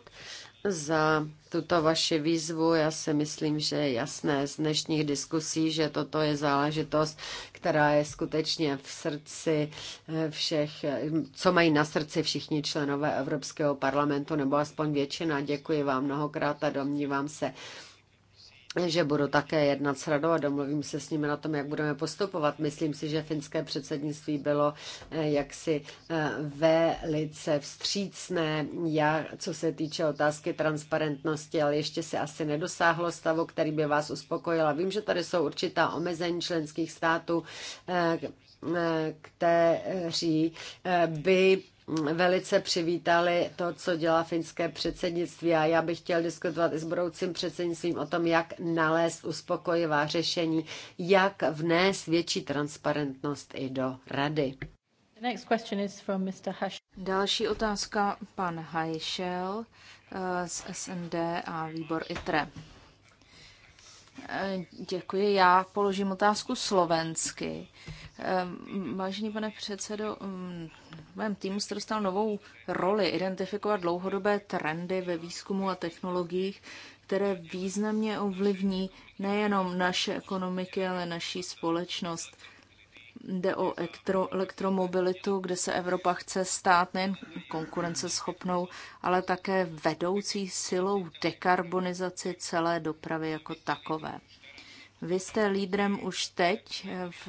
za tuto vaši výzvu. Já si myslím, že je jasné z dnešních diskusí, že toto je záležitost, která je skutečně v srdci eh, všech, eh, co mají na srdci všichni členové Evropského parlamentu, nebo aspoň většina. Děkuji vám mnohokrát a domnívám se, že budu také jednat s radou a domluvím se s nimi na tom, jak budeme postupovat. Myslím si, že finské předsednictví bylo eh, jaksi eh, velice vstřícné, já, co se týče otázky transparentnosti, ale ještě se asi nedosáhlo stavu, který by vás uspokojil. Vím, že tady jsou určitá omezení členských států, eh, kteří by velice přivítali to, co dělá finské předsednictví a já bych chtěl diskutovat i s budoucím předsednictvím o tom, jak nalézt uspokojivá řešení, jak vnést větší transparentnost i do rady. Další otázka pan Hajšel eh, z SND a výbor ITRE. Eh, děkuji. Já položím otázku slovensky. Eh, vážený pane předsedo, mm, v mém týmu jste dostal novou roli identifikovat dlouhodobé trendy ve výzkumu a technologiích, které významně ovlivní nejenom naše ekonomiky, ale naší společnost jde o elektro, elektromobilitu, kde se Evropa chce stát nejen konkurenceschopnou, ale také vedoucí silou dekarbonizaci celé dopravy jako takové. Vy jste lídrem už teď v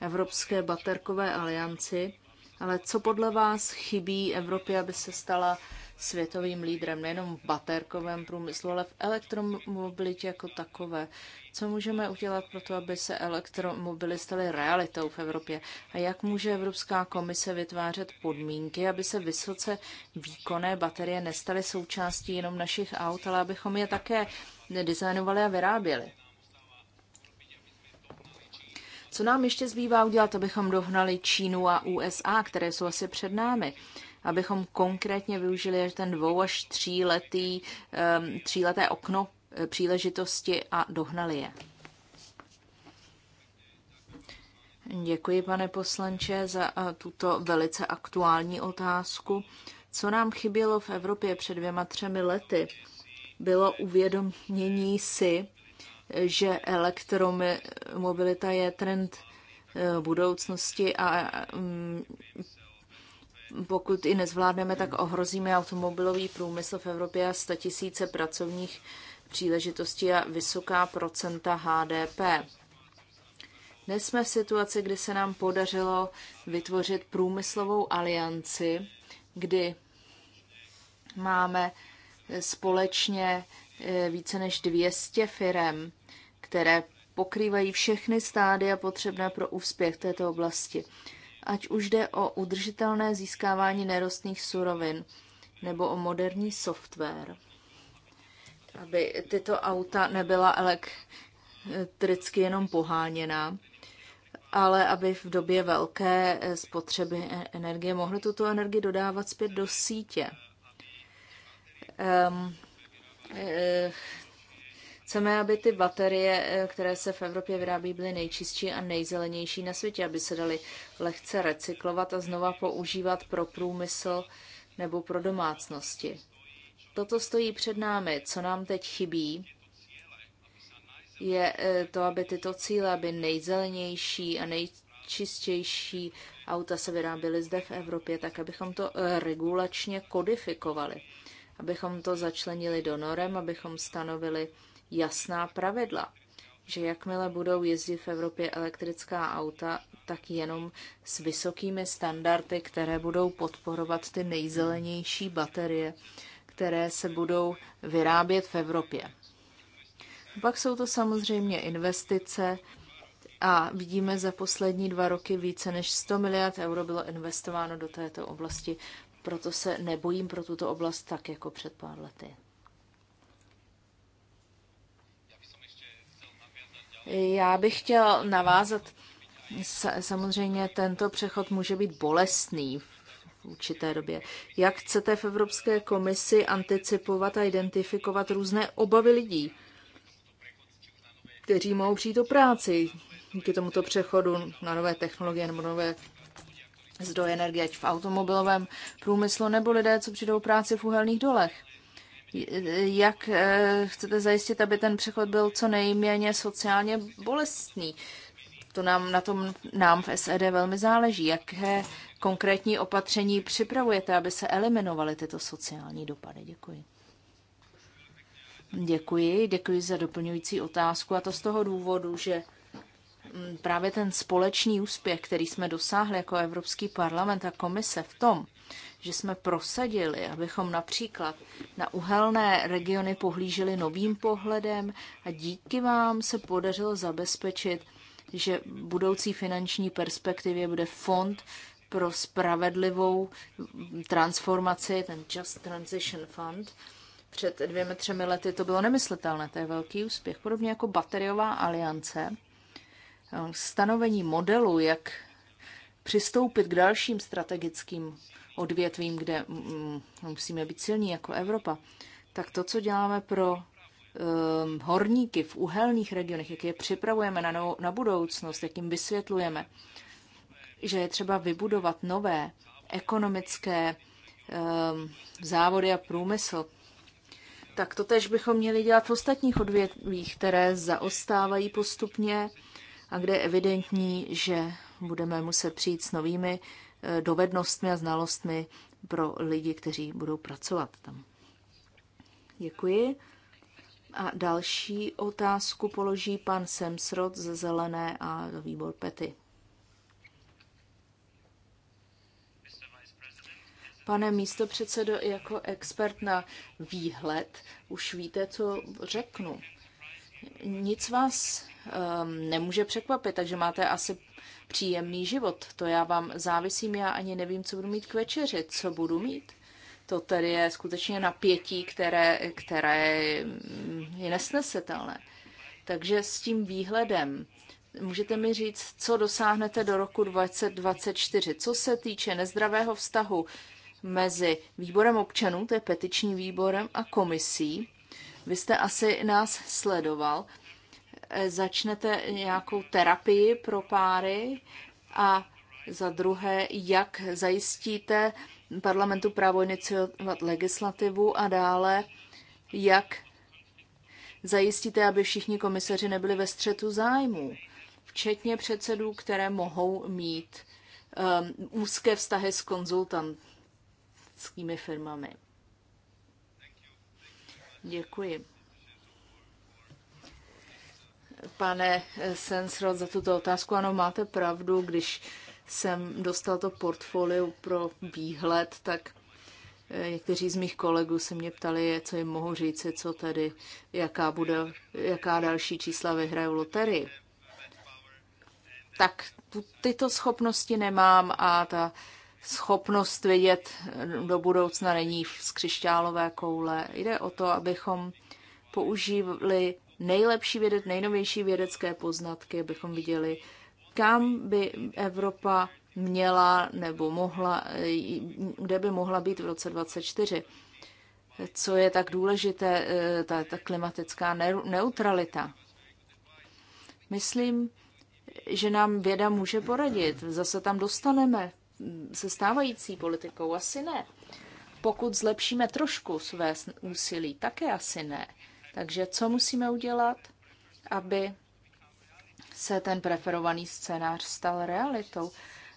Evropské baterkové alianci, ale co podle vás chybí Evropě, aby se stala světovým lídrem nejenom v baterkovém průmyslu, ale v elektromobilitě jako takové. Co můžeme udělat pro to, aby se elektromobily staly realitou v Evropě? A jak může Evropská komise vytvářet podmínky, aby se vysoce výkonné baterie nestaly součástí jenom našich aut, ale abychom je také designovali a vyráběli? Co nám ještě zbývá udělat, abychom dohnali Čínu a USA, které jsou asi před námi? abychom konkrétně využili ten dvou až tříletý, tříleté okno eh, příležitosti a dohnali je. Děkuji, pane poslanče, za eh, tuto velice aktuální otázku. Co nám chybělo v Evropě před dvěma, třemi lety, bylo uvědomění si, že elektromobilita je trend eh, budoucnosti a mm, pokud i nezvládneme, tak ohrozíme automobilový průmysl v Evropě a 100 tisíce pracovních příležitostí a vysoká procenta HDP. Dnes jsme v situaci, kdy se nám podařilo vytvořit průmyslovou alianci, kdy máme společně eh, více než 200 firem, které pokrývají všechny stády a potřebné pro úspěch této oblasti ať už jde o udržitelné získávání nerostných surovin nebo o moderní software, aby tyto auta nebyla elektricky jenom poháněná, ale aby v době velké spotřeby energie mohly tuto energii dodávat zpět do sítě. Um, Chceme, aby ty baterie, eh, které se v Evropě vyrábí, byly nejčistší a nejzelenější na světě, aby se daly lehce recyklovat a znova používat pro průmysl nebo pro domácnosti. Toto stojí před námi. Co nám teď chybí, je eh, to, aby tyto cíle, aby nejzelenější a nejčistější auta se vyráběly zde v Evropě, tak abychom to eh, regulačně kodifikovali, abychom to začlenili do norem, abychom stanovili jasná pravidla, že jakmile budou jezdit v Evropě elektrická auta, tak jenom s vysokými standardy, které budou podporovat ty nejzelenější baterie, které se budou vyrábět v Evropě. Pak jsou to samozřejmě investice a vidíme za poslední dva roky více než 100 miliard euro bylo investováno do této oblasti, proto se nebojím pro tuto oblast tak jako před pár lety. Já bych chtěl navázat. Samozřejmě tento přechod může být bolestný v určité době. Jak chcete v Evropské komisi anticipovat a identifikovat různé obavy lidí, kteří mohou přijít do práci díky tomuto přechodu na nové technologie nebo nové zdroje energie, ať v automobilovém průmyslu, nebo lidé, co přijdou práci v uhelných dolech? jak eh, chcete zajistit, aby ten přechod byl co nejméně sociálně bolestný. To nám na tom nám v SED velmi záleží. Jaké konkrétní opatření připravujete, aby se eliminovaly tyto sociální dopady? Děkuji. Děkuji, děkuji za doplňující otázku a to z toho důvodu, že mm, právě ten společný úspěch, který jsme dosáhli jako Evropský parlament a komise v tom, že jsme prosadili, abychom například na uhelné regiony pohlíželi novým pohledem a díky vám se podařilo zabezpečit, že v budoucí finanční perspektivě bude fond pro spravedlivou transformaci, ten Just Transition Fund. Před dvěmi, třemi lety to bylo nemyslitelné, to je velký úspěch. Podobně jako bateriová aliance, eh, stanovení modelu, jak přistoupit k dalším strategickým odvětvím, kde mm, mm, musíme být silní jako Evropa, tak to, co děláme pro um, horníky v uhelných regionech, jak je připravujeme na, novou, na budoucnost, jak jim vysvětlujeme, že je třeba vybudovat nové ekonomické um, závody a průmysl, tak to tež bychom měli dělat v ostatních odvětvích, které zaostávají postupně a kde je evidentní, že budeme muset přijít s novými dovednostmi a znalostmi pro lidi, kteří budou pracovat tam. Děkuji. A další otázku položí pan Semsrod ze Zelené a do výbor Pety. Pane místopředsedo, jako expert na výhled už víte, co řeknu. Nic vás um, nemůže překvapit, takže máte asi příjemný život. To já vám závisím, já ani nevím, co budu mít k večeři, co budu mít. To tedy je skutečně napětí, které, které je nesnesitelné. Takže s tím výhledem můžete mi říct, co dosáhnete do roku 2024. Co se týče nezdravého vztahu mezi výborem občanů, to je petiční výborem, a komisí, vy jste asi nás sledoval začnete nějakou terapii pro páry a za druhé, jak zajistíte parlamentu právo iniciovat legislativu a dále, jak zajistíte, aby všichni komisaři nebyli ve střetu zájmů, včetně předsedů, které mohou mít um, úzké vztahy s konzultantskými firmami. Děkuji pane Sensrod, za tuto otázku. Ano, máte pravdu, když jsem dostal to portfolio pro výhled, tak eh, někteří z mých kolegů se mě ptali, co jim mohu říct, co tedy, jaká, bude, jaká další čísla vyhraje v loterii. Tak tyto schopnosti nemám a ta schopnost vidět eh, do budoucna není z křišťálové koule. Jde o to, abychom používali nejlepší vědec, nejnovější vědecké poznatky, abychom viděli, kam by Evropa měla nebo mohla, kde by mohla být v roce 2024. Co je tak důležité, eh, ta, ta klimatická neutralita. Myslím, že nám věda může poradit. Zase tam dostaneme se stávající politikou? Asi ne. Pokud zlepšíme trošku své úsilí, také asi ne. Takže co musíme udělat, aby se ten preferovaný scénář stal realitou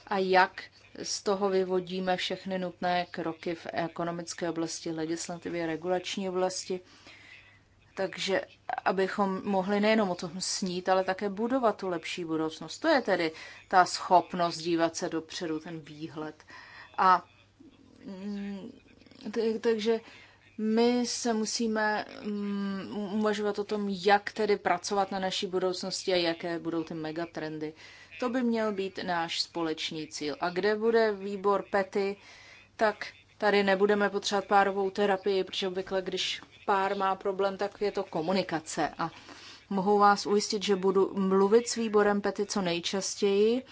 a jak z toho vyvodíme všechny nutné kroky v ekonomické oblasti, legislativě, regulační oblasti, takže abychom mohli nejenom o tom snít, ale také budovat tu lepší budoucnost. To je tedy ta schopnost dívat se dopředu, ten výhled. A mm, takže my se musíme um, uvažovat o tom, jak tedy pracovat na naší budoucnosti a jaké budou ty megatrendy. To by měl být náš společný cíl. A kde bude výbor pety, tak tady nebudeme potřebovat párovou terapii, protože obvykle, když pár má problém, tak je to komunikace. A mohu vás ujistit, že budu mluvit s výborem pety co nejčastěji,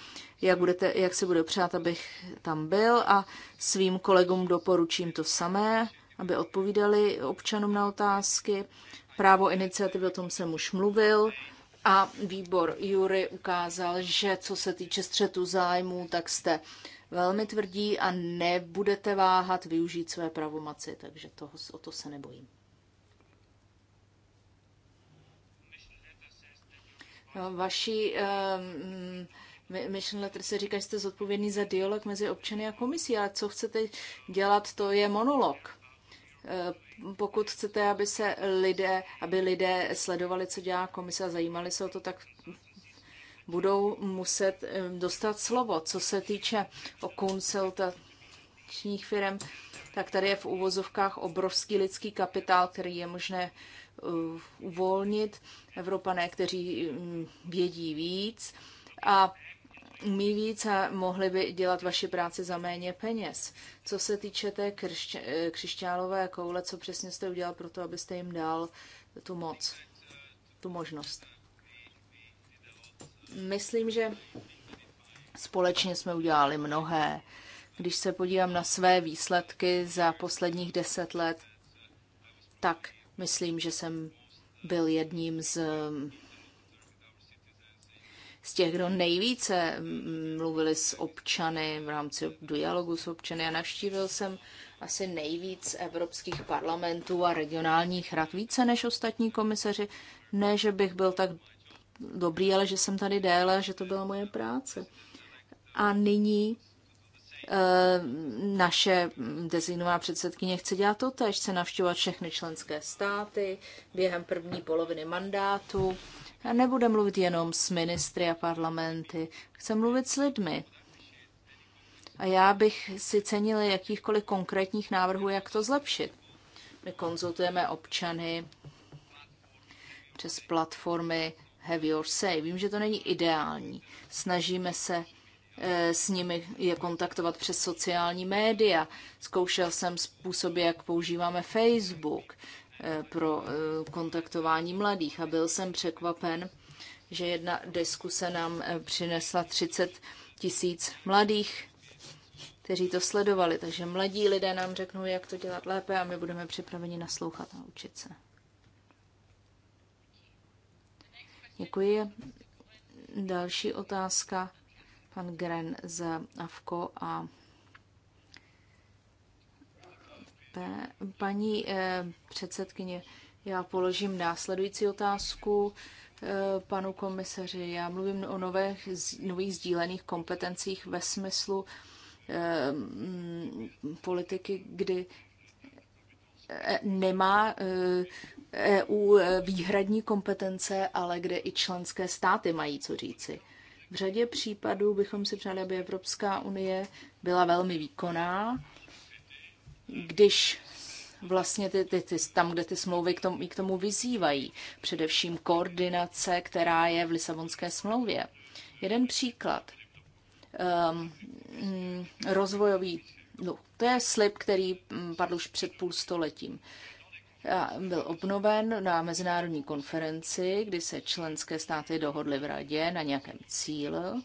jak, budete, jak si bude přát, abych tam byl a svým kolegům doporučím to samé aby odpovídali občanům na otázky. Právo iniciativy, o tom jsem už mluvil. A výbor Jury ukázal, že co se týče střetu zájmů, tak jste velmi tvrdí a nebudete váhat využít své pravomoci, takže toho, o to se nebojím. No, vaší um, ehm, mission letter se říká, že jste zodpovědný za dialog mezi občany a komisí, ale co chcete dělat, to je monolog. Eh, pokud chcete, aby se lidé, aby lidé sledovali, co dělá komise a zajímali se o to, tak budou muset eh, dostat slovo. Co se týče o konsultačních firm, tak tady je v uvozovkách obrovský lidský kapitál, který je možné eh, uvolnit. Evropané, kteří hm, vědí víc a umí víc a mohli by dělat vaši práci za méně peněz. Co se týče té křišť, eh, křišťálové koule, co přesně jste udělal pro to, abyste jim dal tu moc, tu možnost? Myslím, že společně jsme udělali mnohé. Když se podívám na své výsledky za posledních deset let, tak myslím, že jsem byl jedním z z těch, kdo nejvíce mm, mluvili s občany v rámci dialogu s občany a navštívil jsem asi nejvíc evropských parlamentů a regionálních rad, více než ostatní komisaři. Ne, že bych byl tak dobrý, ale že jsem tady déle, že to byla moje práce. A nyní eh, naše designová předsedkyně chce dělat to tež, chce navštěvovat všechny členské státy během první poloviny mandátu, a nebude mluvit jenom s ministry a parlamenty, chci mluvit s lidmi. A já bych si cenila jakýchkoliv konkrétních návrhů, jak to zlepšit. My konzultujeme občany přes platformy Have Your Say. Vím, že to není ideální. Snažíme se eh, s nimi je kontaktovat přes sociální média. Zkoušel jsem způsoby, jak používáme Facebook pro eh, kontaktování mladých. A byl jsem překvapen, že jedna diskuse nám eh, přinesla 30 tisíc mladých, kteří to sledovali. Takže mladí lidé nám řeknou, jak to dělat lépe a my budeme připraveni naslouchat a učit se. Děkuji. Další otázka. Pan Gren z AFKO a Paní eh, předsedkyně, já položím následující otázku eh, panu komisaři. Já mluvím o nových, nových sdílených kompetencích ve smyslu eh, mm, politiky, kdy nemá EU e výhradní kompetence, ale kde i členské státy mají co říci. V řadě případů bychom si přáli, aby Evropská unie byla velmi výkonná, když vlastně ty, ty, ty, tam, kde ty smlouvy k tomu, k tomu vyzývají. Především koordinace, která je v Lisabonské smlouvě. Jeden příklad. Um, rozvojový no, To je slib, který mm, padl už před půl stoletím. Byl obnoven na mezinárodní konferenci, kdy se členské státy dohodly v radě na nějakém cíl. Um,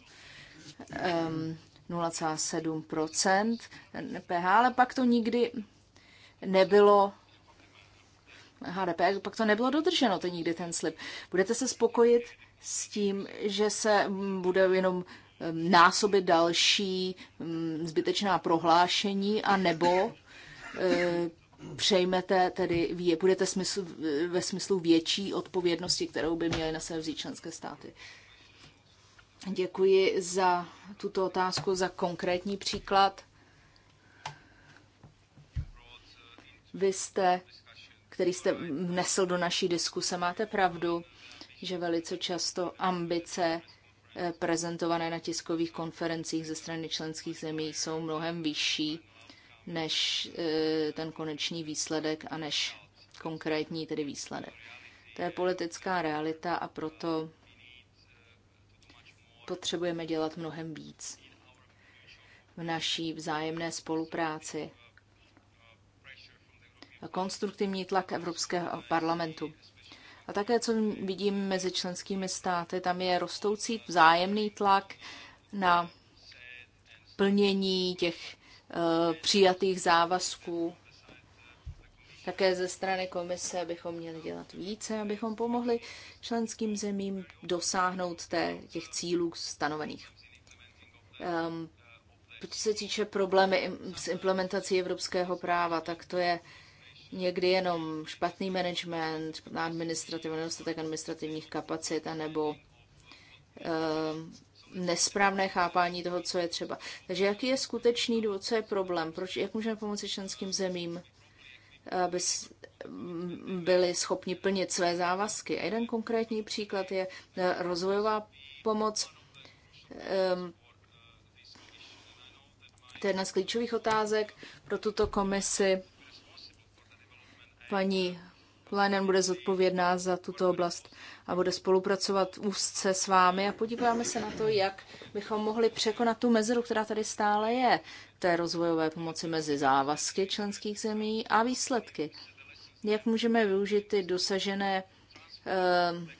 ehm, 0,7 PH, ale pak to nikdy nebylo HDP, pak to nebylo dodrženo, to nikdy ten slib. Budete se spokojit s tím, že se bude jenom um, násobit další um, zbytečná prohlášení, a nebo uh, přejmete tedy, budete smysl, ve smyslu větší odpovědnosti, kterou by měly na sebe vzít členské státy. Děkuji za tuto otázku, za konkrétní příklad. Vy jste, který jste vnesl do naší diskuse, máte pravdu, že velice často ambice eh, prezentované na tiskových konferencích ze strany členských zemí jsou mnohem vyšší než eh, ten konečný výsledek a než konkrétní tedy výsledek. To je politická realita a proto potřebujeme dělat mnohem víc v naší vzájemné spolupráci. A konstruktivní tlak Evropského parlamentu. A také, co vidím mezi členskými státy, tam je rostoucí vzájemný tlak na plnění těch uh, přijatých závazků také ze strany komise, bychom měli dělat více, abychom pomohli členským zemím dosáhnout té, těch cílů stanovených. Um, ehm, pokud se týče problémy s implementací evropského práva, tak to je někdy jenom špatný management, špatná administrativa, nedostatek administrativních kapacit, anebo um, nesprávné chápání toho, co je třeba. Takže jaký je skutečný důvod, co je problém, proč, jak můžeme pomoci členským zemím aby byli schopni plnit své závazky. A jeden konkrétní příklad je eh, rozvojová pomoc. Ehm, to je jedna z klíčových otázek pro tuto komisi. Paní Lenin bude zodpovědná za tuto oblast a bude spolupracovat úzce s vámi a podíváme se na to, jak bychom mohli překonat tu mezeru, která tady stále je, té rozvojové pomoci mezi závazky členských zemí a výsledky. Jak můžeme využít ty dosažené eh,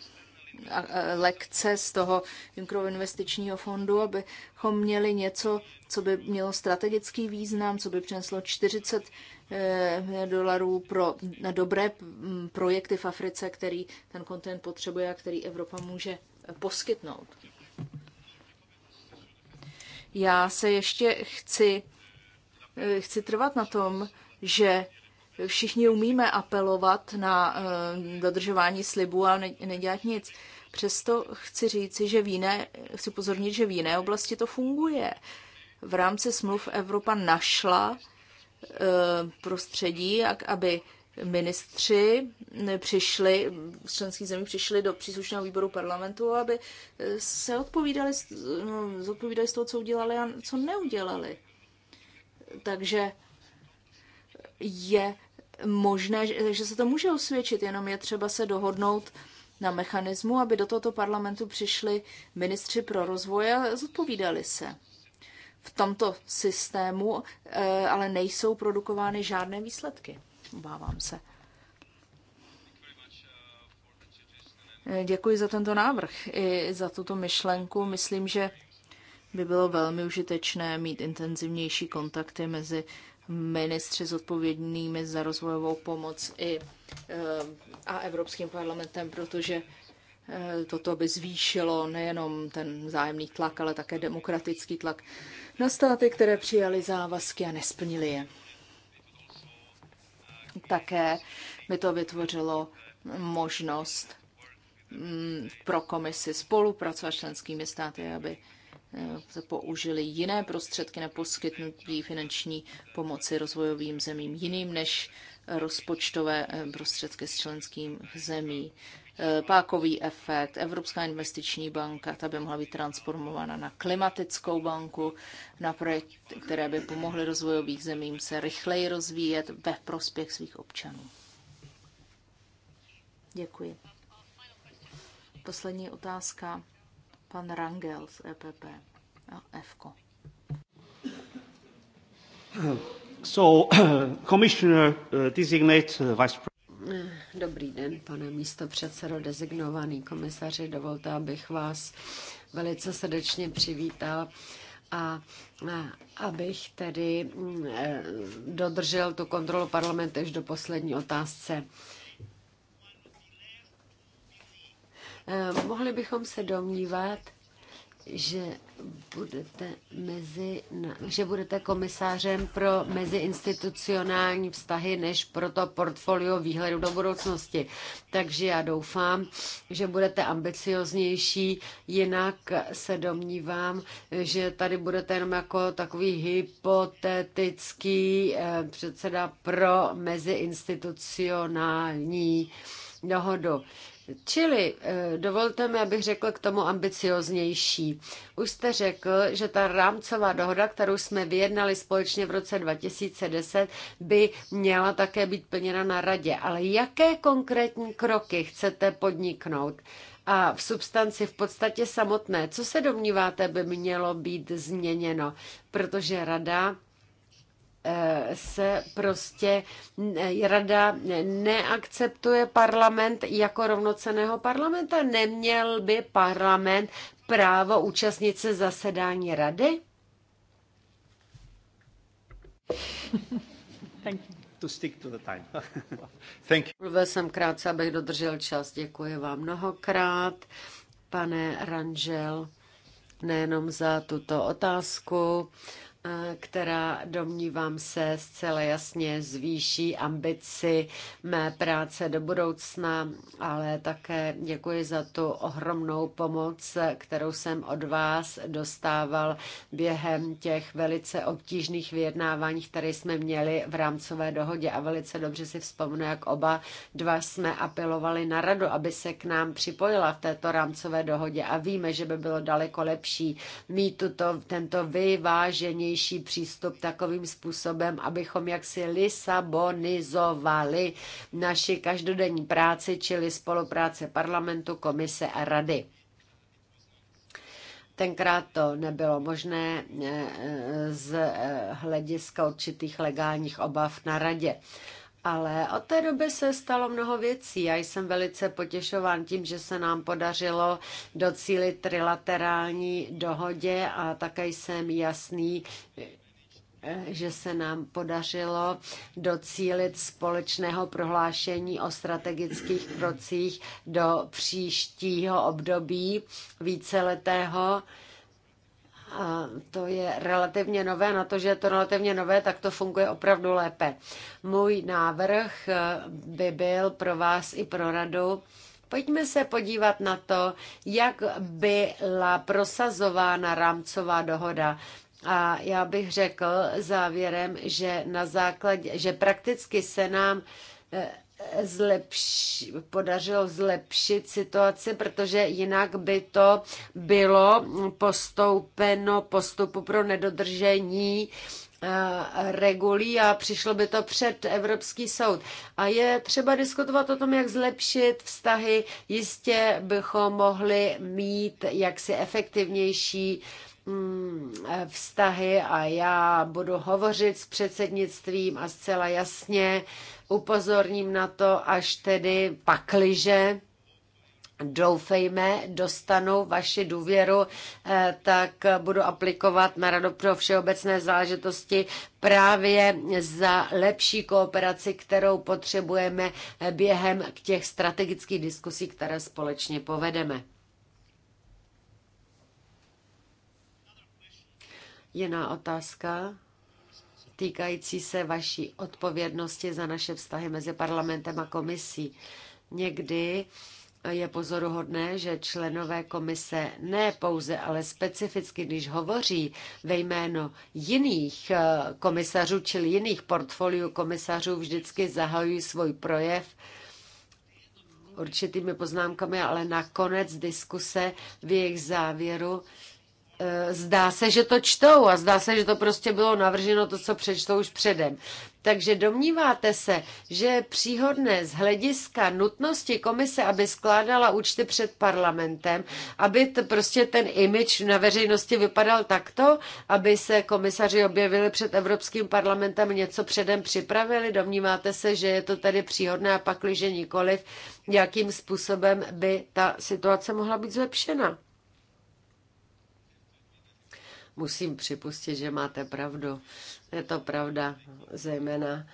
lekce z toho Junckerova investičního fondu, abychom měli něco, co by mělo strategický význam, co by přineslo 40 eh, dolarů pro na dobré mm, projekty v Africe, který ten kontinent potřebuje a který Evropa může poskytnout. Já se ještě chci, eh, chci trvat na tom, že všichni umíme apelovat na eh, dodržování slibu a nedělat nic. Přesto chci říci, že v jiné, chci pozornit, že v jiné oblasti to funguje. V rámci smluv Evropa našla eh, prostředí, jak aby ministři přišli, z členských zemí přišli do příslušného výboru parlamentu, aby eh, se odpovídali, zodpovídali z toho, co udělali a co neudělali. Takže je možné, že se to může osvědčit, jenom je třeba se dohodnout na mechanismu, aby do tohoto parlamentu přišli ministři pro rozvoj a zodpovídali se. V tomto systému eh, ale nejsou produkovány žádné výsledky, obávám se. Eh, děkuji za tento návrh i za tuto myšlenku. Myslím, že by bylo velmi užitečné mít intenzivnější kontakty mezi ministři zodpovědnými za rozvojovou pomoc i, eh, a Evropským parlamentem, protože eh, toto by zvýšilo nejenom ten zájemný tlak, ale také demokratický tlak na státy, které přijali závazky a nesplnili je. Také by to vytvořilo možnost mm, pro komisi spolupracovat s členskými státy, aby se eh, použili jiné prostředky na poskytnutí finanční pomoci rozvojovým zemím jiným než rozpočtové eh, prostředky s členským zemí. Eh, pákový efekt, Evropská investiční banka, ta by mohla být transformována na klimatickou banku, na projekty, které by pomohly rozvojovým zemím se rychleji rozvíjet ve prospěch svých občanů. Děkuji. Poslední otázka Pan Rangel z EPP a EFKO. So, commissioner uh, designate uh, vice Dobrý den, pane místo předsedo designovaný komisaři. Dovolte, abych vás velice srdečně přivítal a abych tedy mm, eh, dodržel tu kontrolu parlamentu až do poslední otázce. Eh, mohli bychom se domnívat, že budete, mezi, že budete komisářem pro meziinstitucionální vztahy než pro to portfolio výhledu do budoucnosti. Takže já doufám, že budete ambicioznější, jinak se domnívám, že tady budete jenom jako takový hypotetický eh, předseda pro meziinstitucionální dohodu. Čili eh, dovolte mi, abych řekl k tomu ambicioznější. Už jste řekl, že ta rámcová dohoda, kterou jsme vyjednali společně v roce 2010, by měla také být plněna na radě. Ale jaké konkrétní kroky chcete podniknout? a v substanci v podstatě samotné. Co se domníváte, by mělo být změněno? Protože rada Eh, se prostě eh, rada neakceptuje parlament jako rovnoceného parlamenta. Neměl by parlament právo účastnit se zasedání rady? Thank you. To stick to the time. Thank you. Mluvil jsem krátce, abych dodržel čas. Děkuji vám mnohokrát, pane Rangel, nejenom za tuto otázku která domnívám se zcela jasně zvýší ambici mé práce do budoucna, ale také děkuji za tu ohromnou pomoc, kterou jsem od vás dostával během těch velice obtížných vyjednávání, které jsme měli v rámcové dohodě a velice dobře si vzpomenu, jak oba dva jsme apelovali na radu, aby se k nám připojila v této rámcové dohodě a víme, že by bylo daleko lepší mít tuto, tento vyváženější vhodnější přístup takovým způsobem, abychom jaksi lisabonizovali naši každodenní práci, čili spolupráce parlamentu, komise a rady. Tenkrát to nebylo možné e, e, z e, hlediska určitých legálních obav na radě. Ale od té doby se stalo mnoho věcí. Já jsem velice potěšován tím, že se nám podařilo docílit trilaterální dohodě a také jsem jasný, že se nám podařilo docílit společného prohlášení o strategických krocích do příštího období víceletého. letého a to je relativně nové. Na to, že je to relativně nové, tak to funguje opravdu lépe. Můj návrh eh, by byl pro vás i pro radu, Pojďme se podívat na to, jak byla prosazována rámcová dohoda. A já bych řekl závěrem, že na základě, že prakticky se nám eh, zlepši, podařilo zlepšit situaci, protože jinak by to bylo postoupeno postupu pro nedodržení eh, regulí a přišlo by to před Evropský soud. A je třeba diskutovat o tom, jak zlepšit vztahy. Jistě bychom mohli mít jaksi efektivnější uh, Mm, vztahy a já budu hovořit s předsednictvím a zcela jasně upozorním na to, až tedy pakliže doufejme, dostanu vaši důvěru, eh, tak budu aplikovat na Radu pro všeobecné záležitosti právě za lepší kooperaci, kterou potřebujeme během těch strategických diskusí, které společně povedeme. Jiná otázka týkající se vaší odpovědnosti za naše vztahy mezi parlamentem a komisí. Někdy je pozoruhodné, že členové komise ne pouze, ale specificky, když hovoří ve jméno jiných eh, komisařů, čili jiných portfoliů komisařů, vždycky zahajují svůj projev určitými poznámkami, ale nakonec diskuse v jejich závěru Eh, zdá se, že to čtou a zdá se, že to prostě bylo navrženo to, co přečtou už předem. Takže domníváte se, že je příhodné z hlediska nutnosti komise, aby skládala účty před parlamentem, aby to prostě ten image na veřejnosti vypadal takto, aby se komisaři objevili před Evropským parlamentem, něco předem připravili? Domníváte se, že je to tedy příhodné a pakliže nikoliv, jakým způsobem by ta situace mohla být zlepšena? musím připustit, že máte pravdu. Je to pravda, zejména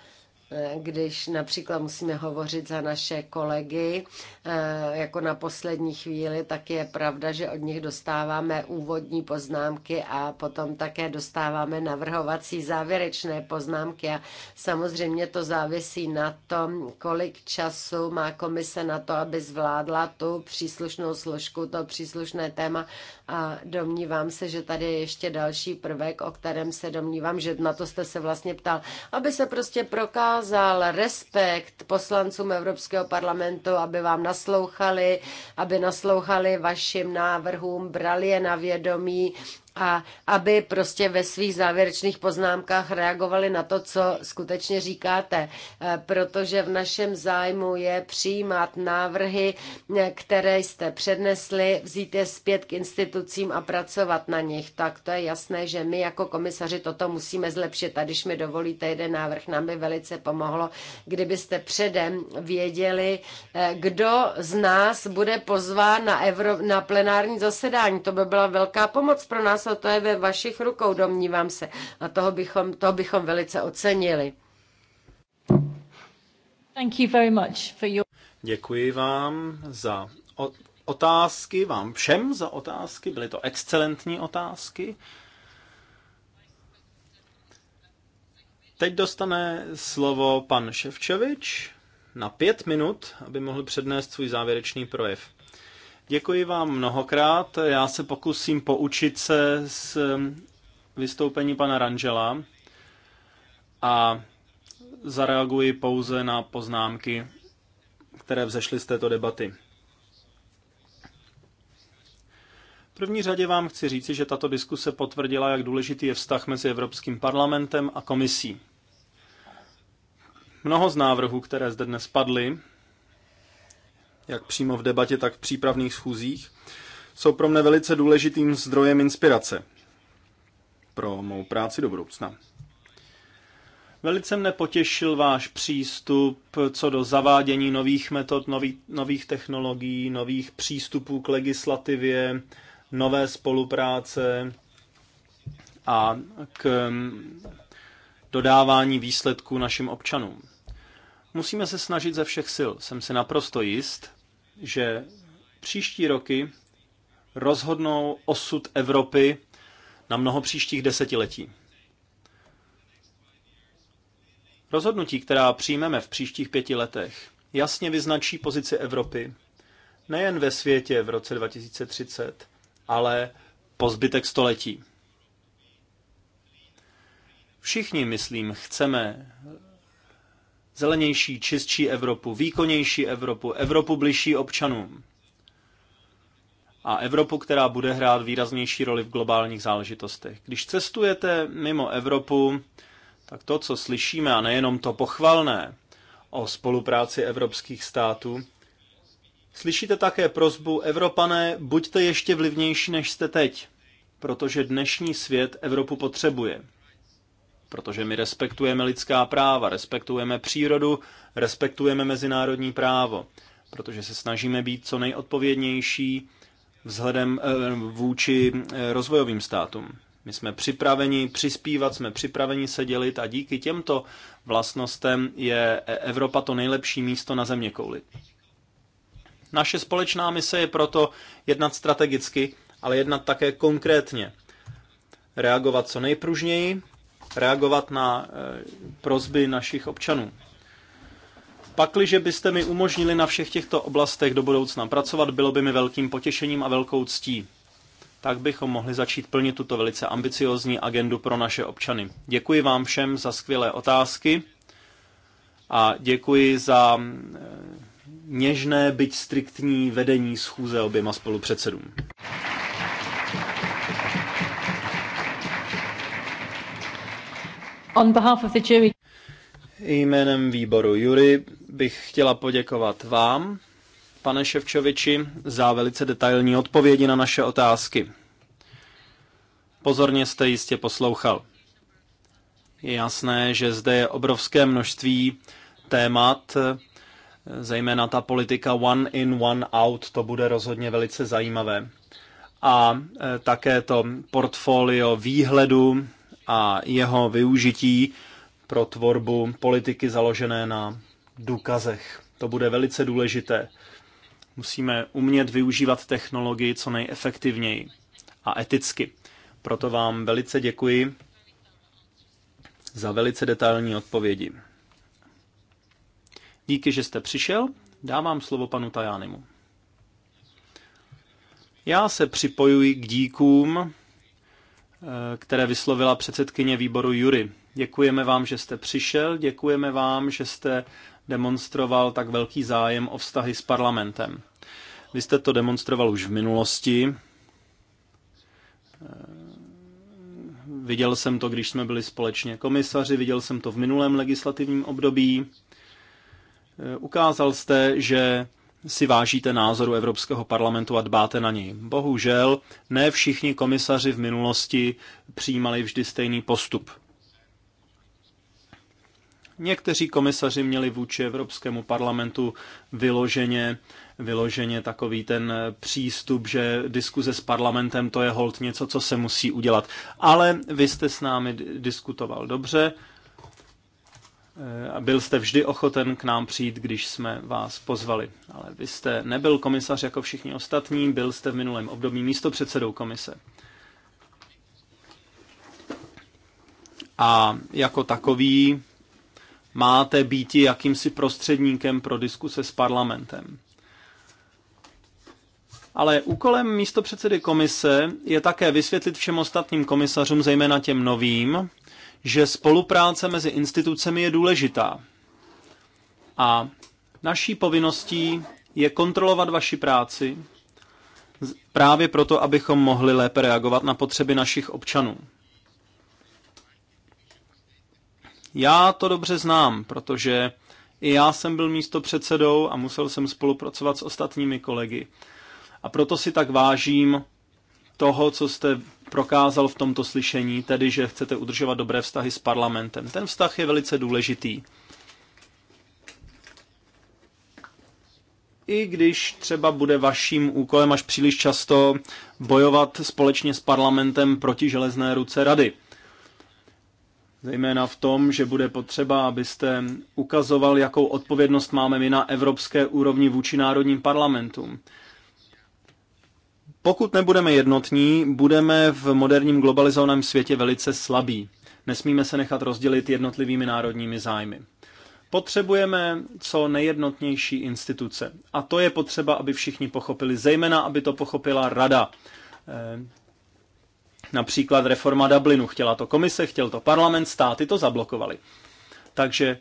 eh, když například musíme hovořit za naše kolegy, eh, jako na poslední chvíli, tak je pravda, že od nich dostáváme úvodní poznámky a potom také dostáváme navrhovací závěrečné poznámky. A samozřejmě to závisí na tom, kolik času má komise na to, aby zvládla tu příslušnou složku, to příslušné téma a domnívám se, že tady je ještě další prvek, o kterém se domnívám, že na to jste se vlastně ptal, aby se prostě prokázal respekt poslancům Evropského parlamentu, aby vám naslouchali, aby naslouchali vašim návrhům, brali je na vědomí a aby prostě ve svých závěrečných poznámkách reagovali na to, co skutečně říkáte, e, protože v našem zájmu je přijímat návrhy, e, které jste přednesli, vzít je zpět k institucím a pracovat na nich. Tak to je jasné, že my jako komisaři toto musíme zlepšit a když mi dovolíte jeden návrh, nám by velice pomohlo, kdybyste předem věděli, e, kdo z nás bude pozván na, Evro- na plenární zasedání. To by byla velká pomoc pro nás maso, to je ve vašich rukou, domnívám se. A toho bychom, toho bychom velice ocenili. Thank you very much for your... Děkuji vám za otázky, vám všem za otázky. Byly to excelentní otázky. Teď dostane slovo pan Ševčevič na pět minut, aby mohl přednést svůj závěrečný projev. Děkuji vám mnohokrát. Já se pokusím poučit se z vystoupení pana Rangela a zareaguji pouze na poznámky, které vzešly z této debaty. V první řadě vám chci říci, že tato diskuse potvrdila, jak důležitý je vztah mezi Evropským parlamentem a komisí. Mnoho z návrhů, které zde dnes padly, jak přímo v debatě, tak v přípravných schůzích, jsou pro mne velice důležitým zdrojem inspirace pro mou práci do budoucna. Velice mne potěšil váš přístup co do zavádění nových metod, nový, nových technologií, nových přístupů k legislativě, nové spolupráce a k mm, dodávání výsledků našim občanům. Musíme se snažit ze všech sil, jsem si naprosto jist, že příští roky rozhodnou osud Evropy na mnoho příštích desetiletí. Rozhodnutí, která přijmeme v příštích pěti letech, jasně vyznačí pozici Evropy nejen ve světě v roce 2030, ale po zbytek století. Všichni, myslím, chceme zelenější, čistší Evropu, výkonnější Evropu, Evropu bližší občanům. A Evropu, která bude hrát výraznější roli v globálních záležitostech. Když cestujete mimo Evropu, tak to, co slyšíme, a nejenom to pochvalné o spolupráci evropských států, slyšíte také prozbu Evropané, buďte ještě vlivnější, než jste teď, protože dnešní svět Evropu potřebuje. Protože my respektujeme lidská práva, respektujeme přírodu, respektujeme mezinárodní právo, protože se snažíme být co nejodpovědnější vzhledem eh, vůči eh, rozvojovým státům. My jsme připraveni přispívat, jsme připraveni se dělit a díky těmto vlastnostem je Evropa to nejlepší místo na země kouli. Naše společná mise je proto jednat strategicky, ale jednat také konkrétně. Reagovat co nejpružněji, reagovat na eh, prozby našich občanů. Pakliže byste mi umožnili na všech těchto oblastech do budoucna pracovat, bylo by mi velkým potěšením a velkou ctí. Tak bychom mohli začít plnit tuto velice ambiciozní agendu pro naše občany. Děkuji vám všem za skvělé otázky a děkuji za eh, něžné, byť striktní vedení schůze oběma spolupředsedům. On behalf of the jury. Jménem výboru Jury bych chtěla poděkovat vám, pane Ševčoviči, za velice detailní odpovědi na naše otázky. Pozorně jste jistě poslouchal. Je jasné, že zde je obrovské množství témat, zejména ta politika one in, one out, to bude rozhodně velice zajímavé. A e, také to portfolio výhledu a jeho využití pro tvorbu politiky založené na důkazech. To bude velice důležité. Musíme umět využívat technologii co nejefektivněji a eticky. Proto vám velice děkuji za velice detailní odpovědi. Díky, že jste přišel. Dávám slovo panu Tajánimu. Já se připojuji k díkům Eh, které vyslovila předsedkyně výboru Jury. Děkujeme vám, že jste přišel, děkujeme vám, že jste demonstroval tak velký zájem o vztahy s parlamentem. Vy jste to demonstroval už v minulosti. Eh, viděl jsem to, když jsme byli společně komisaři, viděl jsem to v minulém legislativním období. Eh, ukázal jste, že si vážíte názoru Evropského parlamentu a dbáte na něj. Bohužel ne všichni komisaři v minulosti přijímali vždy stejný postup. Někteří komisaři měli vůči Evropskému parlamentu vyloženě, vyloženě takový ten přístup, že diskuze s parlamentem to je holt něco, co se musí udělat. Ale vy jste s námi diskutoval dobře, Eh, a byl jste vždy ochoten k nám přijít, když jsme vás pozvali. Ale vy jste nebyl komisař jako všichni ostatní, byl jste v minulém období místopředsedou komise. A jako takový máte být jakýmsi prostředníkem pro diskuse s parlamentem. Ale úkolem místopředsedy komise je také vysvětlit všem ostatním komisařům, zejména těm novým, že spolupráce mezi institucemi je důležitá. A naší povinností je kontrolovat vaši práci právě proto, abychom mohli lépe reagovat na potřeby našich občanů. Já to dobře znám, protože i já jsem byl místo předsedou a musel jsem spolupracovat s ostatními kolegy. A proto si tak vážím toho, co jste prokázal v tomto slyšení, tedy že chcete udržovat dobré vztahy s parlamentem. Ten vztah je velice důležitý. I když třeba bude vaším úkolem až příliš často bojovat společně s parlamentem proti železné ruce rady. Zejména v tom, že bude potřeba, abyste ukazoval, jakou odpovědnost máme my na evropské úrovni vůči národním parlamentům. Pokud nebudeme jednotní, budeme v moderním globalizovaném světě velice slabí. Nesmíme se nechat rozdělit jednotlivými národními zájmy. Potřebujeme co nejjednotnější instituce. A to je potřeba, aby všichni pochopili, zejména aby to pochopila rada. Eh, například reforma Dublinu. Chtěla to komise, chtěl to parlament, státy to zablokovali. Takže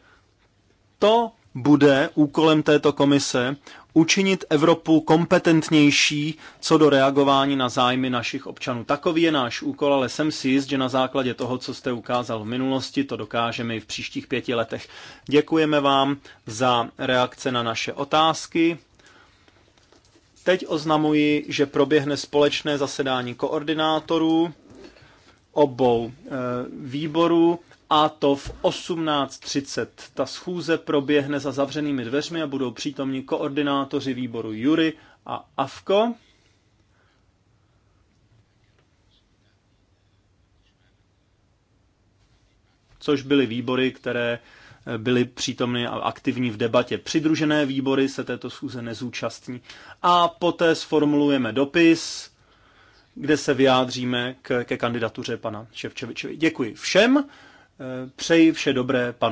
to bude úkolem této komise učinit Evropu kompetentnější co do reagování na zájmy našich občanů. Takový je náš úkol, ale jsem si jist, že na základě toho, co jste ukázal v minulosti, to dokážeme i v příštích pěti letech. Děkujeme vám za reakce na naše otázky. Teď oznamuji, že proběhne společné zasedání koordinátorů obou eh, výborů a to v 18.30. Ta schůze proběhne za zavřenými dveřmi a budou přítomni koordinátoři výboru Jury a avko, což byly výbory, které byly přítomny a aktivní v debatě. Přidružené výbory se této schůze nezúčastní. A poté sformulujeme dopis, kde se vyjádříme k, ke kandidatuře pana Ševčevičovi. Děkuji všem. Eh, přeji vše dobré panu